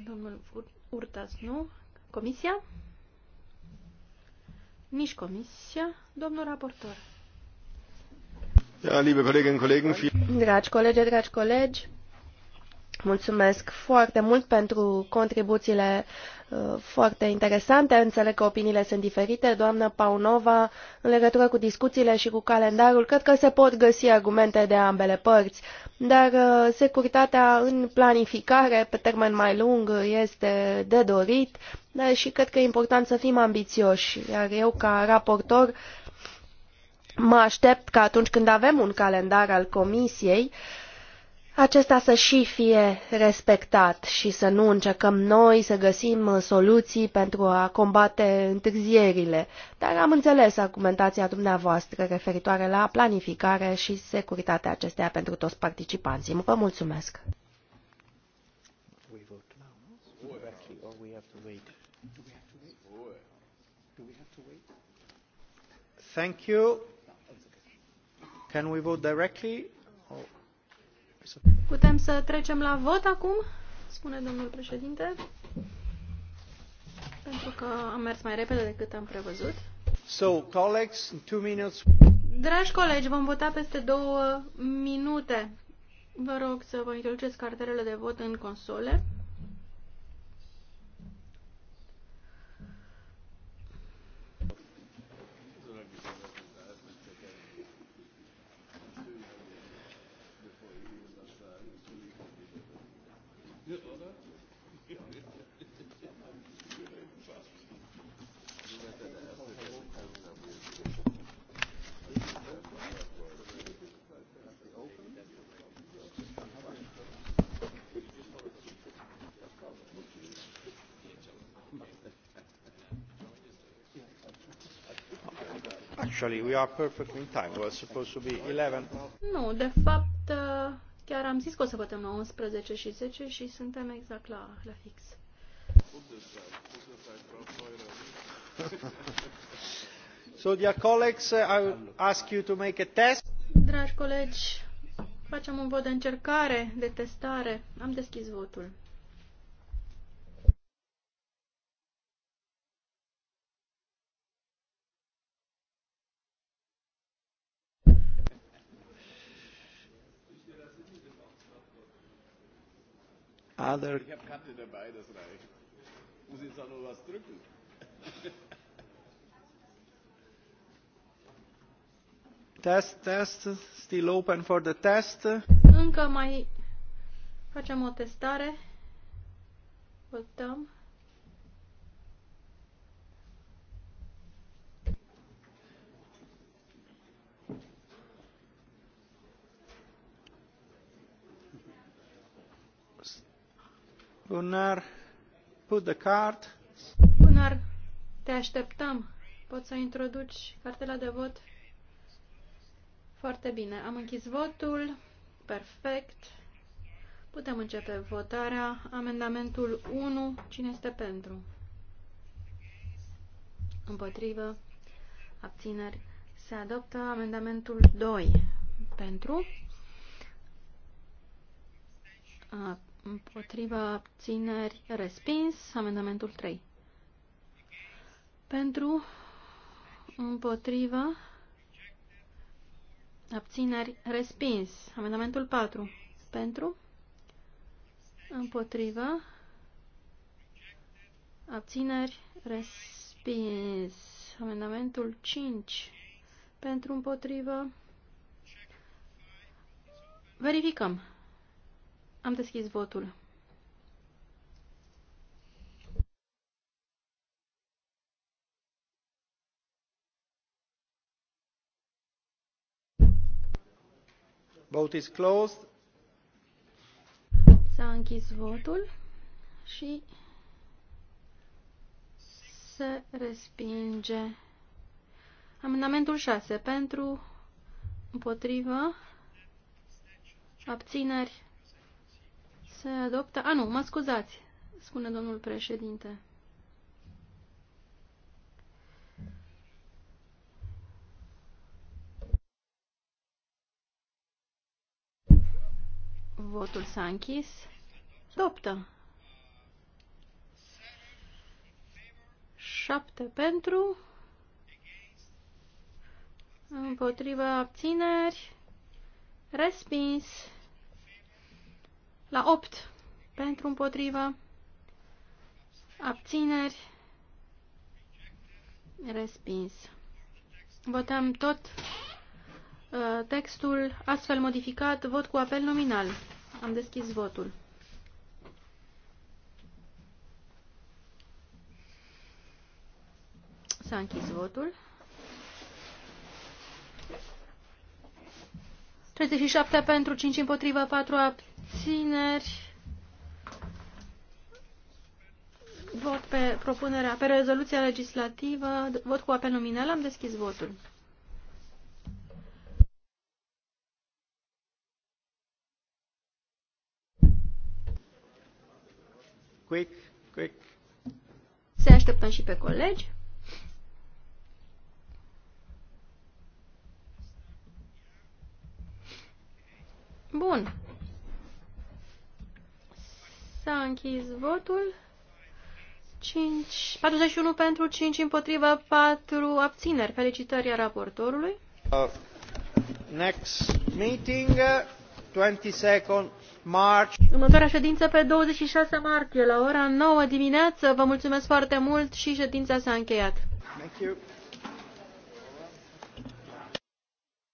Domnul Furt urtați, nu? Comisia? Nici comisia. Domnul raportor. dragi colegi, dragi colegi, mulțumesc foarte mult pentru contribuțiile uh, foarte interesante. Înțeleg că opiniile sunt diferite. Doamnă Paunova, în legătură cu discuțiile și cu calendarul, cred că se pot găsi argumente de ambele părți dar uh, securitatea în planificare pe termen mai lung este de dorit dar și cred că e important să fim ambițioși, iar eu ca raportor mă aștept că atunci când avem un calendar al Comisiei, uh, acesta să și fie respectat și să nu încercăm noi să găsim uh, soluții pentru a combate întârzierile. Dar am înțeles argumentația dumneavoastră referitoare la planificare și securitatea acesteia pentru toți participanții. Vă mulțumesc! Thank you. Can we vote directly? Putem să trecem la vot acum? Spune domnul președinte. Pentru că am mers mai repede decât am prevăzut. So, colleagues, in two minutes. Dragi colegi, vom vota peste două minute. Vă rog să vă introduceți cartelele de vot în console. Actually, we are in time. We're supposed to be 11. Nu, de fapt, uh, chiar am zis că o să votăm la 11 și 10 și suntem exact la, la fix. so, dear colleagues, uh, I will ask you to make a test. Dragi colegi, facem un vot de încercare, de testare. Am deschis votul. other. Ich habe Kante dabei, das reicht. Muss jetzt auch noch was drücken. Test, test, still open for the test. Încă mai facem o testare. Votăm. Gunnar, put the card. Gunnar, te așteptam. Poți să introduci cartela de vot? Foarte bine. Am închis votul. Perfect. Putem începe votarea. Amendamentul 1. Cine este pentru? Împotrivă. Abțineri. Se adoptă amendamentul 2. Pentru. Împotriva abțineri respins. Amendamentul 3. Pentru. Împotriva. Abțineri respins. Amendamentul 4. Pentru. Împotriva. Abțineri respins. Amendamentul 5. Pentru împotriva, Verificăm. Am deschis votul. Vote is closed. S-a închis votul și se respinge. Amendamentul 6. Pentru, împotrivă, abțineri, se adoptă... A, nu, mă scuzați, spune domnul președinte. Votul s-a închis. Adoptă. Șapte pentru, împotriva abțineri, respins. La 8 pentru împotrivă, abțineri, respins. Votăm tot uh, textul astfel modificat, vot cu apel nominal. Am deschis votul. S-a închis votul. 37 pentru, 5 împotrivă, 4 abțineri abțineri. Vot pe propunerea, pe rezoluția legislativă, vot cu apel nominal, am deschis votul. Quick, quick. Se așteptăm și pe colegi. Bun. S-a închis votul. 5, 41 pentru, 5 împotriva, 4 abțineri. Felicitări a raportorului. Uh, next meeting, 22 uh, March. Următoarea ședință pe 26 martie la ora 9 dimineață. Vă mulțumesc foarte mult și ședința s-a încheiat. Thank you.